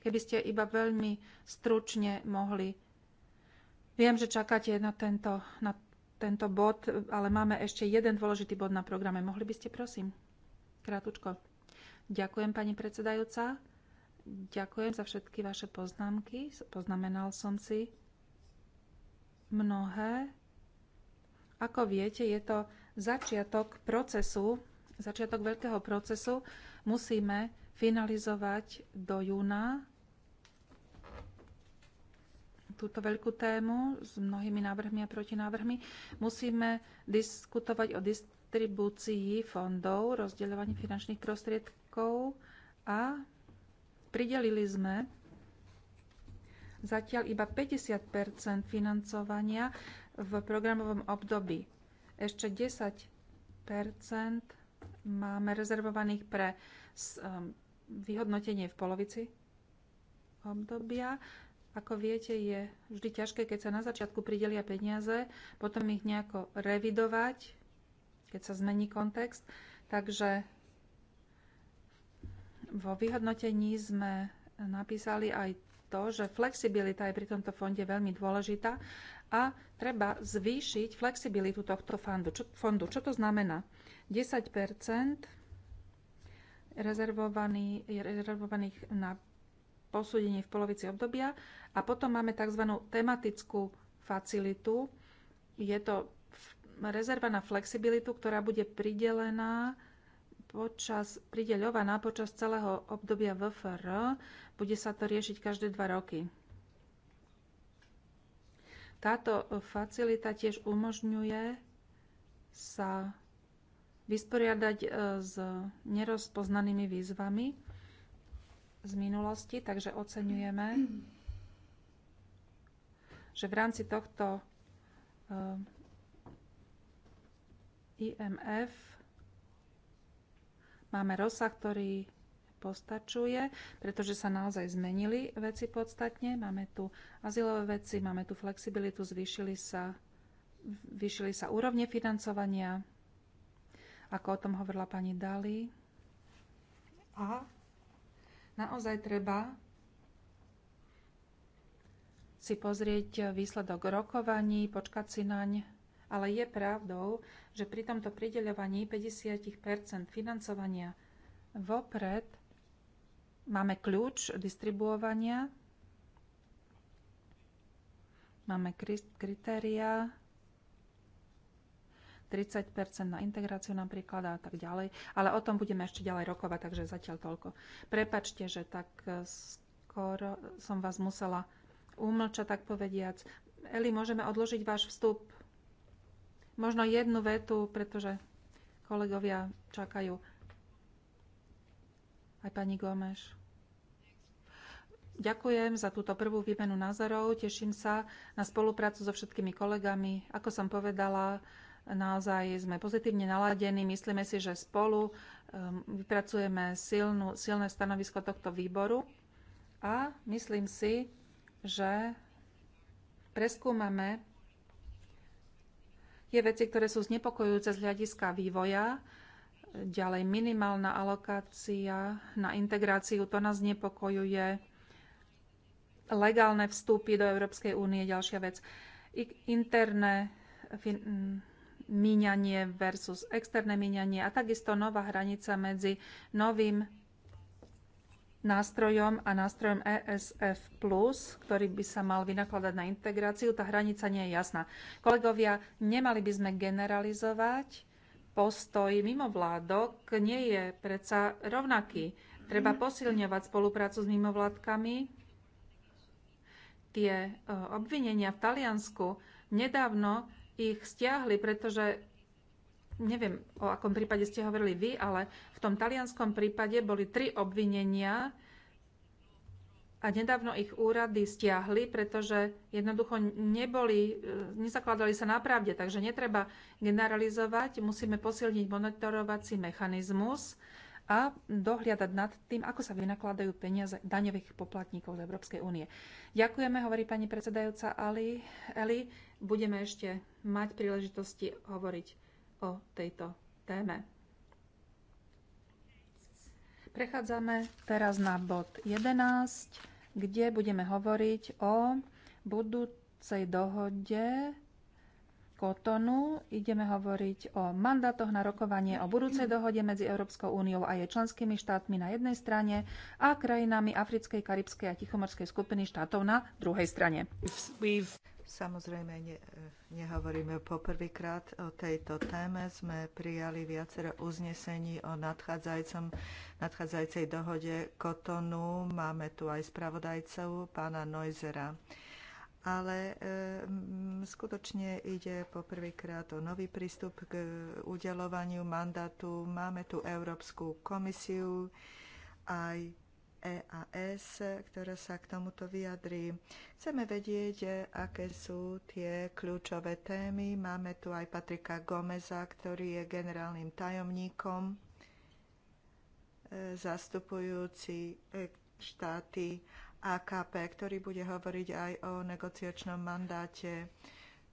S1: Keby ste iba veľmi stručne mohli Viem, že čakáte na tento, na tento bod, ale máme ešte jeden dôležitý bod na programe. Mohli by ste, prosím, krátučko. Ďakujem, pani predsedajúca. Ďakujem za všetky vaše poznámky. Poznamenal som si mnohé. Ako viete, je to začiatok procesu, začiatok veľkého procesu. Musíme finalizovať do júna túto veľkú tému s mnohými návrhmi a protinávrhmi. Musíme diskutovať o distribúcii fondov, rozdeľovaní finančných prostriedkov a pridelili sme zatiaľ iba 50 financovania v programovom období. Ešte 10 máme rezervovaných pre um, vyhodnotenie v polovici obdobia. Ako viete, je vždy ťažké, keď sa na začiatku pridelia peniaze, potom ich nejako revidovať, keď sa zmení kontext. Takže vo vyhodnotení sme napísali aj to, že flexibilita je pri tomto fonde veľmi dôležitá a treba zvýšiť flexibilitu tohto fondu. Čo, fondu. Čo to znamená? 10 rezervovaných na posúdenie v polovici obdobia. A potom máme tzv. tematickú facilitu. Je to rezerva na flexibilitu, ktorá bude pridelená počas, prideľovaná počas celého obdobia VFR. Bude sa to riešiť každé dva roky. Táto facilita tiež umožňuje sa vysporiadať e, s nerozpoznanými výzvami z minulosti, takže oceňujeme, že v rámci tohto eh, IMF máme rozsah, ktorý postačuje, pretože sa naozaj zmenili veci podstatne. Máme tu azylové veci, máme tu flexibilitu, zvýšili sa, zvýšili sa úrovne financovania, ako o tom hovorila pani Dali. A naozaj treba si pozrieť výsledok rokovaní, počkať si naň. Ale je pravdou, že pri tomto prideľovaní 50 financovania vopred máme kľúč distribuovania, máme kritériá. 30 na integráciu napríklad a tak ďalej. Ale o tom budeme ešte ďalej rokovať, takže zatiaľ toľko. Prepačte, že tak e, skoro som vás musela umlčať, tak povediac. Eli, môžeme odložiť váš vstup? Možno jednu vetu, pretože kolegovia čakajú. Aj pani Gomeš. Ďakujem za túto prvú výmenu názorov. Teším sa na spoluprácu so všetkými kolegami. Ako som povedala, Naozaj sme pozitívne naladení. Myslíme si, že spolu um, vypracujeme silnú, silné stanovisko tohto výboru a myslím si, že preskúmame tie veci, ktoré sú znepokojujúce z hľadiska vývoja. Ďalej minimálna alokácia na integráciu, to nás znepokojuje. Legálne vstupy do Európskej únie, ďalšia vec. I interné fin- míňanie versus externé míňanie a takisto nová hranica medzi novým nástrojom a nástrojom ESF+, ktorý by sa mal vynakladať na integráciu. Tá hranica nie je jasná. Kolegovia, nemali by sme generalizovať. Postoj mimovládok nie je predsa rovnaký. Treba posilňovať spoluprácu s mimovládkami. Tie e, obvinenia v Taliansku nedávno ich stiahli, pretože neviem, o akom prípade ste hovorili vy, ale v tom talianskom prípade boli tri obvinenia a nedávno ich úrady stiahli, pretože jednoducho neboli, e, nezakladali sa na pravde, takže netreba generalizovať, musíme posilniť monitorovací mechanizmus a dohliadať nad tým, ako sa vynakladajú peniaze daňových poplatníkov z Európskej únie. Ďakujeme, hovorí pani predsedajúca Ali. Eli, budeme ešte mať príležitosti hovoriť o tejto téme. Prechádzame teraz na bod 11, kde budeme hovoriť o budúcej dohode Kotonu ideme hovoriť o mandátoch na rokovanie o budúcej dohode medzi Európskou úniou a jej členskými štátmi na jednej strane a krajinami Africkej, Karibskej a Tichomorskej skupiny štátov na druhej strane.
S2: Samozrejme, ne, nehovoríme poprvýkrát o tejto téme. Sme prijali viacero uznesení o nadchádzajúcom, nadchádzajúcej dohode Kotonu. Máme tu aj spravodajcov, pána Neuzera ale ehm, skutočne ide poprvýkrát o nový prístup k udelovaniu mandátu. Máme tu Európsku komisiu, aj EAS, ktorá sa k tomuto vyjadrí. Chceme vedieť, e, aké sú tie kľúčové témy. Máme tu aj Patrika Gomeza, ktorý je generálnym tajomníkom, e, zastupujúci e, štáty AKP, ktorý bude hovoriť aj o negociačnom mandáte.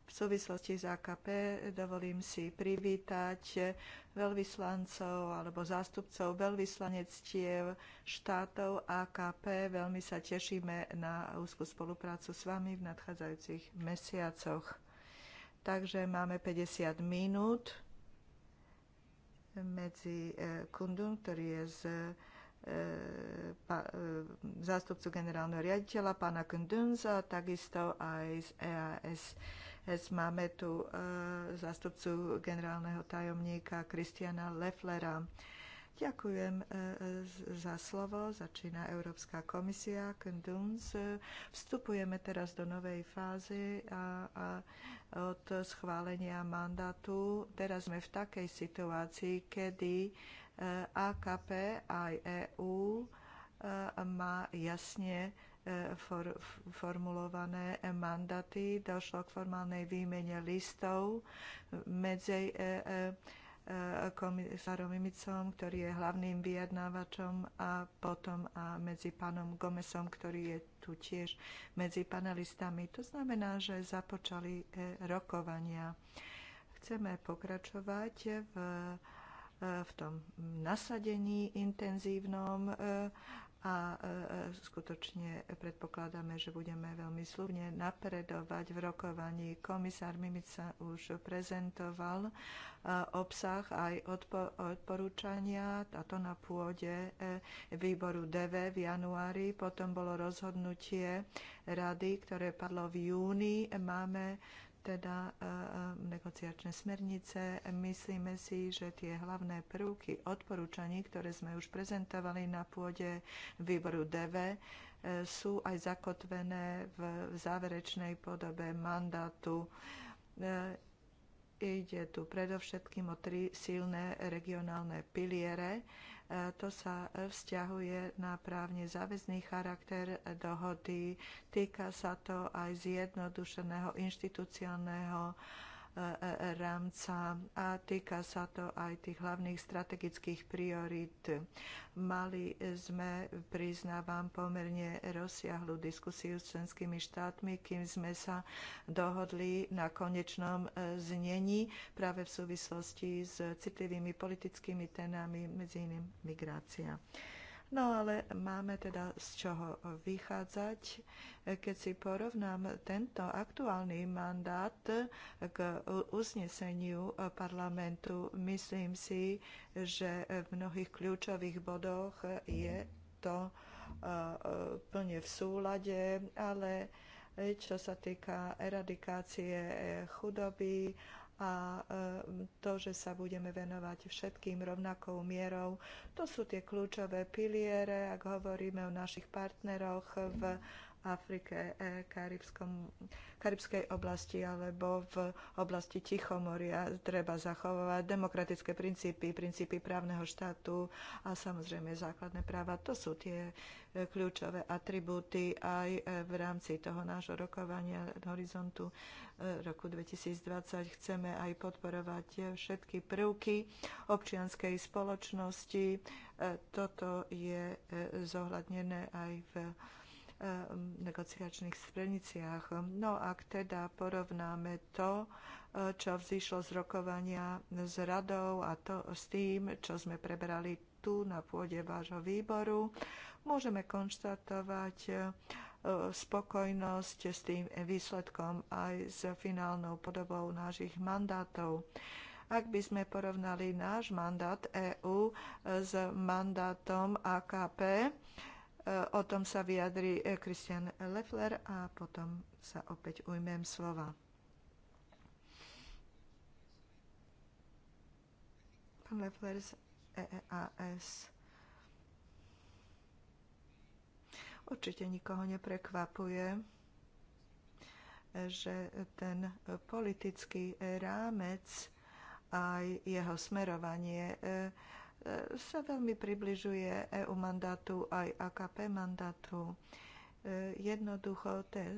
S2: V súvislosti s AKP dovolím si privítať veľvyslancov alebo zástupcov veľvyslanectiev štátov AKP. Veľmi sa tešíme na úzkú spoluprácu s vami v nadchádzajúcich mesiacoch. Takže máme 50 minút medzi eh, Kundum, ktorý je z E, e, zástupcu generálneho riaditeľa, pána Kundunza, takisto aj z EAS. Máme tu e, zástupcu generálneho tajomníka Kristiana Lefflera. Ďakujem za slovo. Začína Európska komisia, Kunduns. Vstupujeme teraz do novej fázy a, a od schválenia mandátu. Teraz sme v takej situácii, kedy AKP aj EÚ e, má jasne e, for, formulované mandaty. Došlo k formálnej výmene listov medzi e, komisárom Imicom, ktorý je hlavným vyjednávačom a potom a medzi pánom Gomesom, ktorý je tu tiež medzi panelistami. To znamená, že započali rokovania. Chceme pokračovať v E, v tom nasadení intenzívnom e, a e, skutočne predpokladáme, že budeme veľmi slubne napredovať v rokovaní. Komisár Mimica už prezentoval obsah aj odporúčania, a to na pôde výboru DV v januári. Potom bolo rozhodnutie rady, ktoré padlo v júni. Máme teda e, e, negociačné smernice. Myslíme si, že tie hlavné prvky odporúčaní, ktoré sme už prezentovali na pôde výboru DV, e, sú aj zakotvené v záverečnej podobe mandátu. Ide tu predovšetkým o tri silné regionálne piliere, to sa vzťahuje na právne záväzný charakter dohody. Týka sa to aj zjednodušeného inštitucionálneho E, e, rámca a týka sa to aj tých hlavných strategických priorít. Mali sme, priznávam, pomerne rozsiahlu diskusiu s členskými štátmi, kým sme sa dohodli na konečnom e, znení práve v súvislosti s citlivými politickými témami, medzi iným migrácia. No ale máme teda z čoho vychádzať, keď si porovnám tento aktuálny mandát k uzneseniu parlamentu. Myslím si, že v mnohých kľúčových bodoch je to e, plne v súlade, ale čo sa týka eradikácie chudoby a to, že sa budeme venovať všetkým rovnakou mierou, to sú tie kľúčové piliere, ak hovoríme o našich partneroch v Afrike, e, Karibskom, Karibskej oblasti alebo v oblasti Tichomoria treba zachovať demokratické princípy, princípy právneho štátu a samozrejme základné práva. To sú tie e, kľúčové atribúty aj e, v rámci toho nášho rokovania horizontu roku 2020. Chceme aj podporovať všetky prvky občianskej spoločnosti. Toto je zohľadnené aj v Eh, negociačných straniciach. No ak teda porovnáme to, eh, čo vzýšlo z rokovania s radou a to s tým, čo sme prebrali tu na pôde vášho výboru, môžeme konštatovať eh, spokojnosť s tým výsledkom aj s finálnou podobou našich mandátov ak by sme porovnali náš mandát EÚ s mandátom AKP, O tom sa vyjadri e, Christian Leffler a potom sa opäť ujmem slova. Pán Leffler z EEAS. Určite nikoho neprekvapuje, že ten politický rámec aj jeho smerovanie e, E, sa veľmi približuje EU mandátu aj AKP mandátu. E, jednoducho te e,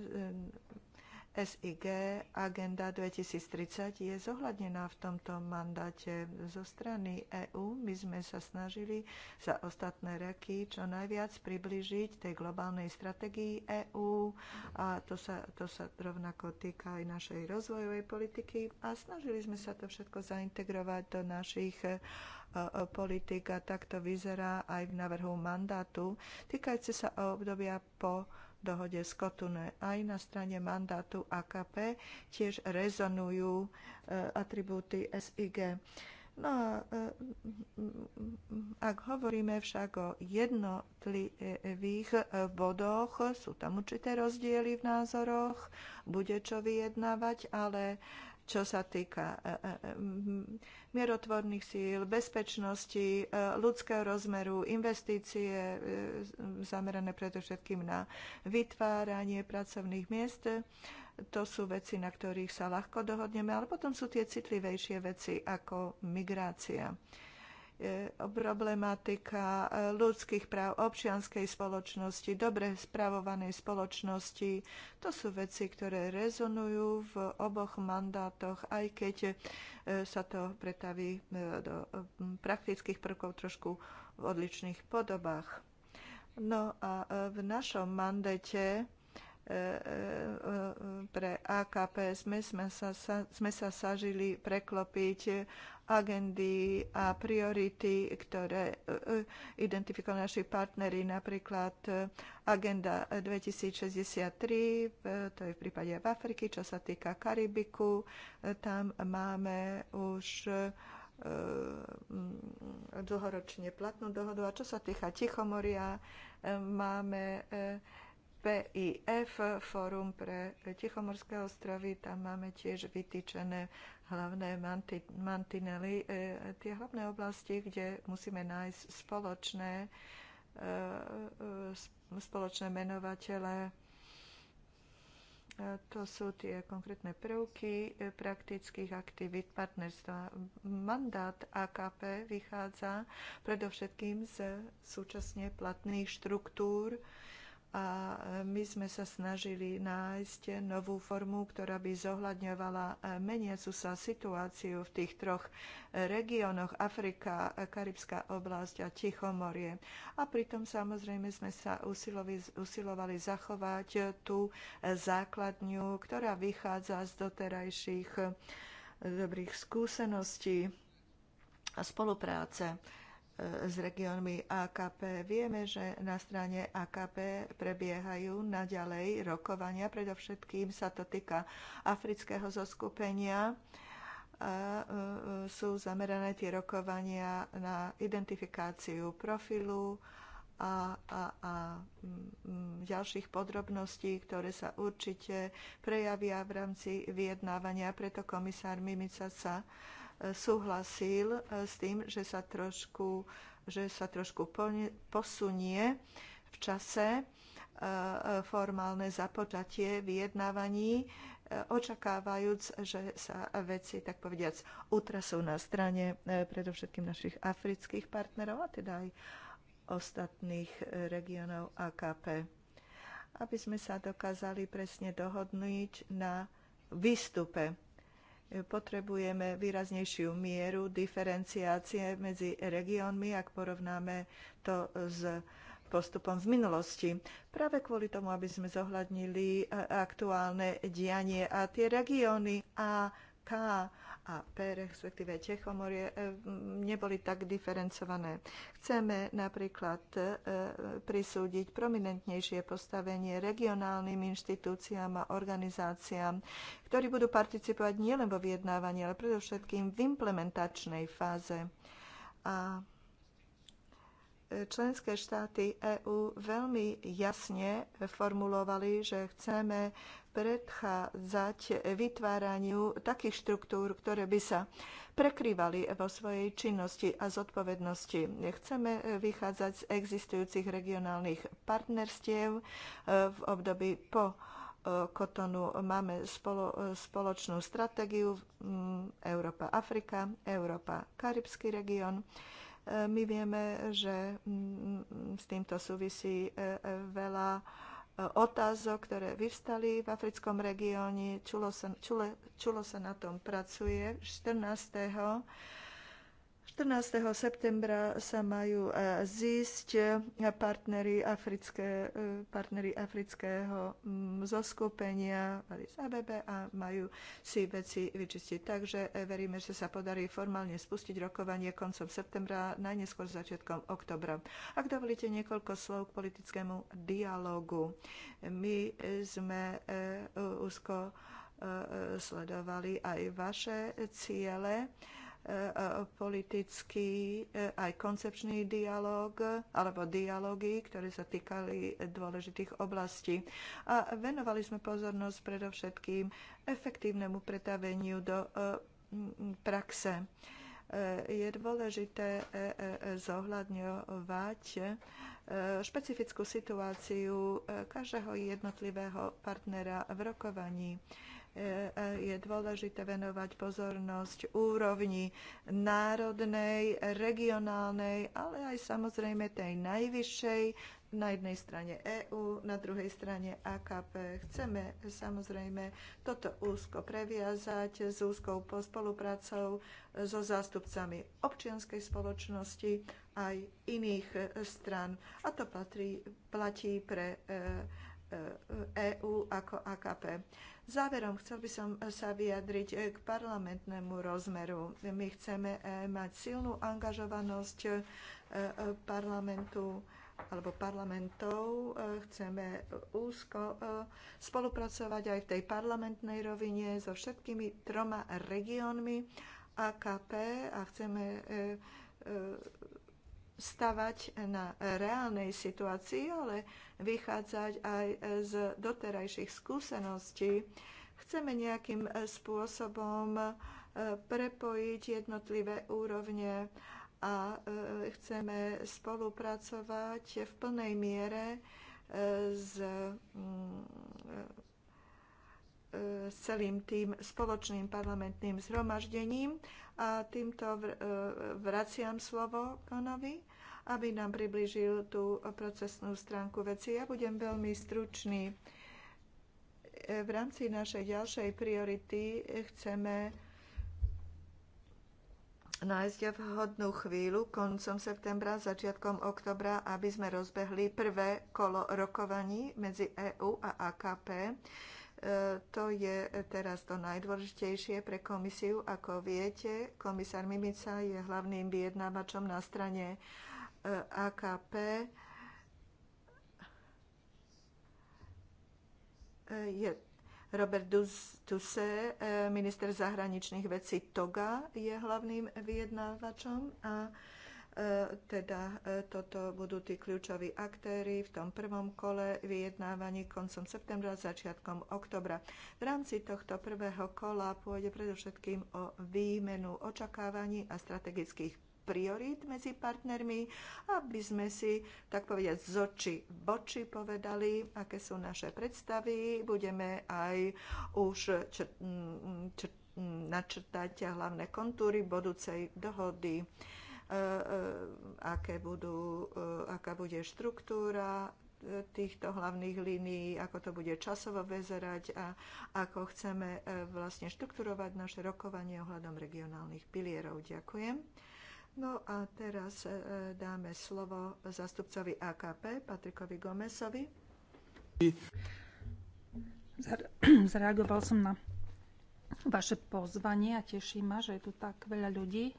S2: SIG Agenda 2030 je zohľadnená v tomto mandáte. Zo strany EÚ my sme sa snažili za ostatné roky čo najviac približiť tej globálnej strategii EÚ a to sa, to sa rovnako týka aj našej rozvojovej politiky a snažili sme sa to všetko zaintegrovať do našich e, e, politik a takto vyzerá aj v návrhu mandátu týkajúce sa obdobia po dohode z Kotune. Aj na strane mandátu AKP tiež rezonujú e, atribúty SIG. No a e, ak hovoríme však o jednotlivých e, bodoch, sú tam určité rozdiely v názoroch, bude čo vyjednávať, ale čo sa týka e, e, e, mierotvorných síl, bezpečnosti, ľudského rozmeru, investície zamerané predovšetkým na vytváranie pracovných miest to sú veci, na ktorých sa ľahko dohodneme, ale potom sú tie citlivejšie veci ako migrácia. E, problematika e, ľudských práv, občianskej spoločnosti, dobre spravovanej spoločnosti. To sú veci, ktoré rezonujú v oboch mandátoch, aj keď e, sa to pretaví do praktických prvkov trošku v odličných podobách. No a v našom mandete pre AKP sme, sme, sa, sme sa sažili preklopiť agendy a priority, ktoré e, e, identifikovali naši partnery, napríklad e, Agenda 2063, to je v prípade v Afriky, čo sa týka Karibiku, tam máme už dlhoročne platnú dohodu. A čo sa týka Tichomoria, máme PIF, Fórum pre Tichomorské ostrovy, tam máme tiež vytýčené hlavné manti, mantinely, e, tie hlavné oblasti, kde musíme nájsť spoločné, e, e, spoločné menovatele. To sú tie konkrétne prvky praktických aktivít partnerstva. Mandát AKP vychádza predovšetkým z súčasne platných štruktúr, a e, my sme sa snažili nájsť novú formu, ktorá by zohľadňovala e, meniacu sa situáciu v tých troch e, regiónoch Afrika, Karibská oblasť a Tichomorie. A pritom samozrejme sme sa usilovi, usilovali zachovať tú základňu, ktorá vychádza z doterajších dobrých skúseností a spolupráce s regiónmi AKP. Vieme, že na strane AKP prebiehajú naďalej rokovania, predovšetkým sa to týka afrického zoskupenia. A e, e, sú zamerané tie rokovania na identifikáciu profilu a, a, a mm, ďalších podrobností, ktoré sa určite prejavia v rámci vyjednávania. Preto komisár Mimica sa uh, súhlasil e, s tým, že sa trošku, že sa trošku posunie v čase e, e, formálne započatie vyjednávaní, očakávajúc, že sa veci, tak povediac, utrasú na strane predovšetkým našich afrických partnerov a teda aj ostatných regiónov AKP. Aby sme sa dokázali presne dohodnúť na výstupe potrebujeme výraznejšiu mieru diferenciácie medzi regiónmi, ak porovnáme to s postupom v minulosti. Práve kvôli tomu, aby sme zohľadnili e, aktuálne dianie a tie regióny A, K a AP, respektíve Čechomorie, e, neboli tak diferencované. Chceme napríklad e, prisúdiť prominentnejšie postavenie regionálnym inštitúciám a organizáciám, ktorí budú participovať nielen vo vyjednávaní, ale predovšetkým v implementačnej fáze. A členské štáty EÚ veľmi jasne formulovali, že chceme predchádzať vytváraniu takých štruktúr, ktoré by sa prekrývali vo svojej činnosti a zodpovednosti. Chceme vychádzať z existujúcich regionálnych partnerstiev v období po e, Kotonu máme spolo, spoločnú stratégiu mm, Európa-Afrika, Európa-Karibský región. My vieme, že mm, mm, s týmto súvisí e, e, veľa e, otázok, ktoré vyvstali v africkom regióne. Čulo sa, čule, čulo sa na tom pracuje 14 14. septembra sa majú e, zísť e, partnery, africké, e, partnery afrického mm, zoskupenia Addis ABB a majú si veci vyčistiť. Takže veríme, že sa podarí formálne spustiť rokovanie koncom septembra, najneskôr začiatkom oktobra. Ak dovolíte niekoľko slov k politickému dialogu. My sme úzko sledovali aj vaše ciele politický eh, aj koncepčný dialog alebo dialógy, ktoré sa týkali dôležitých oblastí. A venovali sme pozornosť predovšetkým efektívnemu pretaveniu do eh, praxe. Eh, je dôležité zohľadňovať špecifickú situáciu každého jednotlivého partnera v rokovaní. E, je dôležité venovať pozornosť úrovni národnej, regionálnej, ale aj samozrejme tej najvyššej, na jednej strane EÚ, na druhej strane AKP. Chceme samozrejme toto úzko previazať s úzkou spoluprácou e, so zástupcami občianskej spoločnosti aj iných e, stran. A to platí, platí pre EÚ ako AKP. Záverom chcel by som eh, sa vyjadriť eh, k parlamentnému rozmeru. My chceme eh, mať silnú angažovanosť parlamentu alebo parlamentov. Chceme úzko spolupracovať aj v tej parlamentnej rovine so všetkými troma regiónmi AKP a chceme stavať na reálnej situácii, ale vychádzať aj z doterajších skúseností. Chceme nejakým spôsobom e, prepojiť jednotlivé úrovne a e, chceme spolupracovať v plnej miere e, s, mm, s celým tým spoločným parlamentným zhromaždením. A týmto vraciam slovo Konovi aby nám priblížil tú procesnú stránku veci. Ja budem veľmi stručný. V rámci našej ďalšej priority chceme nájsť vhodnú chvíľu koncom septembra, začiatkom oktobra, aby sme rozbehli prvé kolo rokovaní medzi EÚ a AKP. E, to je teraz to najdôležitejšie pre komisiu. Ako viete, komisár Mimica je hlavným vyjednávačom na strane AKP eh, je Robert Dussé, eh, minister zahraničných vecí Toga, je hlavným vyjednávačom a eh, teda toto budú tí kľúčoví aktéry v tom prvom kole vyjednávaní koncom septembra, začiatkom oktobra. V rámci tohto prvého kola pôjde predovšetkým o výmenu očakávaní a strategických priorít medzi partnermi, aby sme si, tak povediať, z oči v oči povedali, aké sú naše predstavy. Budeme aj už načrtať hlavné kontúry budúcej dohody e, e, aké budú, e, aká bude štruktúra týchto hlavných línií, ako to bude časovo vezerať a ako chceme vlastne štrukturovať naše rokovanie ohľadom regionálnych pilierov. Ďakujem. No a teraz e, e, dáme slovo zastupcovi AKP, Patrikovi Gomesovi.
S1: <clears throat> Zareagoval som na vaše pozvanie a teší ma, že je tu tak veľa ľudí.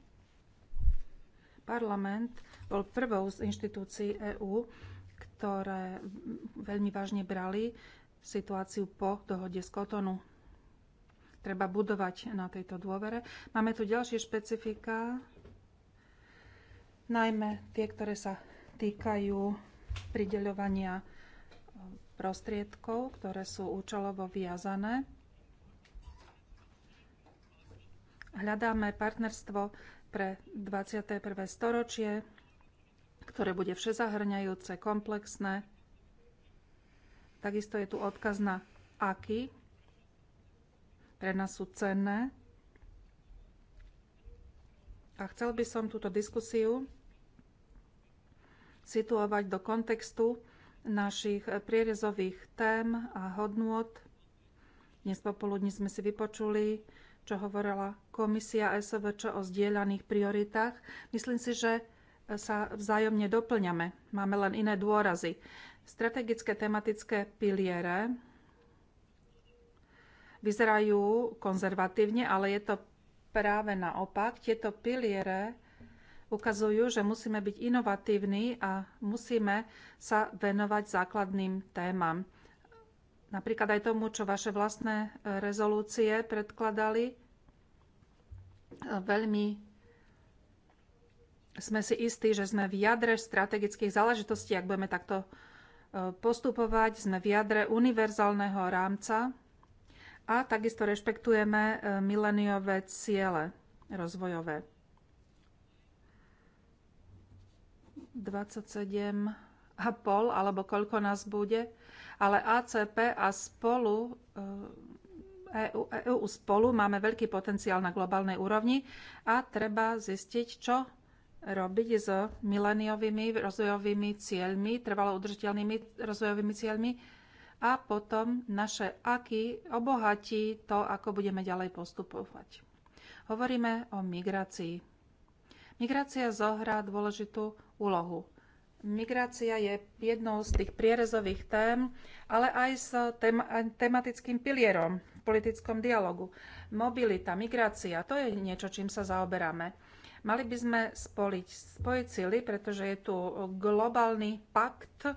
S1: Parlament bol prvou z inštitúcií EÚ, ktoré veľmi vážne brali situáciu po dohode z Kotonu. Treba budovať na tejto dôvere. Máme tu ďalšie špecifika najmä tie, ktoré sa týkajú prideľovania um, prostriedkov, ktoré sú účelovo viazané. Hľadáme partnerstvo pre 21. storočie, ktoré bude všezahrňajúce, komplexné. Takisto je tu odkaz na aký. Pre nás sú cenné. A chcel by som túto diskusiu situovať do kontextu našich prierezových tém a hodnôt. Dnes popoludní sme si vypočuli, čo hovorila komisia SVČ o zdieľaných prioritách. Myslím si, že sa vzájomne doplňame. Máme len iné dôrazy. Strategické tematické piliere vyzerajú konzervatívne, ale je to práve naopak. Tieto piliere ukazujú, že musíme byť inovatívni a musíme sa venovať základným témam. Napríklad aj tomu, čo vaše vlastné e, rezolúcie predkladali. E, veľmi sme si istí, že sme v jadre strategických záležitostí, ak budeme takto e, postupovať, sme v jadre univerzálneho rámca a takisto rešpektujeme mileniové ciele rozvojové. 27,5 alebo koľko nás bude, ale ACP a spolu EU, e EU spolu máme veľký potenciál na globálnej úrovni a treba zistiť, čo robiť s mileniovými rozvojovými cieľmi, trvalo udržiteľnými rozvojovými cieľmi a potom naše aky obohatí to, ako budeme ďalej postupovať. Hovoríme o migrácii. Migrácia zohrá dôležitú úlohu. Migrácia je jednou z tých prierezových tém, ale aj s tematickým pilierom v politickom dialogu. Mobilita, migrácia, to je niečo, čím sa zaoberáme. Mali by sme spoliť, spojiť sily, pretože je tu globálny pakt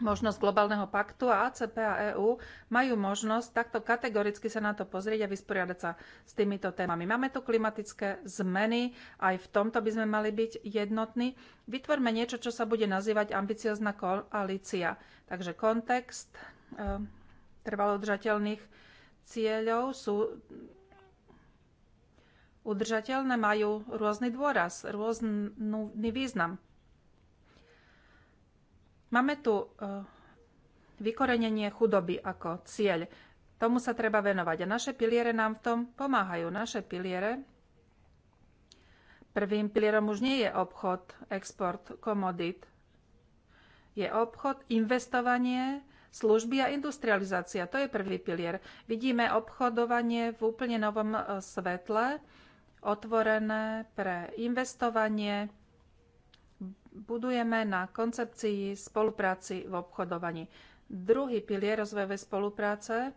S1: možnosť globálneho paktu a ACP a EÚ majú možnosť takto kategoricky sa na to pozrieť a vysporiadať sa s týmito témami. Máme tu klimatické zmeny, aj v tomto by sme mali byť jednotní. Vytvorme niečo, čo sa bude nazývať ambiciozna koalícia. Takže kontext e, eh, trvalo udržateľných cieľov sú udržateľné, majú rôzny dôraz, rôzny význam. Máme tu eh, vykorenenie chudoby ako cieľ. Tomu sa treba venovať. A naše piliere nám v tom pomáhajú. Naše piliere. Prvým pilierom už nie je obchod, export, komodit. Je obchod, investovanie, služby a industrializácia. To je prvý pilier. Vidíme obchodovanie v úplne novom eh, svetle, otvorené pre investovanie, budujeme na koncepcii spolupráci v obchodovaní. Druhý pilier rozvojovej spolupráce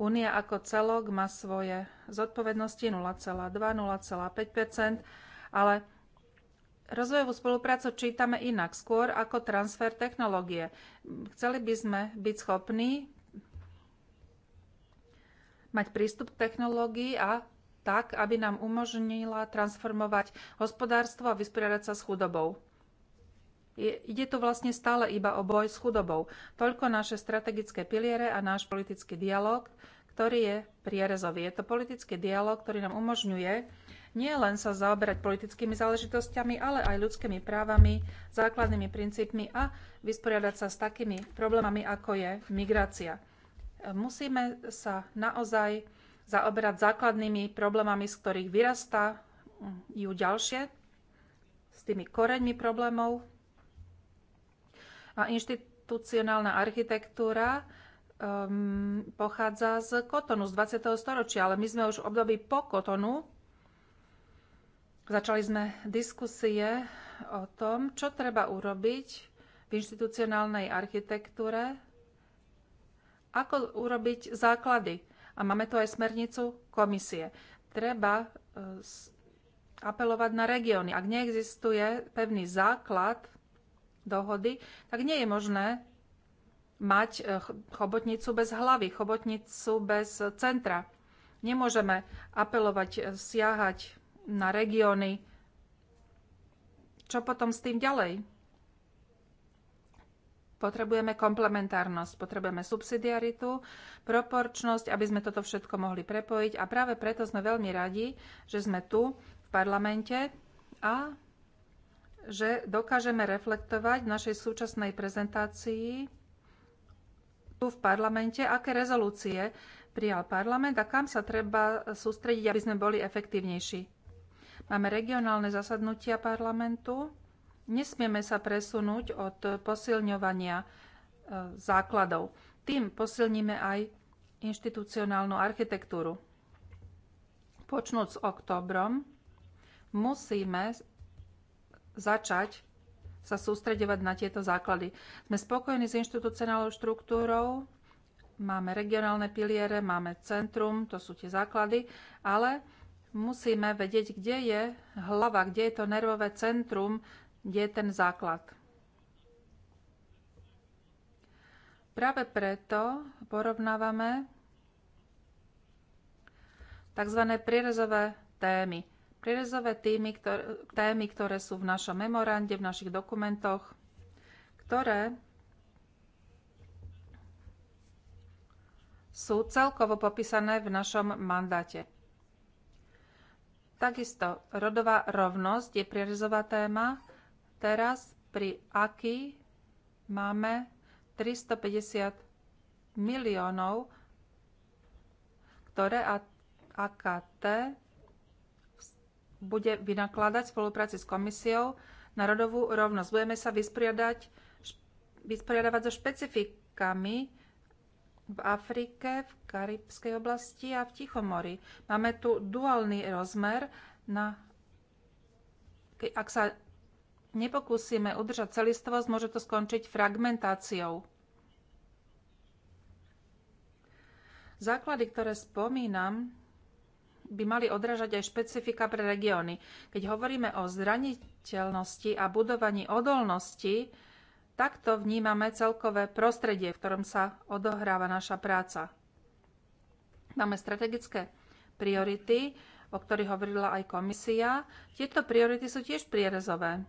S1: Únia ako celok má svoje zodpovednosti 0,2-0,5 ale rozvojovú spoluprácu čítame inak, skôr ako transfer technológie. Chceli by sme byť schopní mať prístup k technológii a tak, aby nám umožnila transformovať hospodárstvo a vysporiadať sa s chudobou. Je, ide tu vlastne stále iba o boj s chudobou. Toľko naše strategické piliere a náš politický dialog, ktorý je prierezový. Je to politický dialog, ktorý nám umožňuje nie len sa zaoberať politickými záležitosťami, ale aj ľudskými právami, základnými princípmi a vysporiadať sa s takými problémami, ako je migrácia. Musíme sa naozaj zaoberať základnými problémami, z ktorých vyrastá mm, ju ďalšie, s tými koreňmi problémov. A inštitucionálna architektúra um, pochádza z Kotonu, z 20. storočia, ale my sme už v období po Kotonu. Začali sme diskusie o tom, čo treba urobiť v inštitucionálnej architektúre, ako urobiť základy a máme tu aj smernicu komisie. Treba e, apelovať na regióny. Ak neexistuje pevný základ dohody, tak nie je možné mať e, chobotnicu bez hlavy, chobotnicu bez centra. Nemôžeme apelovať, e, siahať na regióny. Čo potom s tým ďalej? Potrebujeme komplementárnosť, potrebujeme subsidiaritu, proporčnosť, aby sme toto všetko mohli prepojiť a práve preto sme veľmi radi, že sme tu v parlamente a že dokážeme reflektovať v našej súčasnej prezentácii tu v parlamente, aké rezolúcie prijal parlament a kam sa treba sústrediť, aby sme boli efektívnejší. Máme regionálne zasadnutia parlamentu, Nesmieme sa presunúť od posilňovania e, základov. Tým posilníme aj inštitucionálnu architektúru. s oktobrom, musíme začať sa sústredovať na tieto základy. Sme spokojní s inštitucionálnou štruktúrou, máme regionálne piliere, máme centrum, to sú tie základy, ale musíme vedieť, kde je hlava, kde je to nervové centrum je ten základ. Práve preto porovnávame tzv. prierezové témy. Prierezové témy ktoré, sú v našom memorande, v našich dokumentoch, ktoré sú celkovo popísané v našom mandáte. Takisto rodová rovnosť je prierezová téma, Teraz pri AKI máme 350 miliónov, ktoré AKT bude vynakladať v spolupráci s komisiou na rodovú rovnosť. Budeme sa vysporiadať, vysporiadavať so špecifikami v Afrike, v Karibskej oblasti a v Tichomori. Máme tu duálny rozmer. Na, ak sa nepokúsime udržať celistvosť, môže to skončiť fragmentáciou. Základy, ktoré spomínam, by mali odrážať aj špecifika pre regióny. Keď hovoríme o zraniteľnosti a budovaní odolnosti, takto vnímame celkové prostredie, v ktorom sa odohráva naša práca. Máme strategické priority, o ktorých hovorila aj komisia. Tieto priority sú tiež prierezové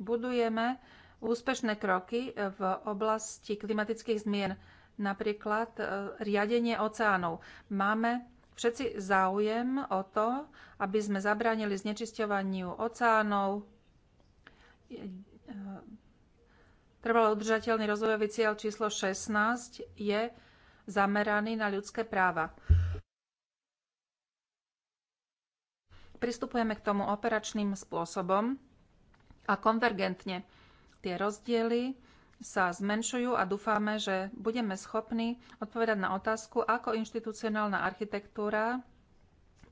S1: budujeme úspešné kroky v oblasti klimatických zmien, napríklad e, riadenie oceánov. Máme všetci záujem o to, aby sme zabránili znečisťovaniu oceánov, e, Trvalo udržateľný rozvojový cieľ číslo 16 je zameraný na ľudské práva. Pristupujeme k tomu operačným spôsobom a konvergentne. Tie rozdiely sa zmenšujú a dúfame, že budeme schopní odpovedať na otázku, ako inštitucionálna architektúra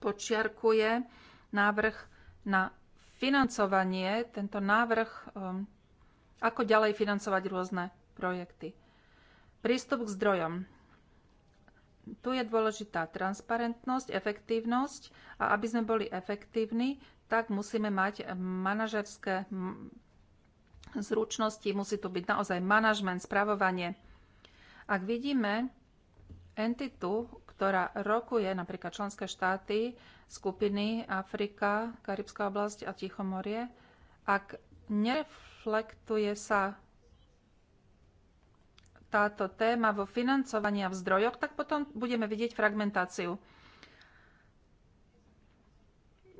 S1: počiarkuje návrh na financovanie, tento návrh, um, ako ďalej financovať rôzne projekty. Prístup k zdrojom. Tu je dôležitá transparentnosť, efektívnosť a aby sme boli efektívni, tak musíme mať manažerské zručnosti, musí to byť naozaj manažment, spravovanie. Ak vidíme entitu, ktorá rokuje napríklad členské štáty, skupiny Afrika, Karibská oblasť a Tichomorie, ak nereflektuje sa táto téma vo financovaní a v zdrojoch, tak potom budeme vidieť fragmentáciu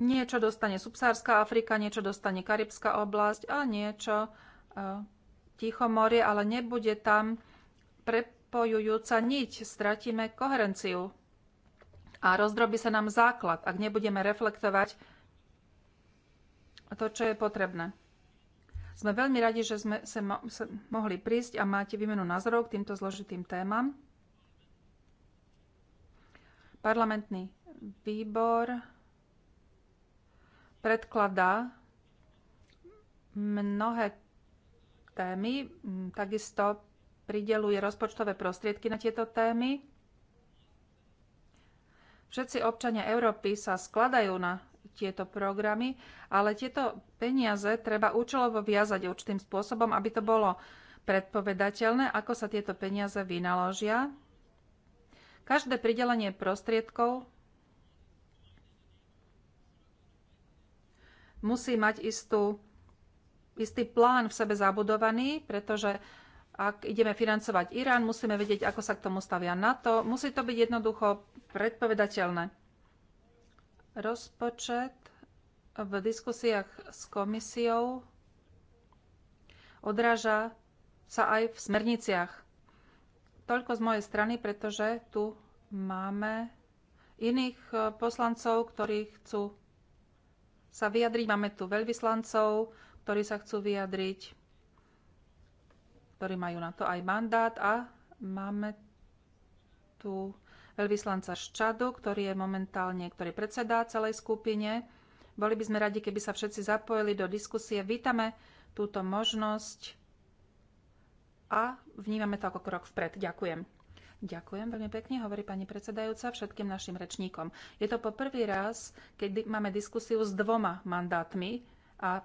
S1: niečo dostane subsárska Afrika, niečo dostane Karibská oblasť a niečo e, Tichomorie, ale nebude tam prepojujúca niť. Stratíme koherenciu a rozdrobí sa nám základ, ak nebudeme reflektovať to, čo je potrebné. Sme veľmi radi, že sme sa, mo mohli prísť a máte výmenu názorov k týmto zložitým témam. Parlamentný výbor predkladá mnohé témy, takisto prideluje rozpočtové prostriedky na tieto témy. Všetci občania Európy sa skladajú na tieto programy, ale tieto peniaze treba účelovo viazať určitým spôsobom, aby to bolo predpovedateľné, ako sa tieto peniaze vynaložia. Každé pridelenie prostriedkov musí mať istú, istý plán v sebe zabudovaný, pretože ak ideme financovať Irán, musíme vedieť, ako sa k tomu stavia NATO. Musí to byť jednoducho predpovedateľné. Rozpočet v diskusiách s komisiou odráža sa aj v smerniciach. Toľko z mojej strany, pretože tu máme iných eh, poslancov, ktorí chcú sa vyjadriť. Máme tu veľvyslancov, ktorí sa chcú vyjadriť, ktorí majú na to aj mandát a máme tu veľvyslanca z Čadu, ktorý je momentálne, ktorý predsedá celej skupine. Boli by sme radi, keby sa všetci zapojili do diskusie. Vítame túto možnosť a vnímame to ako krok vpred. Ďakujem. Ďakujem veľmi pekne, hovorí pani predsedajúca všetkým našim rečníkom. Je to po prvý raz, keď máme diskusiu s dvoma mandátmi a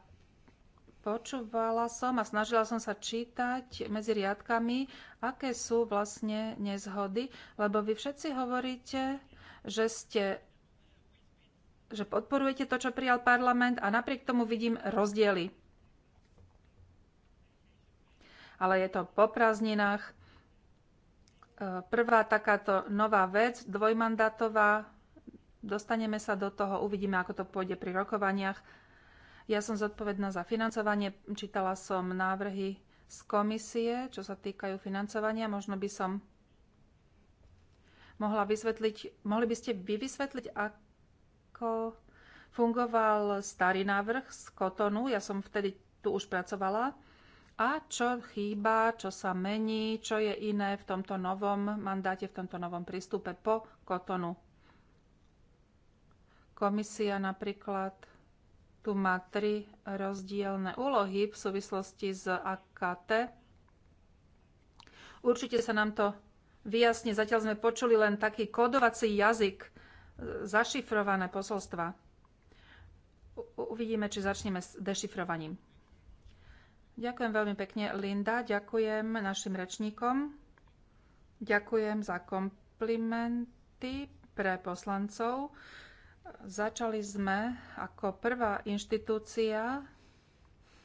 S1: počúvala som a snažila som sa čítať medzi riadkami, aké sú vlastne nezhody, lebo vy všetci hovoríte, že ste že podporujete to, čo prijal parlament a napriek tomu vidím rozdiely. Ale je to po prázdninách, E, prvá takáto nová vec, dvojmandátová, dostaneme sa do toho, uvidíme, ako to pôjde pri rokovaniach. Ja som zodpovedná za financovanie, čítala som návrhy z komisie, čo sa týkajú financovania. Možno by som mohla vysvetliť, mohli by ste vy vysvetliť, ako fungoval starý návrh z Kotonu. Ja som vtedy tu už pracovala a čo chýba, čo sa mení, čo je iné v tomto novom mandáte, v tomto novom prístupe po Kotonu. Komisia napríklad tu má tri rozdielne úlohy v súvislosti s AKT. Určite sa nám to vyjasní. Zatiaľ sme počuli len taký kodovací jazyk, zašifrované posolstva. Uvidíme, či začneme s dešifrovaním. Ďakujem veľmi pekne, Linda. Ďakujem našim rečníkom. Ďakujem za komplimenty pre poslancov. Začali sme ako prvá inštitúcia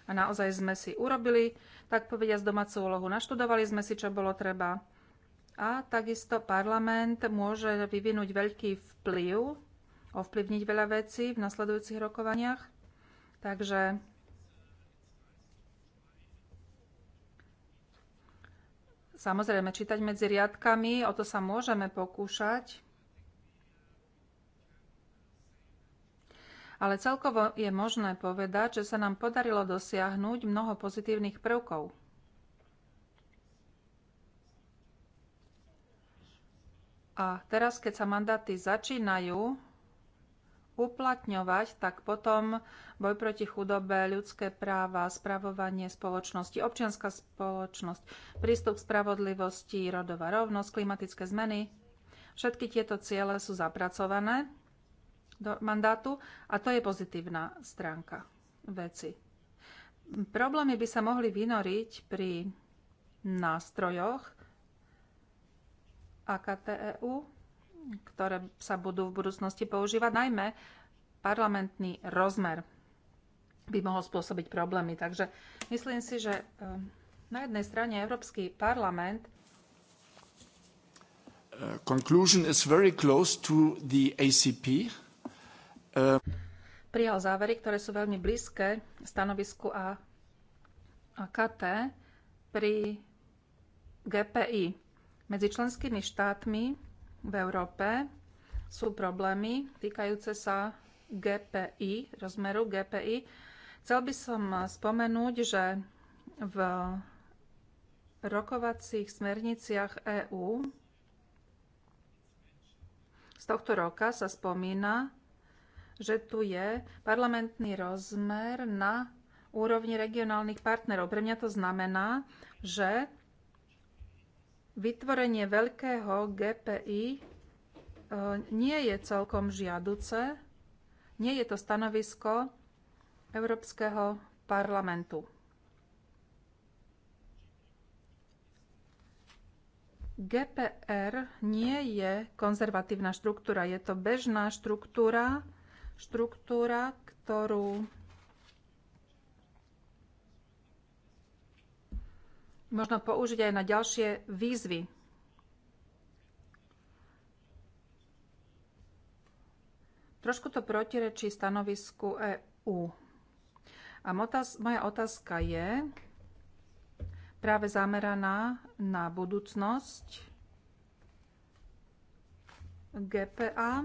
S1: a naozaj sme si urobili, tak povediať, z domácu úlohu. Naštudovali sme si, čo bolo treba. A takisto parlament môže vyvinúť veľký vplyv, ovplyvniť veľa vecí v nasledujúcich rokovaniach. Takže Samozrejme, čítať medzi riadkami, o to sa môžeme pokúšať. Ale celkovo je možné povedať, že sa nám podarilo dosiahnuť mnoho pozitívnych prvkov. A teraz, keď sa mandáty začínajú, uplatňovať, tak potom boj proti chudobe, ľudské práva, spravovanie spoločnosti, občianská spoločnosť, prístup k spravodlivosti, rodová rovnosť, klimatické zmeny. Všetky tieto ciele sú zapracované do mandátu a to je pozitívna stránka veci. Problémy by sa mohli vynoriť pri nástrojoch AKTEU, ktoré sa budú v budúcnosti používať, najmä parlamentný rozmer by mohol spôsobiť problémy. Takže myslím si, že ehm, na jednej strane Európsky parlament
S3: uh, Conclusion is very close to the ACP.
S1: Uh, prijal závery, ktoré sú veľmi blízke stanovisku a, a KT pri GPI medzi členskými štátmi v Európe sú problémy týkajúce sa GPI, rozmeru GPI. Chcel by som spomenúť, že v rokovacích smerniciach EÚ z tohto roka sa spomína, že tu je parlamentný rozmer na úrovni regionálnych partnerov. Pre mňa to znamená, že vytvorenie veľkého GPI e, nie je celkom žiaduce. Nie je to stanovisko Európskeho parlamentu. GPR nie je konzervatívna štruktúra, je to bežná štruktúra, štruktúra, ktorú možno použiť aj na ďalšie výzvy. Trošku to protirečí stanovisku EÚ. A moja otázka je práve zameraná na budúcnosť GPA.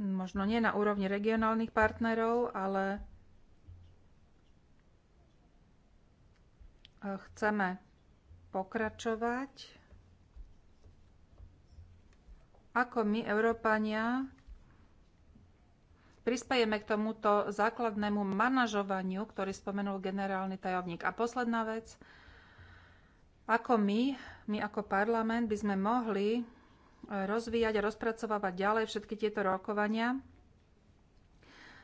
S1: Možno nie na úrovni regionálnych partnerov, ale chceme pokračovať. Ako my, Európania, prispejeme k tomuto základnému manažovaniu, ktorý spomenul generálny tajovník. A posledná vec, ako my, my ako parlament by sme mohli rozvíjať a rozpracovávať ďalej všetky tieto rokovania.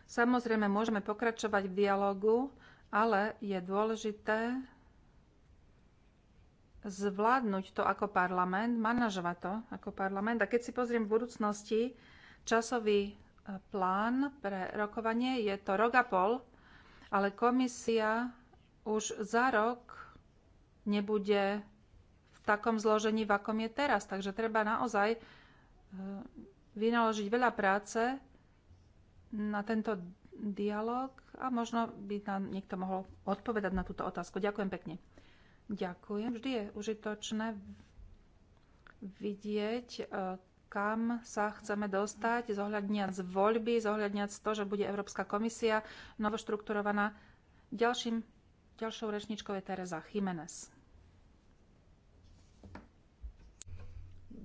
S1: Samozrejme, môžeme pokračovať v dialogu, ale je dôležité zvládnuť to ako parlament, manažovať to ako parlament. A keď si pozriem v budúcnosti časový e, plán pre rokovanie, je to rok a pol, ale komisia už za rok nebude v takom zložení, v akom je teraz. Takže treba naozaj e, vynaložiť veľa práce na tento dialog a možno by nám niekto mohol odpovedať na túto otázku. Ďakujem pekne. Ďakujem. Vždy je užitočné vidieť, e, kam sa chceme dostať, z voľby, zohľadniac to, že bude Európska komisia novoštrukturovaná. Ďalším, ďalšou rečničkou je Teresa Jiménez.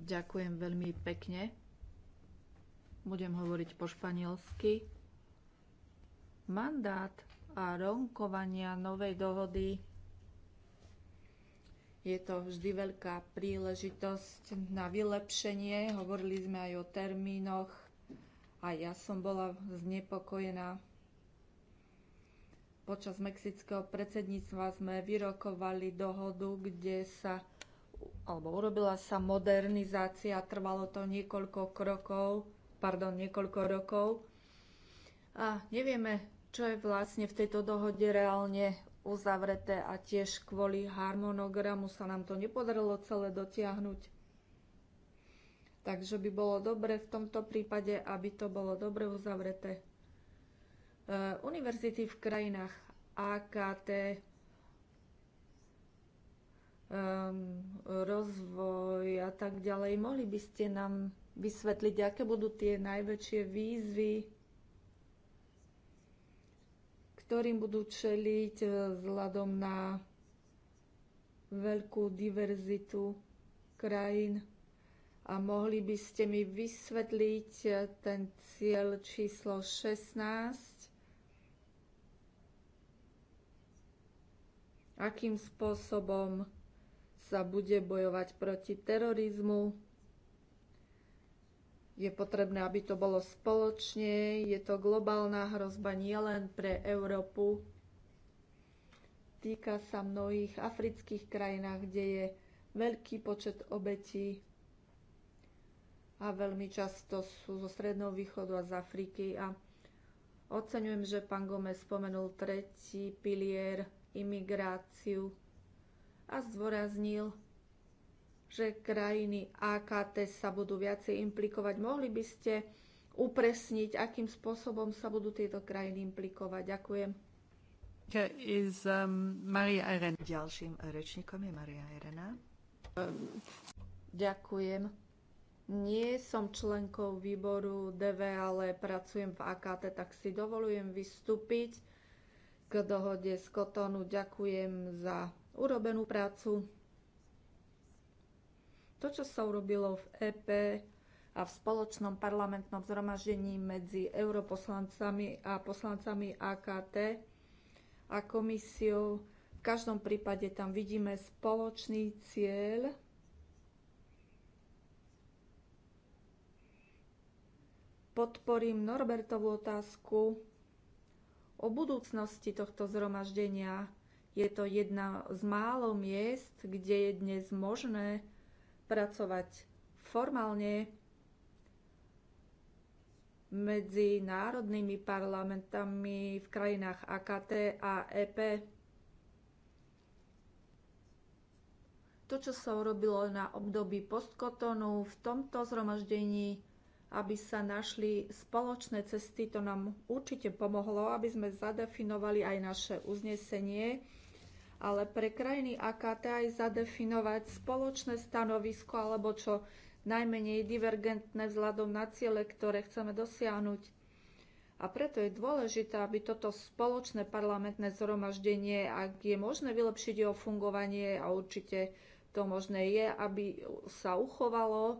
S1: Ďakujem veľmi pekne.
S3: Budem hovoriť po španielsky. Mandát a ronkovania novej dohody je to vždy veľká príležitosť na vylepšenie. Hovorili sme aj o termínoch a ja som bola znepokojená. Počas mexického predsedníctva sme vyrokovali dohodu, kde sa alebo urobila sa modernizácia, trvalo to niekoľko krokov, pardon, niekoľko rokov. A nevieme, čo je vlastne v tejto dohode reálne uzavreté a tiež kvôli harmonogramu sa nám to nepodarilo celé dotiahnuť. Takže by bolo dobre v tomto prípade, aby to bolo dobre uzavreté. E, univerzity v krajinách AKT e, rozvoj a tak ďalej. Mohli by ste nám vysvetliť, aké budú tie najväčšie výzvy ktorým budú čeliť e, vzhľadom na veľkú diverzitu krajín. A mohli by ste mi vysvetliť e, ten cieľ číslo 16? Akým spôsobom sa bude bojovať proti terorizmu? Je potrebné, aby to bolo spoločne. Je to globálna hrozba nielen pre Európu. Týka sa mnohých afrických krajinách, kde je veľký počet obetí a veľmi často sú zo Stredného východu a z Afriky. A oceňujem, že pán Gomez spomenul tretí pilier, imigráciu a zdôraznil, že krajiny AKT sa budú viacej implikovať. Mohli by ste upresniť, akým spôsobom sa budú tieto krajiny implikovať? Ďakujem. Is, um, Maria Irena. Ďalším rečníkom je Maria Irena. Ďakujem. Nie som členkou výboru DV, ale pracujem v AKT, tak si dovolujem vystúpiť k dohode z Kotonu. Ďakujem za urobenú prácu. To, čo sa urobilo v EP a v spoločnom parlamentnom zhromaždení medzi europoslancami a poslancami AKT a komisiou, v každom prípade tam vidíme spoločný cieľ podporím Norbertovú otázku o budúcnosti tohto zhromaždenia. Je to jedna z málo miest, kde je dnes možné pracovať formálne medzi národnými parlamentami v krajinách AKT a EP. To, čo sa urobilo na období postkotonu v tomto zhromaždení, aby sa našli spoločné cesty, to nám určite pomohlo, aby sme zadefinovali aj naše uznesenie ale pre krajiny AKT aj zadefinovať spoločné stanovisko alebo čo najmenej divergentné vzhľadom na ciele, ktoré chceme dosiahnuť. A preto je dôležité, aby toto spoločné parlamentné zhromaždenie, ak je možné vylepšiť jeho fungovanie, a určite to možné je, aby sa uchovalo,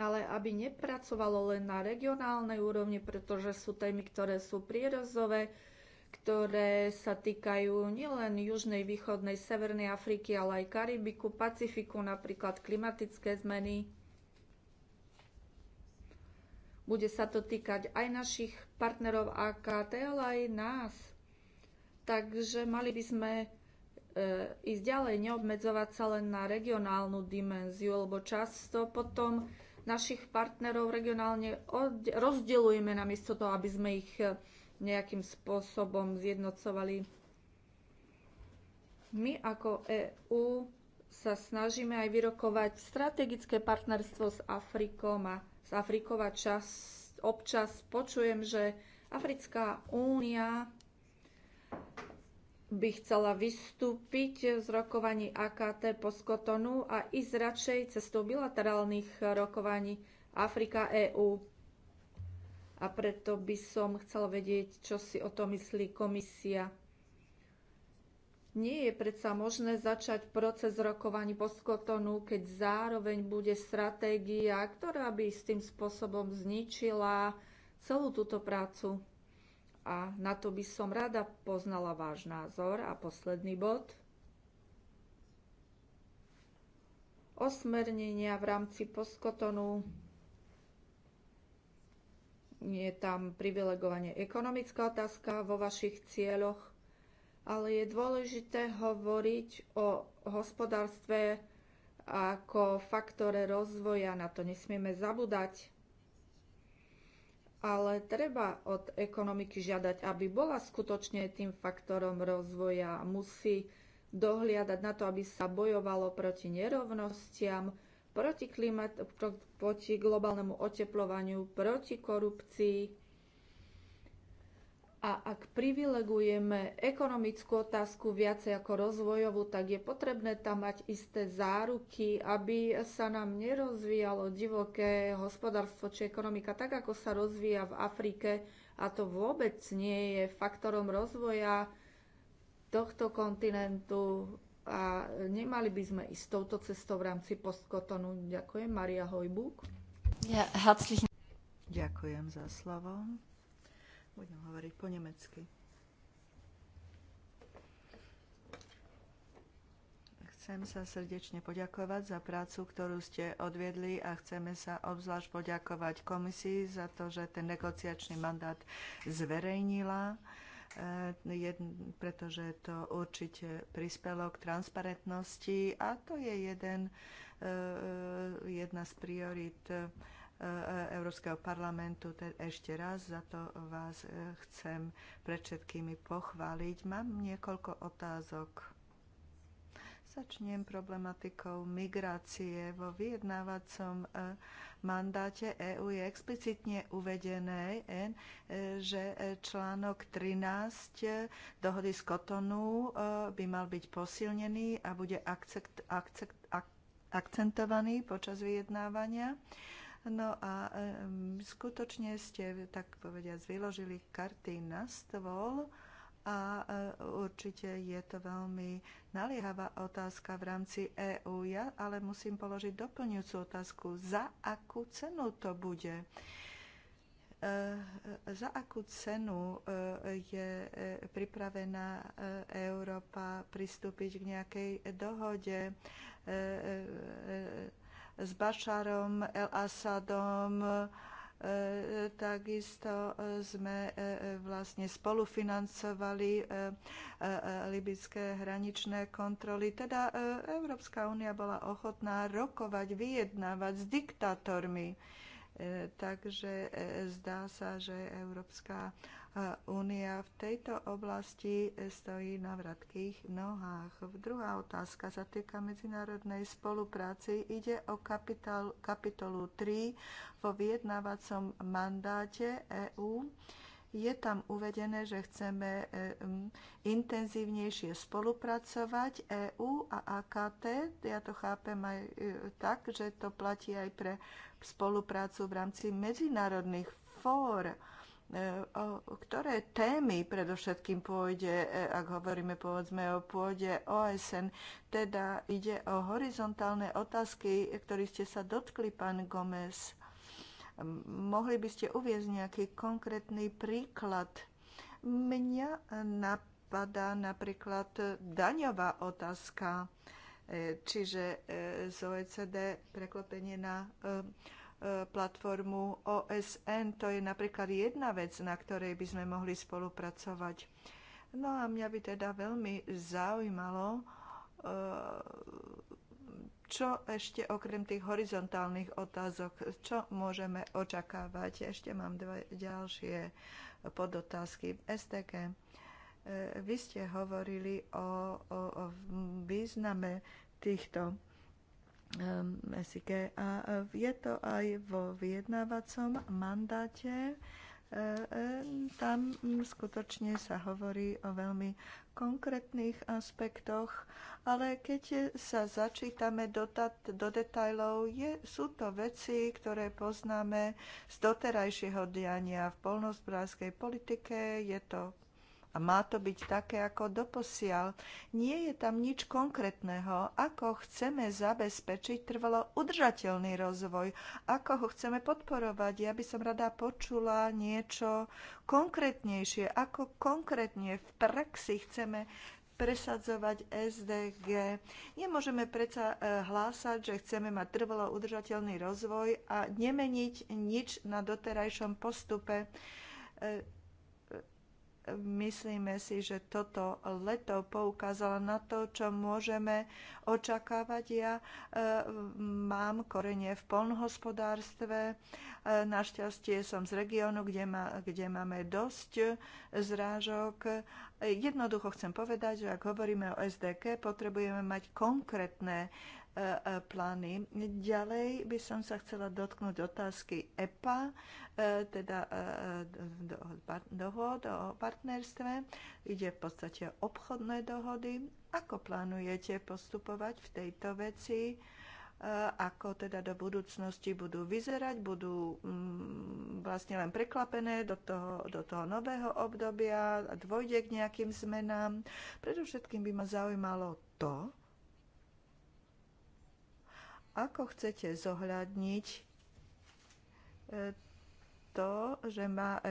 S3: ale aby nepracovalo len na regionálnej úrovni, pretože sú témy, ktoré sú prierezové, ktoré sa týkajú nielen južnej, východnej, severnej Afriky, ale aj Karibiku, Pacifiku, napríklad klimatické zmeny. Bude sa to týkať aj našich partnerov AKT, ale aj nás. Takže mali by sme e, ísť ďalej, neobmedzovať sa len na regionálnu dimenziu, lebo často potom našich partnerov regionálne rozdelujeme namiesto toho, aby sme ich e, nejakým spôsobom zjednocovali. My ako EÚ sa snažíme aj vyrokovať strategické partnerstvo s Afrikom a s Afrikou a čas, občas počujem, že Africká únia by chcela vystúpiť z rokovaní AKT po Skotonu a ísť radšej cestou bilaterálnych rokovaní Afrika-EU a preto by som chcel vedieť, čo si o to myslí komisia. Nie je predsa možné začať proces rokovaní poskotonu, keď zároveň bude stratégia, ktorá by s tým spôsobom zničila celú túto prácu. A na to by som rada poznala váš názor. A posledný bod. Osmernenia v rámci poskotonu je tam privilegovanie ekonomická otázka vo vašich cieľoch, ale je dôležité hovoriť o hospodárstve ako faktore rozvoja, na to nesmieme zabúdať. Ale treba od ekonomiky žiadať, aby bola skutočne tým faktorom rozvoja. Musí dohliadať na to, aby sa bojovalo proti nerovnostiam, proti, klimat, proti globálnemu oteplovaniu, proti korupcii. A ak privilegujeme ekonomickú otázku viacej ako rozvojovú, tak je potrebné tam mať isté záruky, aby sa nám nerozvíjalo divoké hospodárstvo či ekonomika tak, ako sa rozvíja v Afrike. A to vôbec nie je faktorom rozvoja tohto kontinentu a nemali by sme ísť touto cestou v rámci postkotonu. Ďakujem, Maria Hojbuk.
S2: Ja, herzlich. Ďakujem za slovo. Budem hovoriť po nemecky. Chcem sa srdečne poďakovať za prácu, ktorú ste odviedli a chceme sa obzvlášť poďakovať komisii za to, že ten negociačný mandát zverejnila E, pretože to určite prispelo k transparentnosti a to je jeden, e, e, jedna z priorit Európskeho parlamentu. Ešte raz za to vás chcem pred všetkými pochváliť. Mám niekoľko otázok. Začnem problematikou migrácie. Vo vyjednávacom e, mandáte EÚ je explicitne uvedené, e, že e, článok 13 dohody z Kotonu by mal byť posilnený a bude akcept, akcept, ak, akcentovaný počas vyjednávania. No a um, skutočne ste, tak povediať, vyložili karty na stôl a e, určite je to veľmi naliehavá otázka v rámci EÚ. Ja ale musím položiť doplňujúcu otázku, za akú cenu to bude? E, za akú cenu e, je pripravená Európa pristúpiť k nejakej dohode s Bašarom, El Asadom, E, takisto e, sme e, vlastne spolufinancovali libické hraničné kontroly. Teda Európska únia bola ochotná rokovať, vyjednávať s diktátormi Takže e, zdá sa, že Európska e, únia v tejto oblasti e, stojí na vratkých nohách. Druhá otázka sa týka medzinárodnej spolupráci. Ide o kapitolu 3 vo vyjednávacom mandáte EÚ je tam uvedené, že chceme intenzívnejšie spolupracovať EÚ a AKT. Ja to chápem aj tak, že to platí aj pre spoluprácu v rámci medzinárodných fór e, o ktoré témy predovšetkým pôjde, e, ak hovoríme povedzme o pôde OSN. Teda ide o horizontálne otázky, ktorých ste sa dotkli, pán Gomez. Mohli by ste uviezť nejaký konkrétny príklad? Mňa napadá napríklad daňová otázka čiže e, z OECD preklopenie na e, e, platformu OSN. To je napríklad jedna vec, na ktorej by sme mohli spolupracovať. No a mňa by teda veľmi zaujímalo, čo ešte okrem tých horizontálnych otázok, čo môžeme očakávať. Ešte mám dve ďalšie podotázky. STK E, vy ste hovorili o, o, o význame týchto mesike a e, je to aj vo vyjednávacom mandáte. E, tam skutočne sa hovorí o veľmi konkrétnych aspektoch, ale keď sa začítame do, tat, do detajlov, je, sú to veci, ktoré poznáme z doterajšieho diania v polnospodárskej politike. Je to a má to byť také ako doposiaľ. Nie je tam nič konkrétneho, ako chceme zabezpečiť trvalo udržateľný rozvoj, ako ho chceme podporovať. Ja by som rada počula niečo konkrétnejšie, ako konkrétne v praxi chceme presadzovať SDG. Nemôžeme predsa e, hlásať, že chceme mať trvalo udržateľný rozvoj a nemeniť nič na doterajšom postupe e, Myslíme si, že toto leto poukázalo na to, čo môžeme očakávať. Ja e, mám korenie v polnohospodárstve. E, našťastie som z regiónu, kde, má, kde máme dosť zrážok. Jednoducho chcem povedať, že ak hovoríme o SDK, potrebujeme mať konkrétne E, e, plány. Ďalej by som sa chcela dotknúť otázky EPA, e, teda dohod o partnerstve. Ide v podstate o obchodné dohody. Ako plánujete postupovať v tejto veci? ako teda do budúcnosti budú vyzerať, budú mm, vlastne len preklapené do toho, do toho nového obdobia a dôjde k nejakým zmenám. Predovšetkým by ma zaujímalo to, ako chcete zohľadniť e, to, že má, e,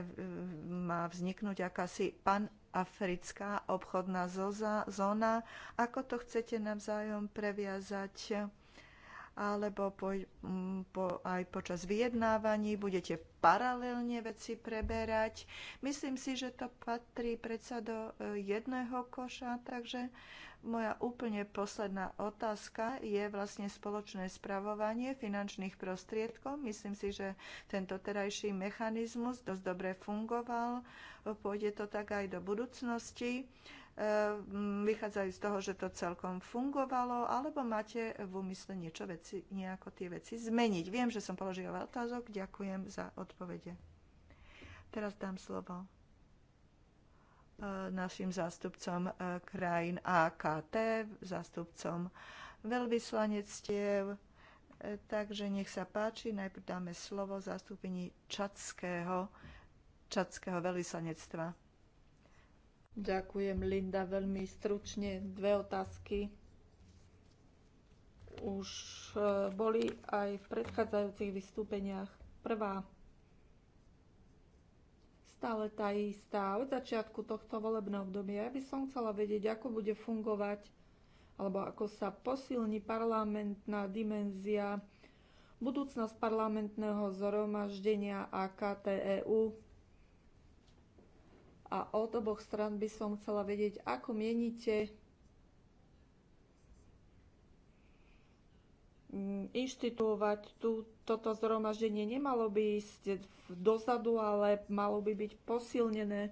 S2: má vzniknúť akási panafrická obchodná zóna? Ako to chcete navzájom previazať? alebo po, mm, po, aj počas vyjednávaní budete paralelne veci preberať. Myslím si, že to patrí predsa do e, jedného koša, takže moja úplne posledná otázka je vlastne spoločné spravovanie finančných prostriedkov. Myslím si, že tento terajší mechanizmus dosť dobre fungoval. Pôjde to tak aj do budúcnosti. Ehm, vychádzajú z toho, že to celkom fungovalo, alebo máte v úmysle niečo veci, nejako tie veci zmeniť. Viem, že som položila otázok, ďakujem za odpovede. Teraz dám slovo eh, našim zástupcom eh, krajín AKT, zástupcom veľvyslanectiev. Eh, takže nech sa páči, najprv dáme slovo zástupení Čadského, Čadského
S3: veľvyslanectva. Ďakujem, Linda. Veľmi stručne dve otázky. Už e, boli aj v predchádzajúcich vystúpeniach. Prvá. Stále tá istá. Od začiatku tohto volebného obdobia ja by som chcela vedieť, ako bude fungovať alebo ako sa posilní parlamentná dimenzia budúcnosť parlamentného zhromaždenia AKTEU a od oboch stran by som chcela vedieť, ako mienite inštituovať tú, toto zhromaždenie. Nemalo by ísť dozadu, ale malo by byť posilnené.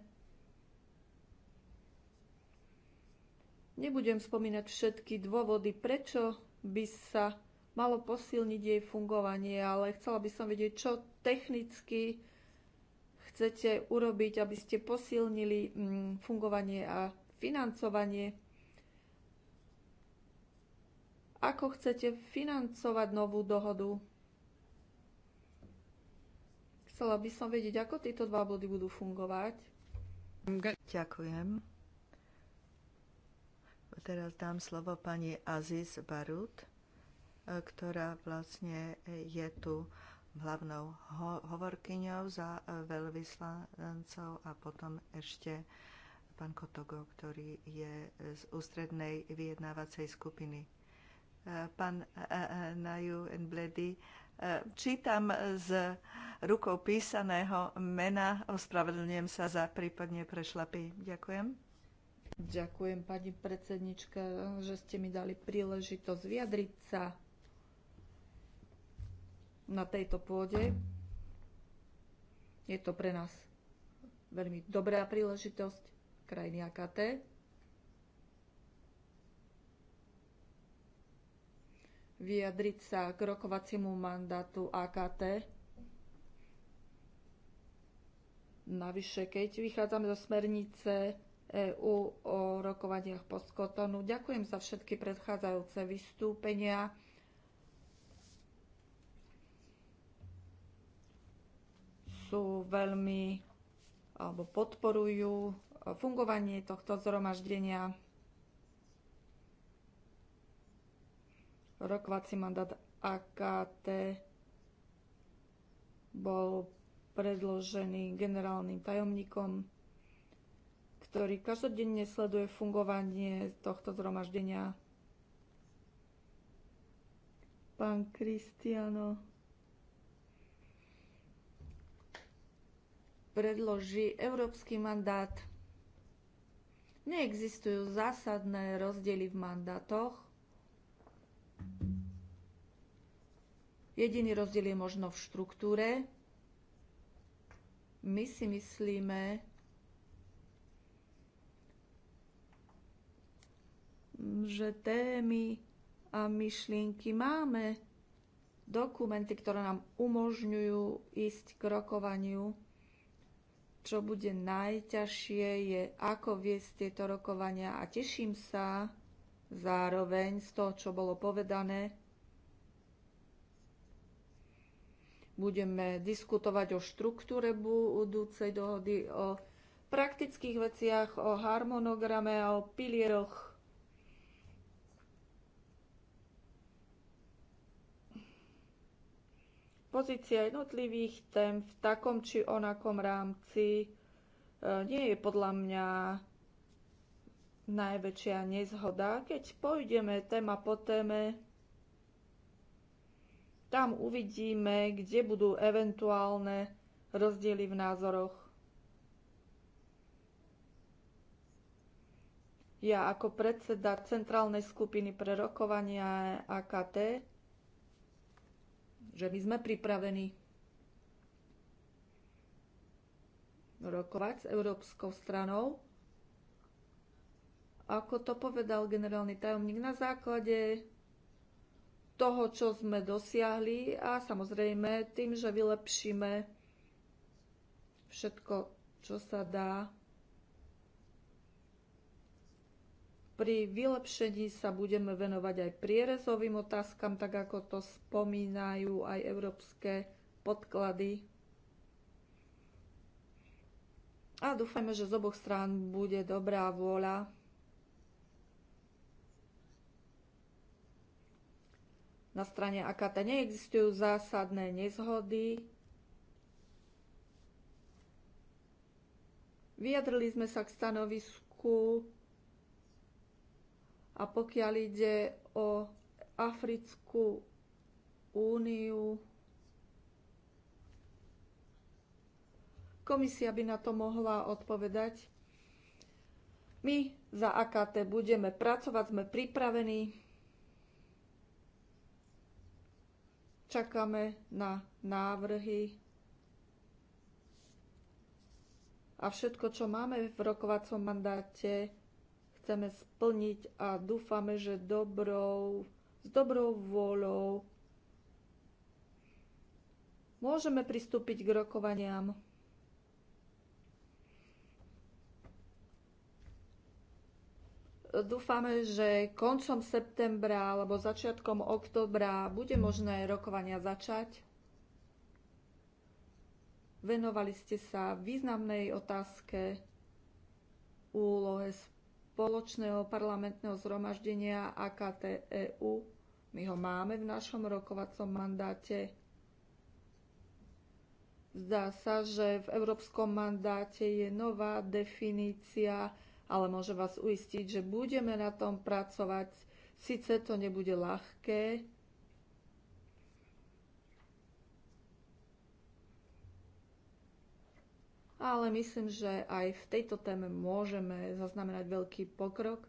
S3: Nebudem spomínať všetky dôvody, prečo by sa malo posilniť jej fungovanie, ale chcela by som vedieť, čo technicky chcete urobiť, aby ste posilnili mm, fungovanie a financovanie? Ako chcete financovať novú dohodu? Chcela by som vedieť, ako tieto dva body budú fungovať.
S2: Ďakujem. Teraz dám slovo pani Aziz Barut, e, ktorá vlastne je tu hlavnou ho- hovorkyňou za e, veľvyslancov a potom ešte pán Kotogo, ktorý je e, z ústrednej vyjednávacej skupiny. E, pán Naju Enbledy, čítam z rukou písaného mena, ospravedlňujem sa za
S3: prípadne prešlapy. Ďakujem. Ďakujem pani predsednička, že ste mi dali príležitosť vyjadriť sa na tejto pôde. Je to pre nás veľmi dobrá príležitosť krajiny AKT. Vyjadriť sa k rokovaciemu mandátu AKT. Navyše, keď vychádzame zo smernice EÚ o rokovaniach post Skotonu. Ďakujem za všetky predchádzajúce vystúpenia sú veľmi alebo podporujú fungovanie tohto zhromaždenia. Rokovací mandát AKT bol predložený generálnym tajomníkom, ktorý každodenne sleduje fungovanie tohto zhromaždenia. Pán Kristiano predloží európsky mandát. Neexistujú zásadné rozdiely v mandátoch. Jediný rozdiel je možno v štruktúre. My si myslíme, že témy a myšlienky máme, dokumenty, ktoré nám umožňujú ísť k rokovaniu čo bude najťažšie je, ako viesť tieto rokovania a teším sa zároveň z toho, čo bolo povedané. Budeme diskutovať o štruktúre budúcej dohody, o praktických veciach, o harmonograme a o pilieroch Pozícia jednotlivých tém v takom či onakom rámci e, nie je podľa mňa najväčšia nezhoda. Keď pôjdeme téma po téme, tam uvidíme, kde budú eventuálne rozdiely v názoroch. Ja ako predseda Centrálnej skupiny pre rokovania e AKT že my sme pripravení rokovať s Európskou stranou. Ako to povedal generálny tajomník na základe toho, čo sme dosiahli a samozrejme tým, že vylepšíme všetko, čo sa dá Pri vylepšení sa budeme venovať aj prierezovým otázkam, tak ako to spomínajú aj európske podklady. A dúfajme, že z oboch strán bude dobrá vôľa. Na strane AKT neexistujú zásadné nezhody. Vyjadrili sme sa k stanovisku a pokiaľ ide o Africkú úniu, komisia by na to mohla odpovedať. My za AKT budeme pracovať, sme pripravení. Čakáme na návrhy a všetko, čo máme v rokovacom mandáte, chceme splniť a dúfame, že dobrou, s dobrou vôľou môžeme pristúpiť k rokovaniam. Dúfame, že koncom septembra alebo začiatkom oktobra bude možné rokovania začať. Venovali ste sa významnej otázke úlohe spoločného parlamentného zhromaždenia AKT EU. My ho máme v našom rokovacom mandáte. Zdá sa, že v európskom mandáte je nová definícia, ale môžem vás uistiť, že budeme na tom pracovať. Sice to nebude ľahké, ale myslím, že aj v tejto téme môžeme zaznamenať veľký pokrok.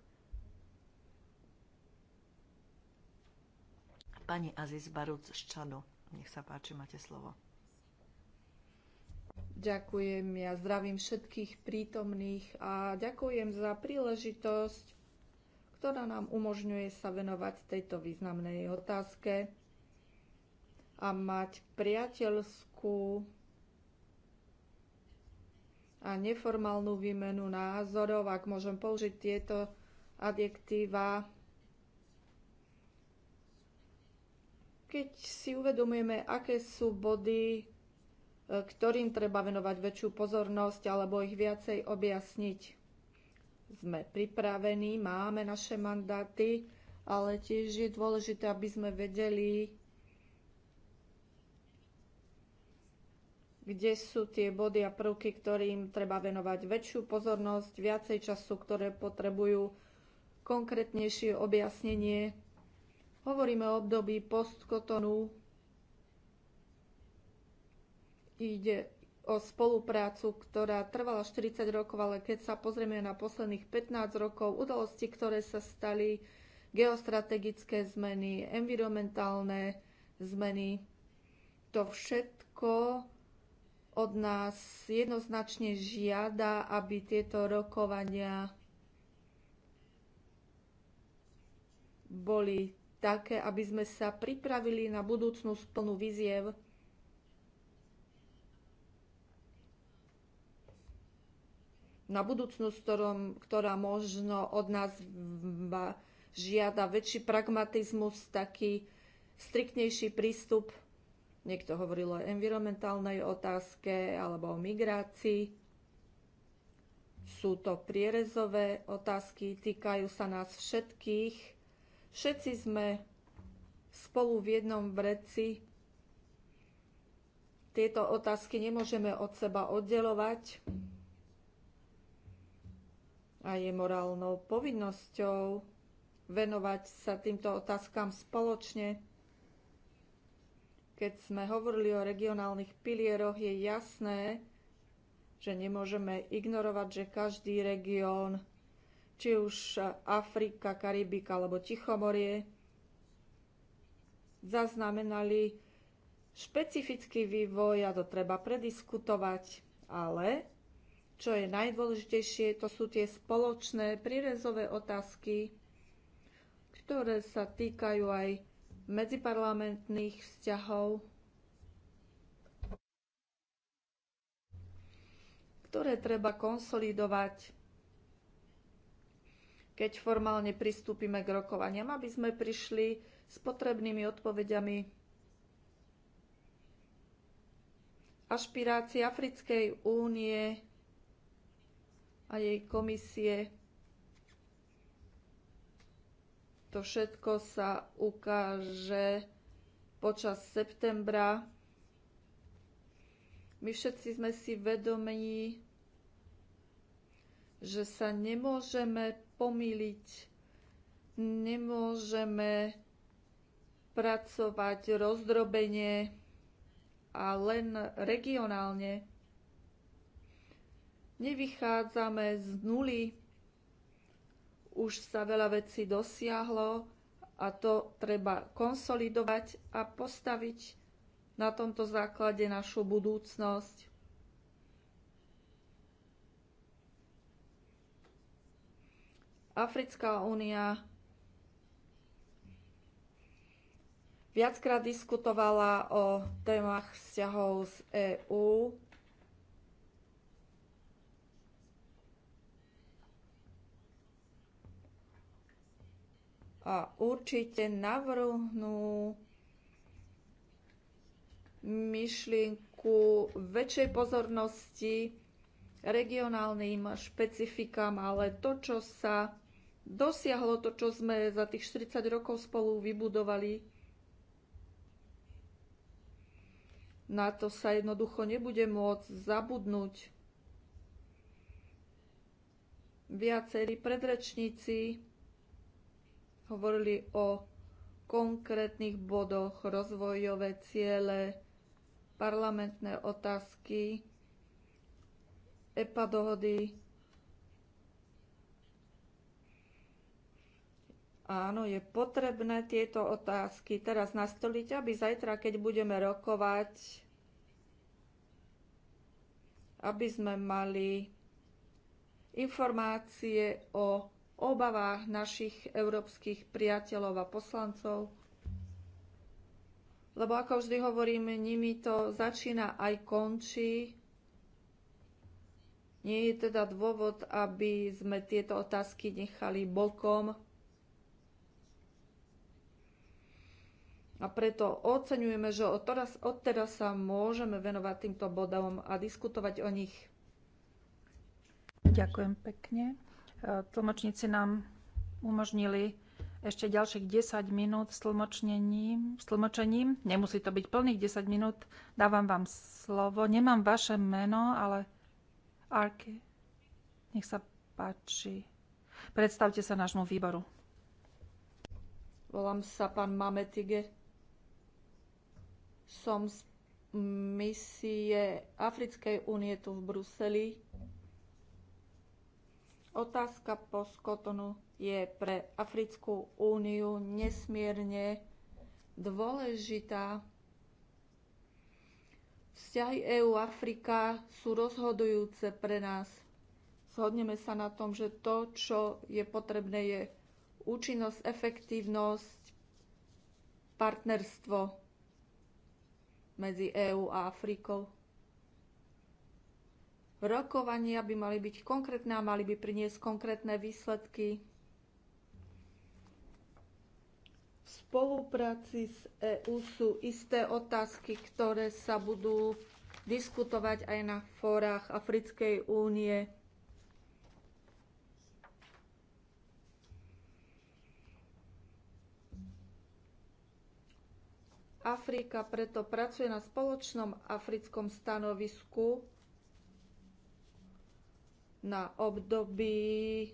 S2: Pani Aziz Baruc z Čadu, nech sa páči, máte slovo.
S3: Ďakujem, ja zdravím všetkých prítomných a ďakujem za príležitosť, ktorá nám umožňuje sa venovať tejto významnej otázke a mať priateľskú a neformálnu výmenu názorov, ak môžem použiť tieto adjektíva. Keď si uvedomujeme, aké sú body, e, ktorým treba venovať väčšiu pozornosť alebo ich viacej objasniť. Sme pripravení, máme naše mandáty, ale tiež je dôležité, aby sme vedeli, kde sú tie body a prvky, ktorým treba venovať väčšiu pozornosť, viacej času, ktoré potrebujú konkrétnejšie objasnenie. Hovoríme o období postkotonu. Ide o spoluprácu, ktorá trvala 40 rokov, ale keď sa pozrieme na posledných 15 rokov, udalosti, ktoré sa stali, geostrategické zmeny, environmentálne zmeny, to všetko od nás jednoznačne žiada, aby tieto rokovania boli také, aby sme sa pripravili na budúcnú splnú viziev. Na budúcnosť, ktorom, ktorá možno od nás žiada väčší pragmatizmus, taký striktnejší prístup Niekto hovoril o environmentálnej otázke alebo o migrácii. Sú to prierezové otázky, týkajú sa nás všetkých. Všetci sme spolu v jednom vreci. Tieto otázky nemôžeme od seba oddelovať a je morálnou povinnosťou venovať sa týmto otázkam spoločne. Keď sme hovorili o regionálnych pilieroch, je jasné, že nemôžeme ignorovať, že každý región, či už Afrika, Karibika alebo Tichomorie, zaznamenali špecifický vývoj a to treba prediskutovať, ale čo je najdôležitejšie, to sú tie spoločné prírezové otázky, ktoré sa týkajú aj medziparlamentných vzťahov, ktoré treba konsolidovať, keď formálne pristúpime k rokovaniam, aby sme prišli s potrebnými odpovediami ašpirácie Africkej únie a jej komisie To všetko sa ukáže počas septembra. My všetci sme si vedomí, že sa nemôžeme pomýliť, nemôžeme pracovať rozdrobenie a len regionálne. Nevychádzame z nuly, už sa veľa vecí dosiahlo a to treba konsolidovať a postaviť na tomto základe našu budúcnosť. Africká únia viackrát diskutovala o témach vzťahov z EÚ určite navrhnú myšlienku väčšej pozornosti regionálnym špecifikám, ale to, čo sa dosiahlo, to, čo sme za tých 40 rokov spolu vybudovali, na to sa jednoducho nebude môcť zabudnúť. Viacerí predrečníci hovorili o konkrétnych bodoch, rozvojové ciele, parlamentné otázky, EPA dohody. Áno, je potrebné tieto otázky teraz nastoliť, aby zajtra, keď budeme rokovať, aby sme mali informácie o obavách našich európskych priateľov a poslancov. Lebo ako vždy hovoríme, nimi to začína aj končí. Nie je teda dôvod, aby sme tieto otázky nechali bokom. A preto oceňujeme, že odteraz, odteraz sa
S1: môžeme venovať týmto bodom a diskutovať o nich. Ďakujem pekne. E, tlmočníci nám umožnili ešte ďalších 10 minút s tlmočením. S tlmočením. Nemusí to byť plných 10 minút. Dávam vám slovo. Nemám vaše meno, ale Arky. Nech sa páči. Predstavte sa nášmu výboru.
S3: Volám sa pán Mametige. Som z misie Africkej únie tu v Bruseli. Otázka po skotonu je pre Africkú úniu nesmierne dôležitá. Vzťahy EU-Afrika sú rozhodujúce pre nás. Zhodneme sa na tom, že to, čo je potrebné, je účinnosť, efektívnosť, partnerstvo medzi EÚ a Afrikou. Rokovania by mali byť konkrétne a mali by priniesť konkrétne výsledky. V spolupráci s EÚ sú isté otázky, ktoré sa budú diskutovať aj na fórach Africkej únie. Afrika preto pracuje na spoločnom africkom stanovisku na období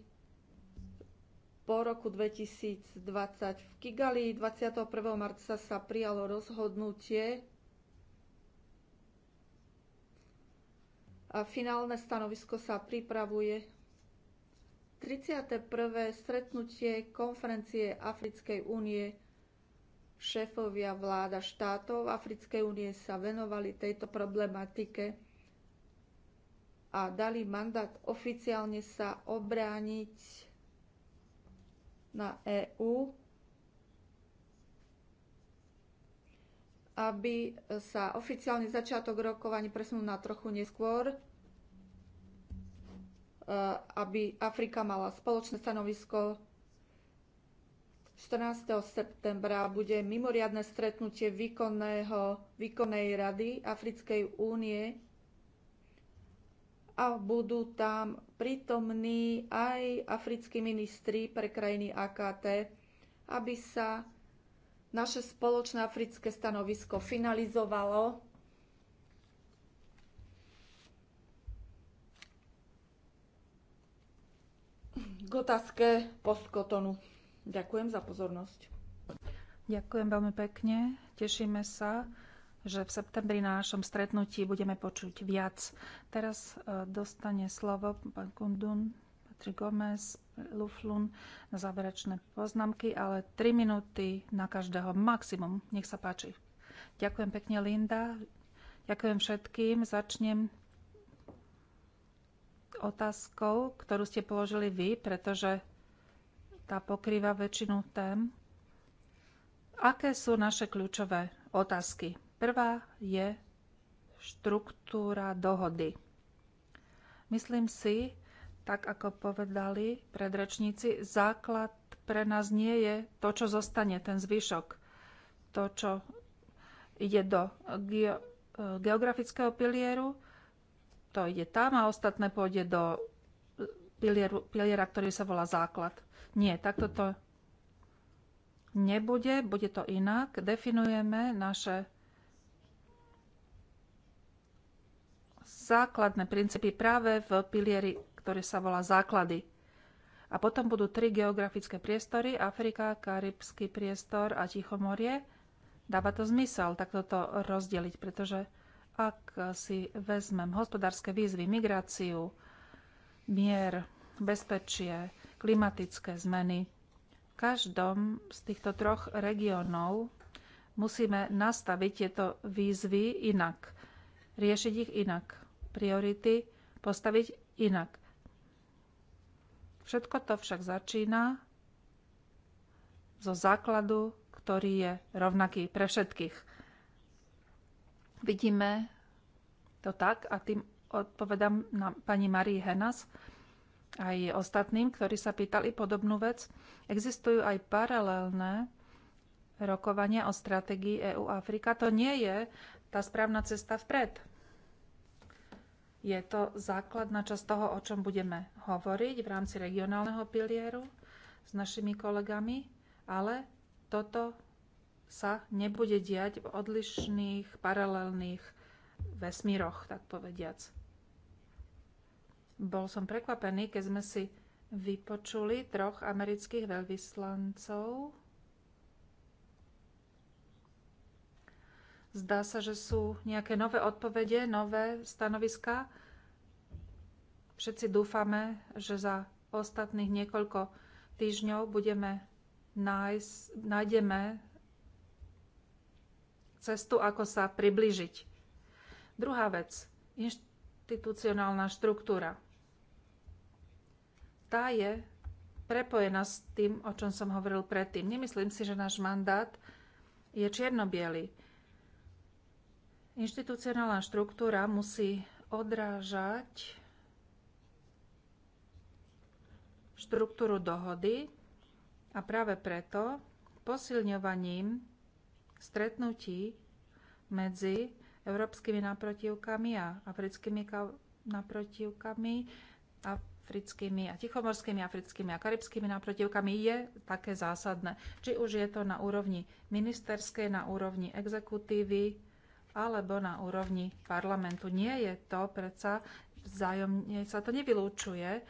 S3: po roku 2020. V Kigali 21. marca sa prijalo rozhodnutie a finálne stanovisko sa pripravuje. 31. stretnutie konferencie Africkej únie šéfovia vláda štátov Africkej únie sa venovali tejto problematike a dali mandát oficiálne sa obrániť na EÚ, aby sa oficiálny začiatok rokovaní presunul na trochu neskôr, e, aby Afrika mala spoločné stanovisko. 14. septembra bude mimoriadne stretnutie výkonného, výkonnej rady Africkej únie a budú tam prítomní aj africkí ministri pre krajiny AKT, aby sa naše spoločné africké stanovisko finalizovalo. K otázke postkotonu. Ďakujem za pozornosť.
S1: Ďakujem veľmi pekne. Tešíme sa že v septembri na našom stretnutí budeme počuť viac. Teraz e, dostane slovo pán Kundun, Patrik Gomez, Luflun na záverečné poznámky, ale 3 minúty na každého maximum. Nech sa páči. Ďakujem pekne, Linda. Ďakujem všetkým. Začnem otázkou, ktorú ste položili vy, pretože tá pokrýva väčšinu tém. Aké sú naše kľúčové otázky Prvá je štruktúra dohody. Myslím si, tak ako povedali predrečníci, základ pre nás nie je to, čo zostane, ten zvyšok. To, čo ide do geografického pilieru, to ide tam a ostatné pôjde do pilieru, piliera, ktorý sa volá základ. Nie, takto to nebude, bude to inak. Definujeme naše základné princípy práve v pilieri, ktorý sa volá základy. A potom budú tri geografické priestory, Afrika, Karibský priestor a Tichomorie. Dáva to zmysel takto to rozdeliť, pretože ak si vezmem hospodárske výzvy, migráciu, mier, bezpečie, klimatické zmeny, v každom z týchto troch regiónov musíme nastaviť tieto výzvy inak, riešiť ich inak priority postaviť inak. Všetko to však začína zo základu, ktorý je rovnaký pre všetkých. Vidíme to tak a tým odpovedám na pani Marii Henas aj ostatným, ktorí sa pýtali podobnú vec. Existujú aj paralelné rokovania o stratégii EU-Afrika. To nie je tá správna cesta vpred. Je to základná časť toho, o čom budeme hovoriť v rámci regionálneho pilieru s našimi kolegami, ale toto sa nebude diať v odlišných paralelných vesmíroch, tak povediac. Bol som prekvapený, keď sme si vypočuli troch amerických veľvyslancov Zdá sa, že sú nejaké nové odpovede, nové stanoviská. Všetci dúfame, že za ostatných niekoľko týždňov budeme nájsť, nájdeme cestu, ako sa približiť. Druhá vec, inštitucionálna štruktúra. Tá je prepojená s tým, o čom som hovoril predtým. Nemyslím si, že náš mandát je čierno bielý Inštitucionálna štruktúra musí odrážať štruktúru dohody a práve preto posilňovaním stretnutí medzi európskymi naprotivkami a africkými naprotivkami a africkými a tichomorskými, africkými a karibskými naprotivkami je také zásadné. Či už je to na úrovni ministerskej, na úrovni exekutívy, alebo na úrovni parlamentu. Nie je to predsa vzájomne, sa to nevylúčuje,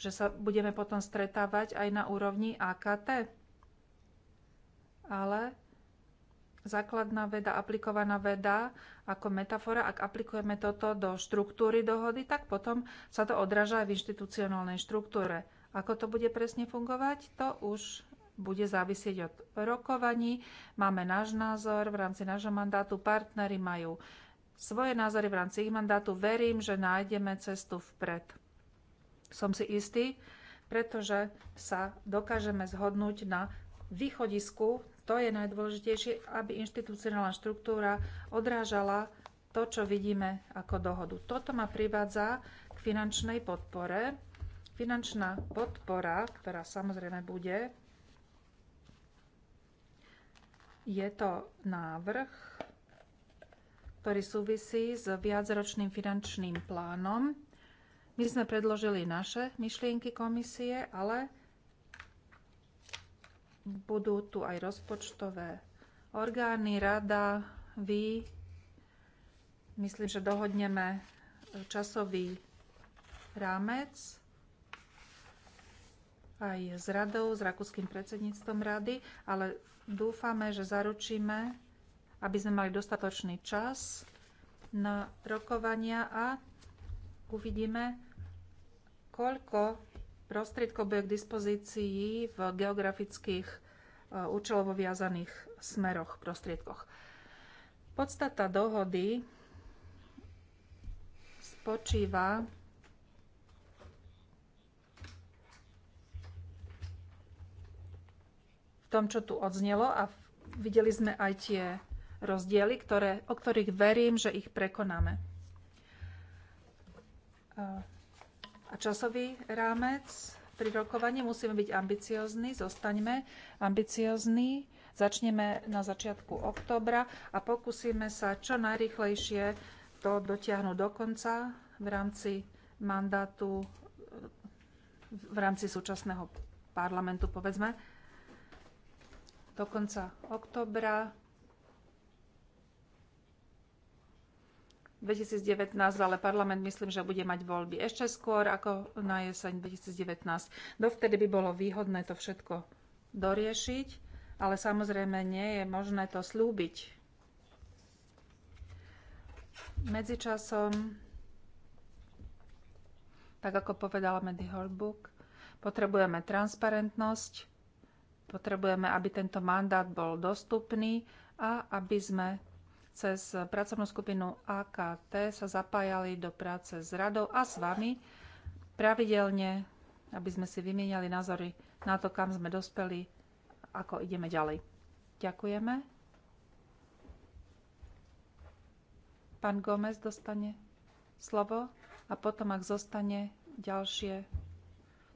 S1: že sa budeme potom stretávať aj na úrovni AKT. Ale základná veda, aplikovaná veda ako metafora, ak aplikujeme toto do štruktúry dohody, tak potom sa to odráža aj v inštitucionálnej štruktúre. Ako to bude presne fungovať, to už bude závisieť od rokovaní. Máme náš názor v rámci nášho mandátu, partnery majú svoje názory v rámci ich mandátu. Verím, že nájdeme cestu vpred. Som si istý, pretože sa dokážeme zhodnúť na východisku. To je najdôležitejšie, aby inštitucionálna štruktúra odrážala to, čo vidíme ako dohodu. Toto ma privádza k finančnej podpore. Finančná podpora, ktorá samozrejme bude je to návrh, ktorý súvisí s viacročným finančným plánom. My sme predložili naše myšlienky komisie, ale budú tu aj rozpočtové orgány, rada, vy. Myslím, že dohodneme časový rámec aj s radou, s rakúskym predsedníctvom rady, ale Dúfame, že zaručíme, aby sme mali dostatočný čas na rokovania a uvidíme, koľko prostriedkov bude k dispozícii v geografických e, účelovo viazaných smeroch, prostriedkoch. Podstata dohody spočíva tom, čo tu odznelo a videli sme aj tie rozdiely, ktoré, o ktorých verím, že ich prekonáme. A časový rámec pri rokovaní musíme byť ambiciozní, zostaňme ambiciozní, začneme na začiatku októbra a pokúsime sa čo najrychlejšie to dotiahnuť do konca v rámci mandátu, v rámci súčasného parlamentu, povedzme do konca oktobra 2019, ale parlament myslím, že bude mať voľby ešte skôr ako na jeseň 2019. Dovtedy by bolo výhodné to všetko doriešiť, ale samozrejme nie je možné to slúbiť. Medzičasom, tak ako povedala Mandy potrebujeme transparentnosť, Potrebujeme, aby tento mandát bol dostupný a aby sme cez pracovnú skupinu AKT sa zapájali do práce s radou a s vami pravidelne, aby sme si vymieniali názory na to, kam sme dospeli, ako ideme ďalej. Ďakujeme. Pán Gomez dostane slovo a potom, ak zostane ďalšie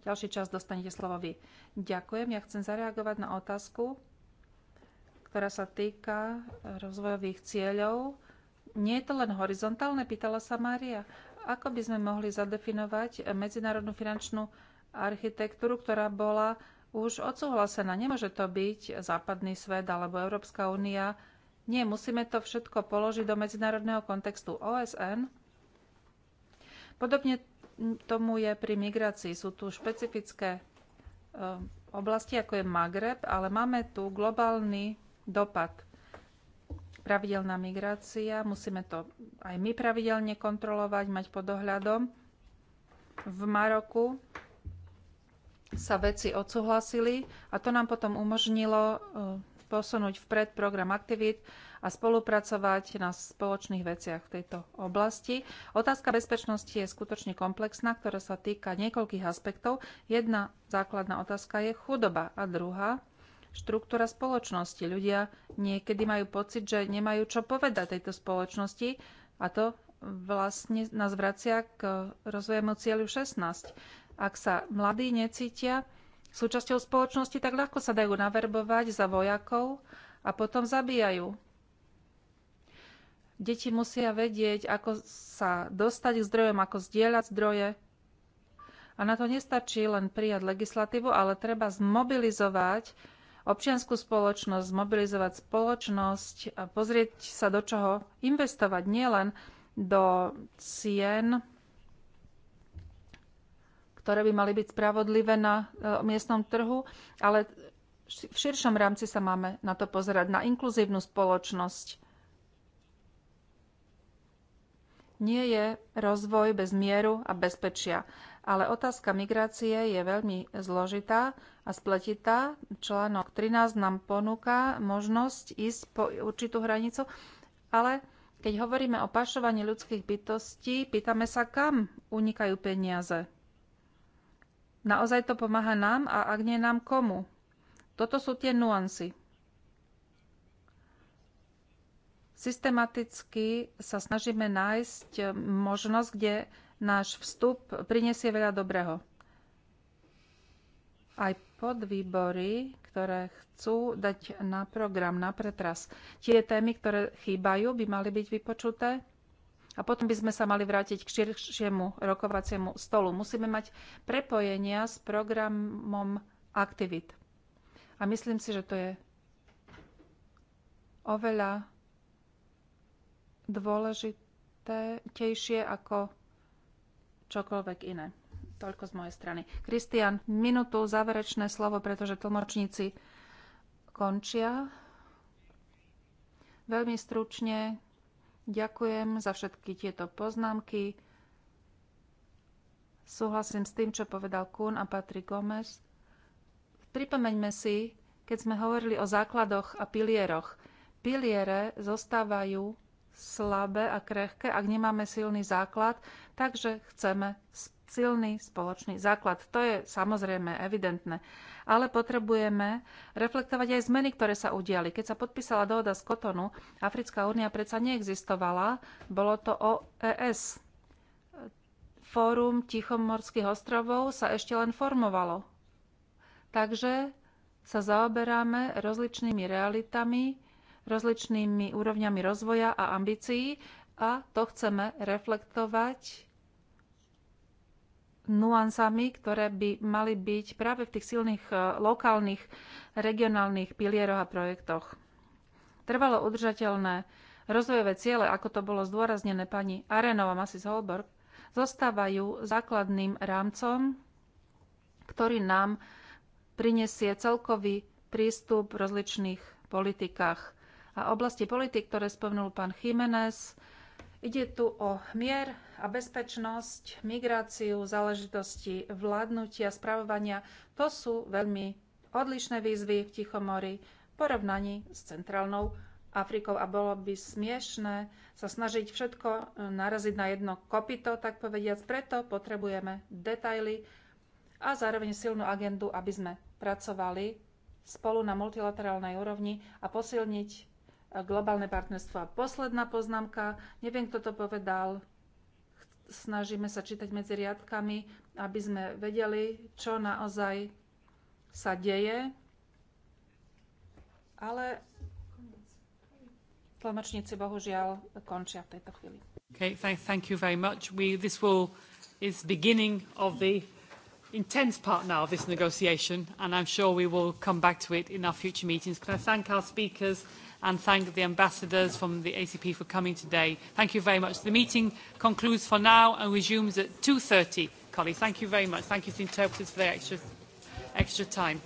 S1: ďalší čas dostanete slovo vy. Ďakujem. Ja chcem zareagovať na otázku, ktorá sa týka eh, rozvojových cieľov. Nie je to len horizontálne, pýtala sa Mária. Ako by sme mohli zadefinovať eh, medzinárodnú finančnú architektúru, ktorá bola už odsúhlasená? Nemôže to byť západný svet alebo Európska únia. Nie, musíme to všetko položiť do medzinárodného kontextu OSN. Podobne tomu je pri migrácii. Sú tu špecifické e, oblasti, ako je Magreb, ale máme tu globálny dopad. Pravidelná migrácia, musíme to aj my pravidelne kontrolovať, mať pod ohľadom. V Maroku sa veci odsúhlasili a to nám potom umožnilo e, posunúť vpred program aktivít a spolupracovať na spoločných veciach v tejto oblasti. Otázka bezpečnosti je skutočne komplexná, ktorá sa týka niekoľkých aspektov. Jedna základná otázka je chudoba a druhá štruktúra spoločnosti. Ľudia niekedy majú pocit, že nemajú čo povedať tejto spoločnosti a to vlastne nás vracia k rozvojemu cieľu 16. Ak sa mladí necítia súčasťou spoločnosti, tak ľahko sa dajú naverbovať za vojakov a potom zabíjajú. Deti musia vedieť, ako sa dostať k zdrojom, ako zdieľať zdroje. A na to nestačí len prijať legislatívu, ale treba zmobilizovať občianskú spoločnosť, zmobilizovať spoločnosť a pozrieť sa, do čoho investovať. nielen do cien, ktoré by mali byť spravodlivé na e, miestnom trhu, ale v širšom rámci sa máme na to pozerať, na inkluzívnu spoločnosť, Nie je rozvoj bez mieru a bezpečia. Ale otázka migrácie je veľmi zložitá a spletitá. Článok 13 nám ponúka možnosť ísť po určitú hranicu, ale keď hovoríme o pašovaní ľudských bytostí, pýtame sa, kam unikajú peniaze. Naozaj to pomáha nám a ak nie nám komu? Toto sú tie nuancy. Systematicky sa snažíme nájsť možnosť, kde náš vstup prinesie veľa dobrého. Aj podvýbory, ktoré chcú dať na program, na pretras. Tie témy, ktoré chýbajú, by mali byť vypočuté a potom by sme sa mali vrátiť k širšiemu rokovaciemu stolu. Musíme mať prepojenia s programom aktivít. A myslím si, že to je oveľa dôležitejšie ako čokoľvek iné. Toľko z mojej strany. Kristian, minútu, záverečné slovo, pretože tlmočníci končia. Veľmi stručne ďakujem za všetky tieto poznámky. Súhlasím s tým, čo povedal Kuhn a Patrick Gomez. Pripomeňme si, keď sme hovorili o základoch a pilieroch. Piliere zostávajú slabé a krehké, ak nemáme silný základ, takže chceme silný spoločný základ. To je samozrejme evidentné. Ale potrebujeme reflektovať aj zmeny, ktoré sa udiali. Keď sa podpísala dohoda z Kotonu, Africká únia predsa neexistovala. Bolo to OES. Fórum Tichomorských ostrovov sa ešte len formovalo. Takže sa zaoberáme rozličnými realitami, rozličnými úrovňami rozvoja a ambícií a to chceme reflektovať nuansami, ktoré by mali byť práve v tých silných e, lokálnych, regionálnych pilieroch a projektoch. Trvalo udržateľné rozvojové ciele, ako to bolo zdôraznené pani Arenova a Masis Holberg, zostávajú základným rámcom, ktorý nám prinesie celkový prístup v rozličných politikách a oblasti politik, ktoré spomenul pán Jiménez. Ide tu o mier a bezpečnosť, migráciu, záležitosti vládnutia, spravovania. To sú veľmi odlišné výzvy v Tichomori v porovnaní s centrálnou Afrikou a bolo by smiešné sa snažiť všetko naraziť na jedno kopito, tak povediac. Preto potrebujeme detaily a zároveň silnú agendu, aby sme pracovali spolu na multilaterálnej úrovni a posilniť globálne partnerstvo. A posledná poznámka, neviem, kto to povedal, snažíme sa čítať medzi riadkami, aby sme vedeli, čo naozaj sa deje. Ale tlmočníci bohužiaľ končia v tejto chvíli. Okay, thank, thank you very much. We, this will, is the beginning of the intense part now of this negotiation, and I'm sure we will come back to it in our future meetings. Can I thank our speakers? and thank the ambassadors from the ACP for coming today. Thank you very much. The meeting concludes for now and resumes at 2.30, colleagues. Thank you very much. Thank you to the interpreters for their extra, extra time.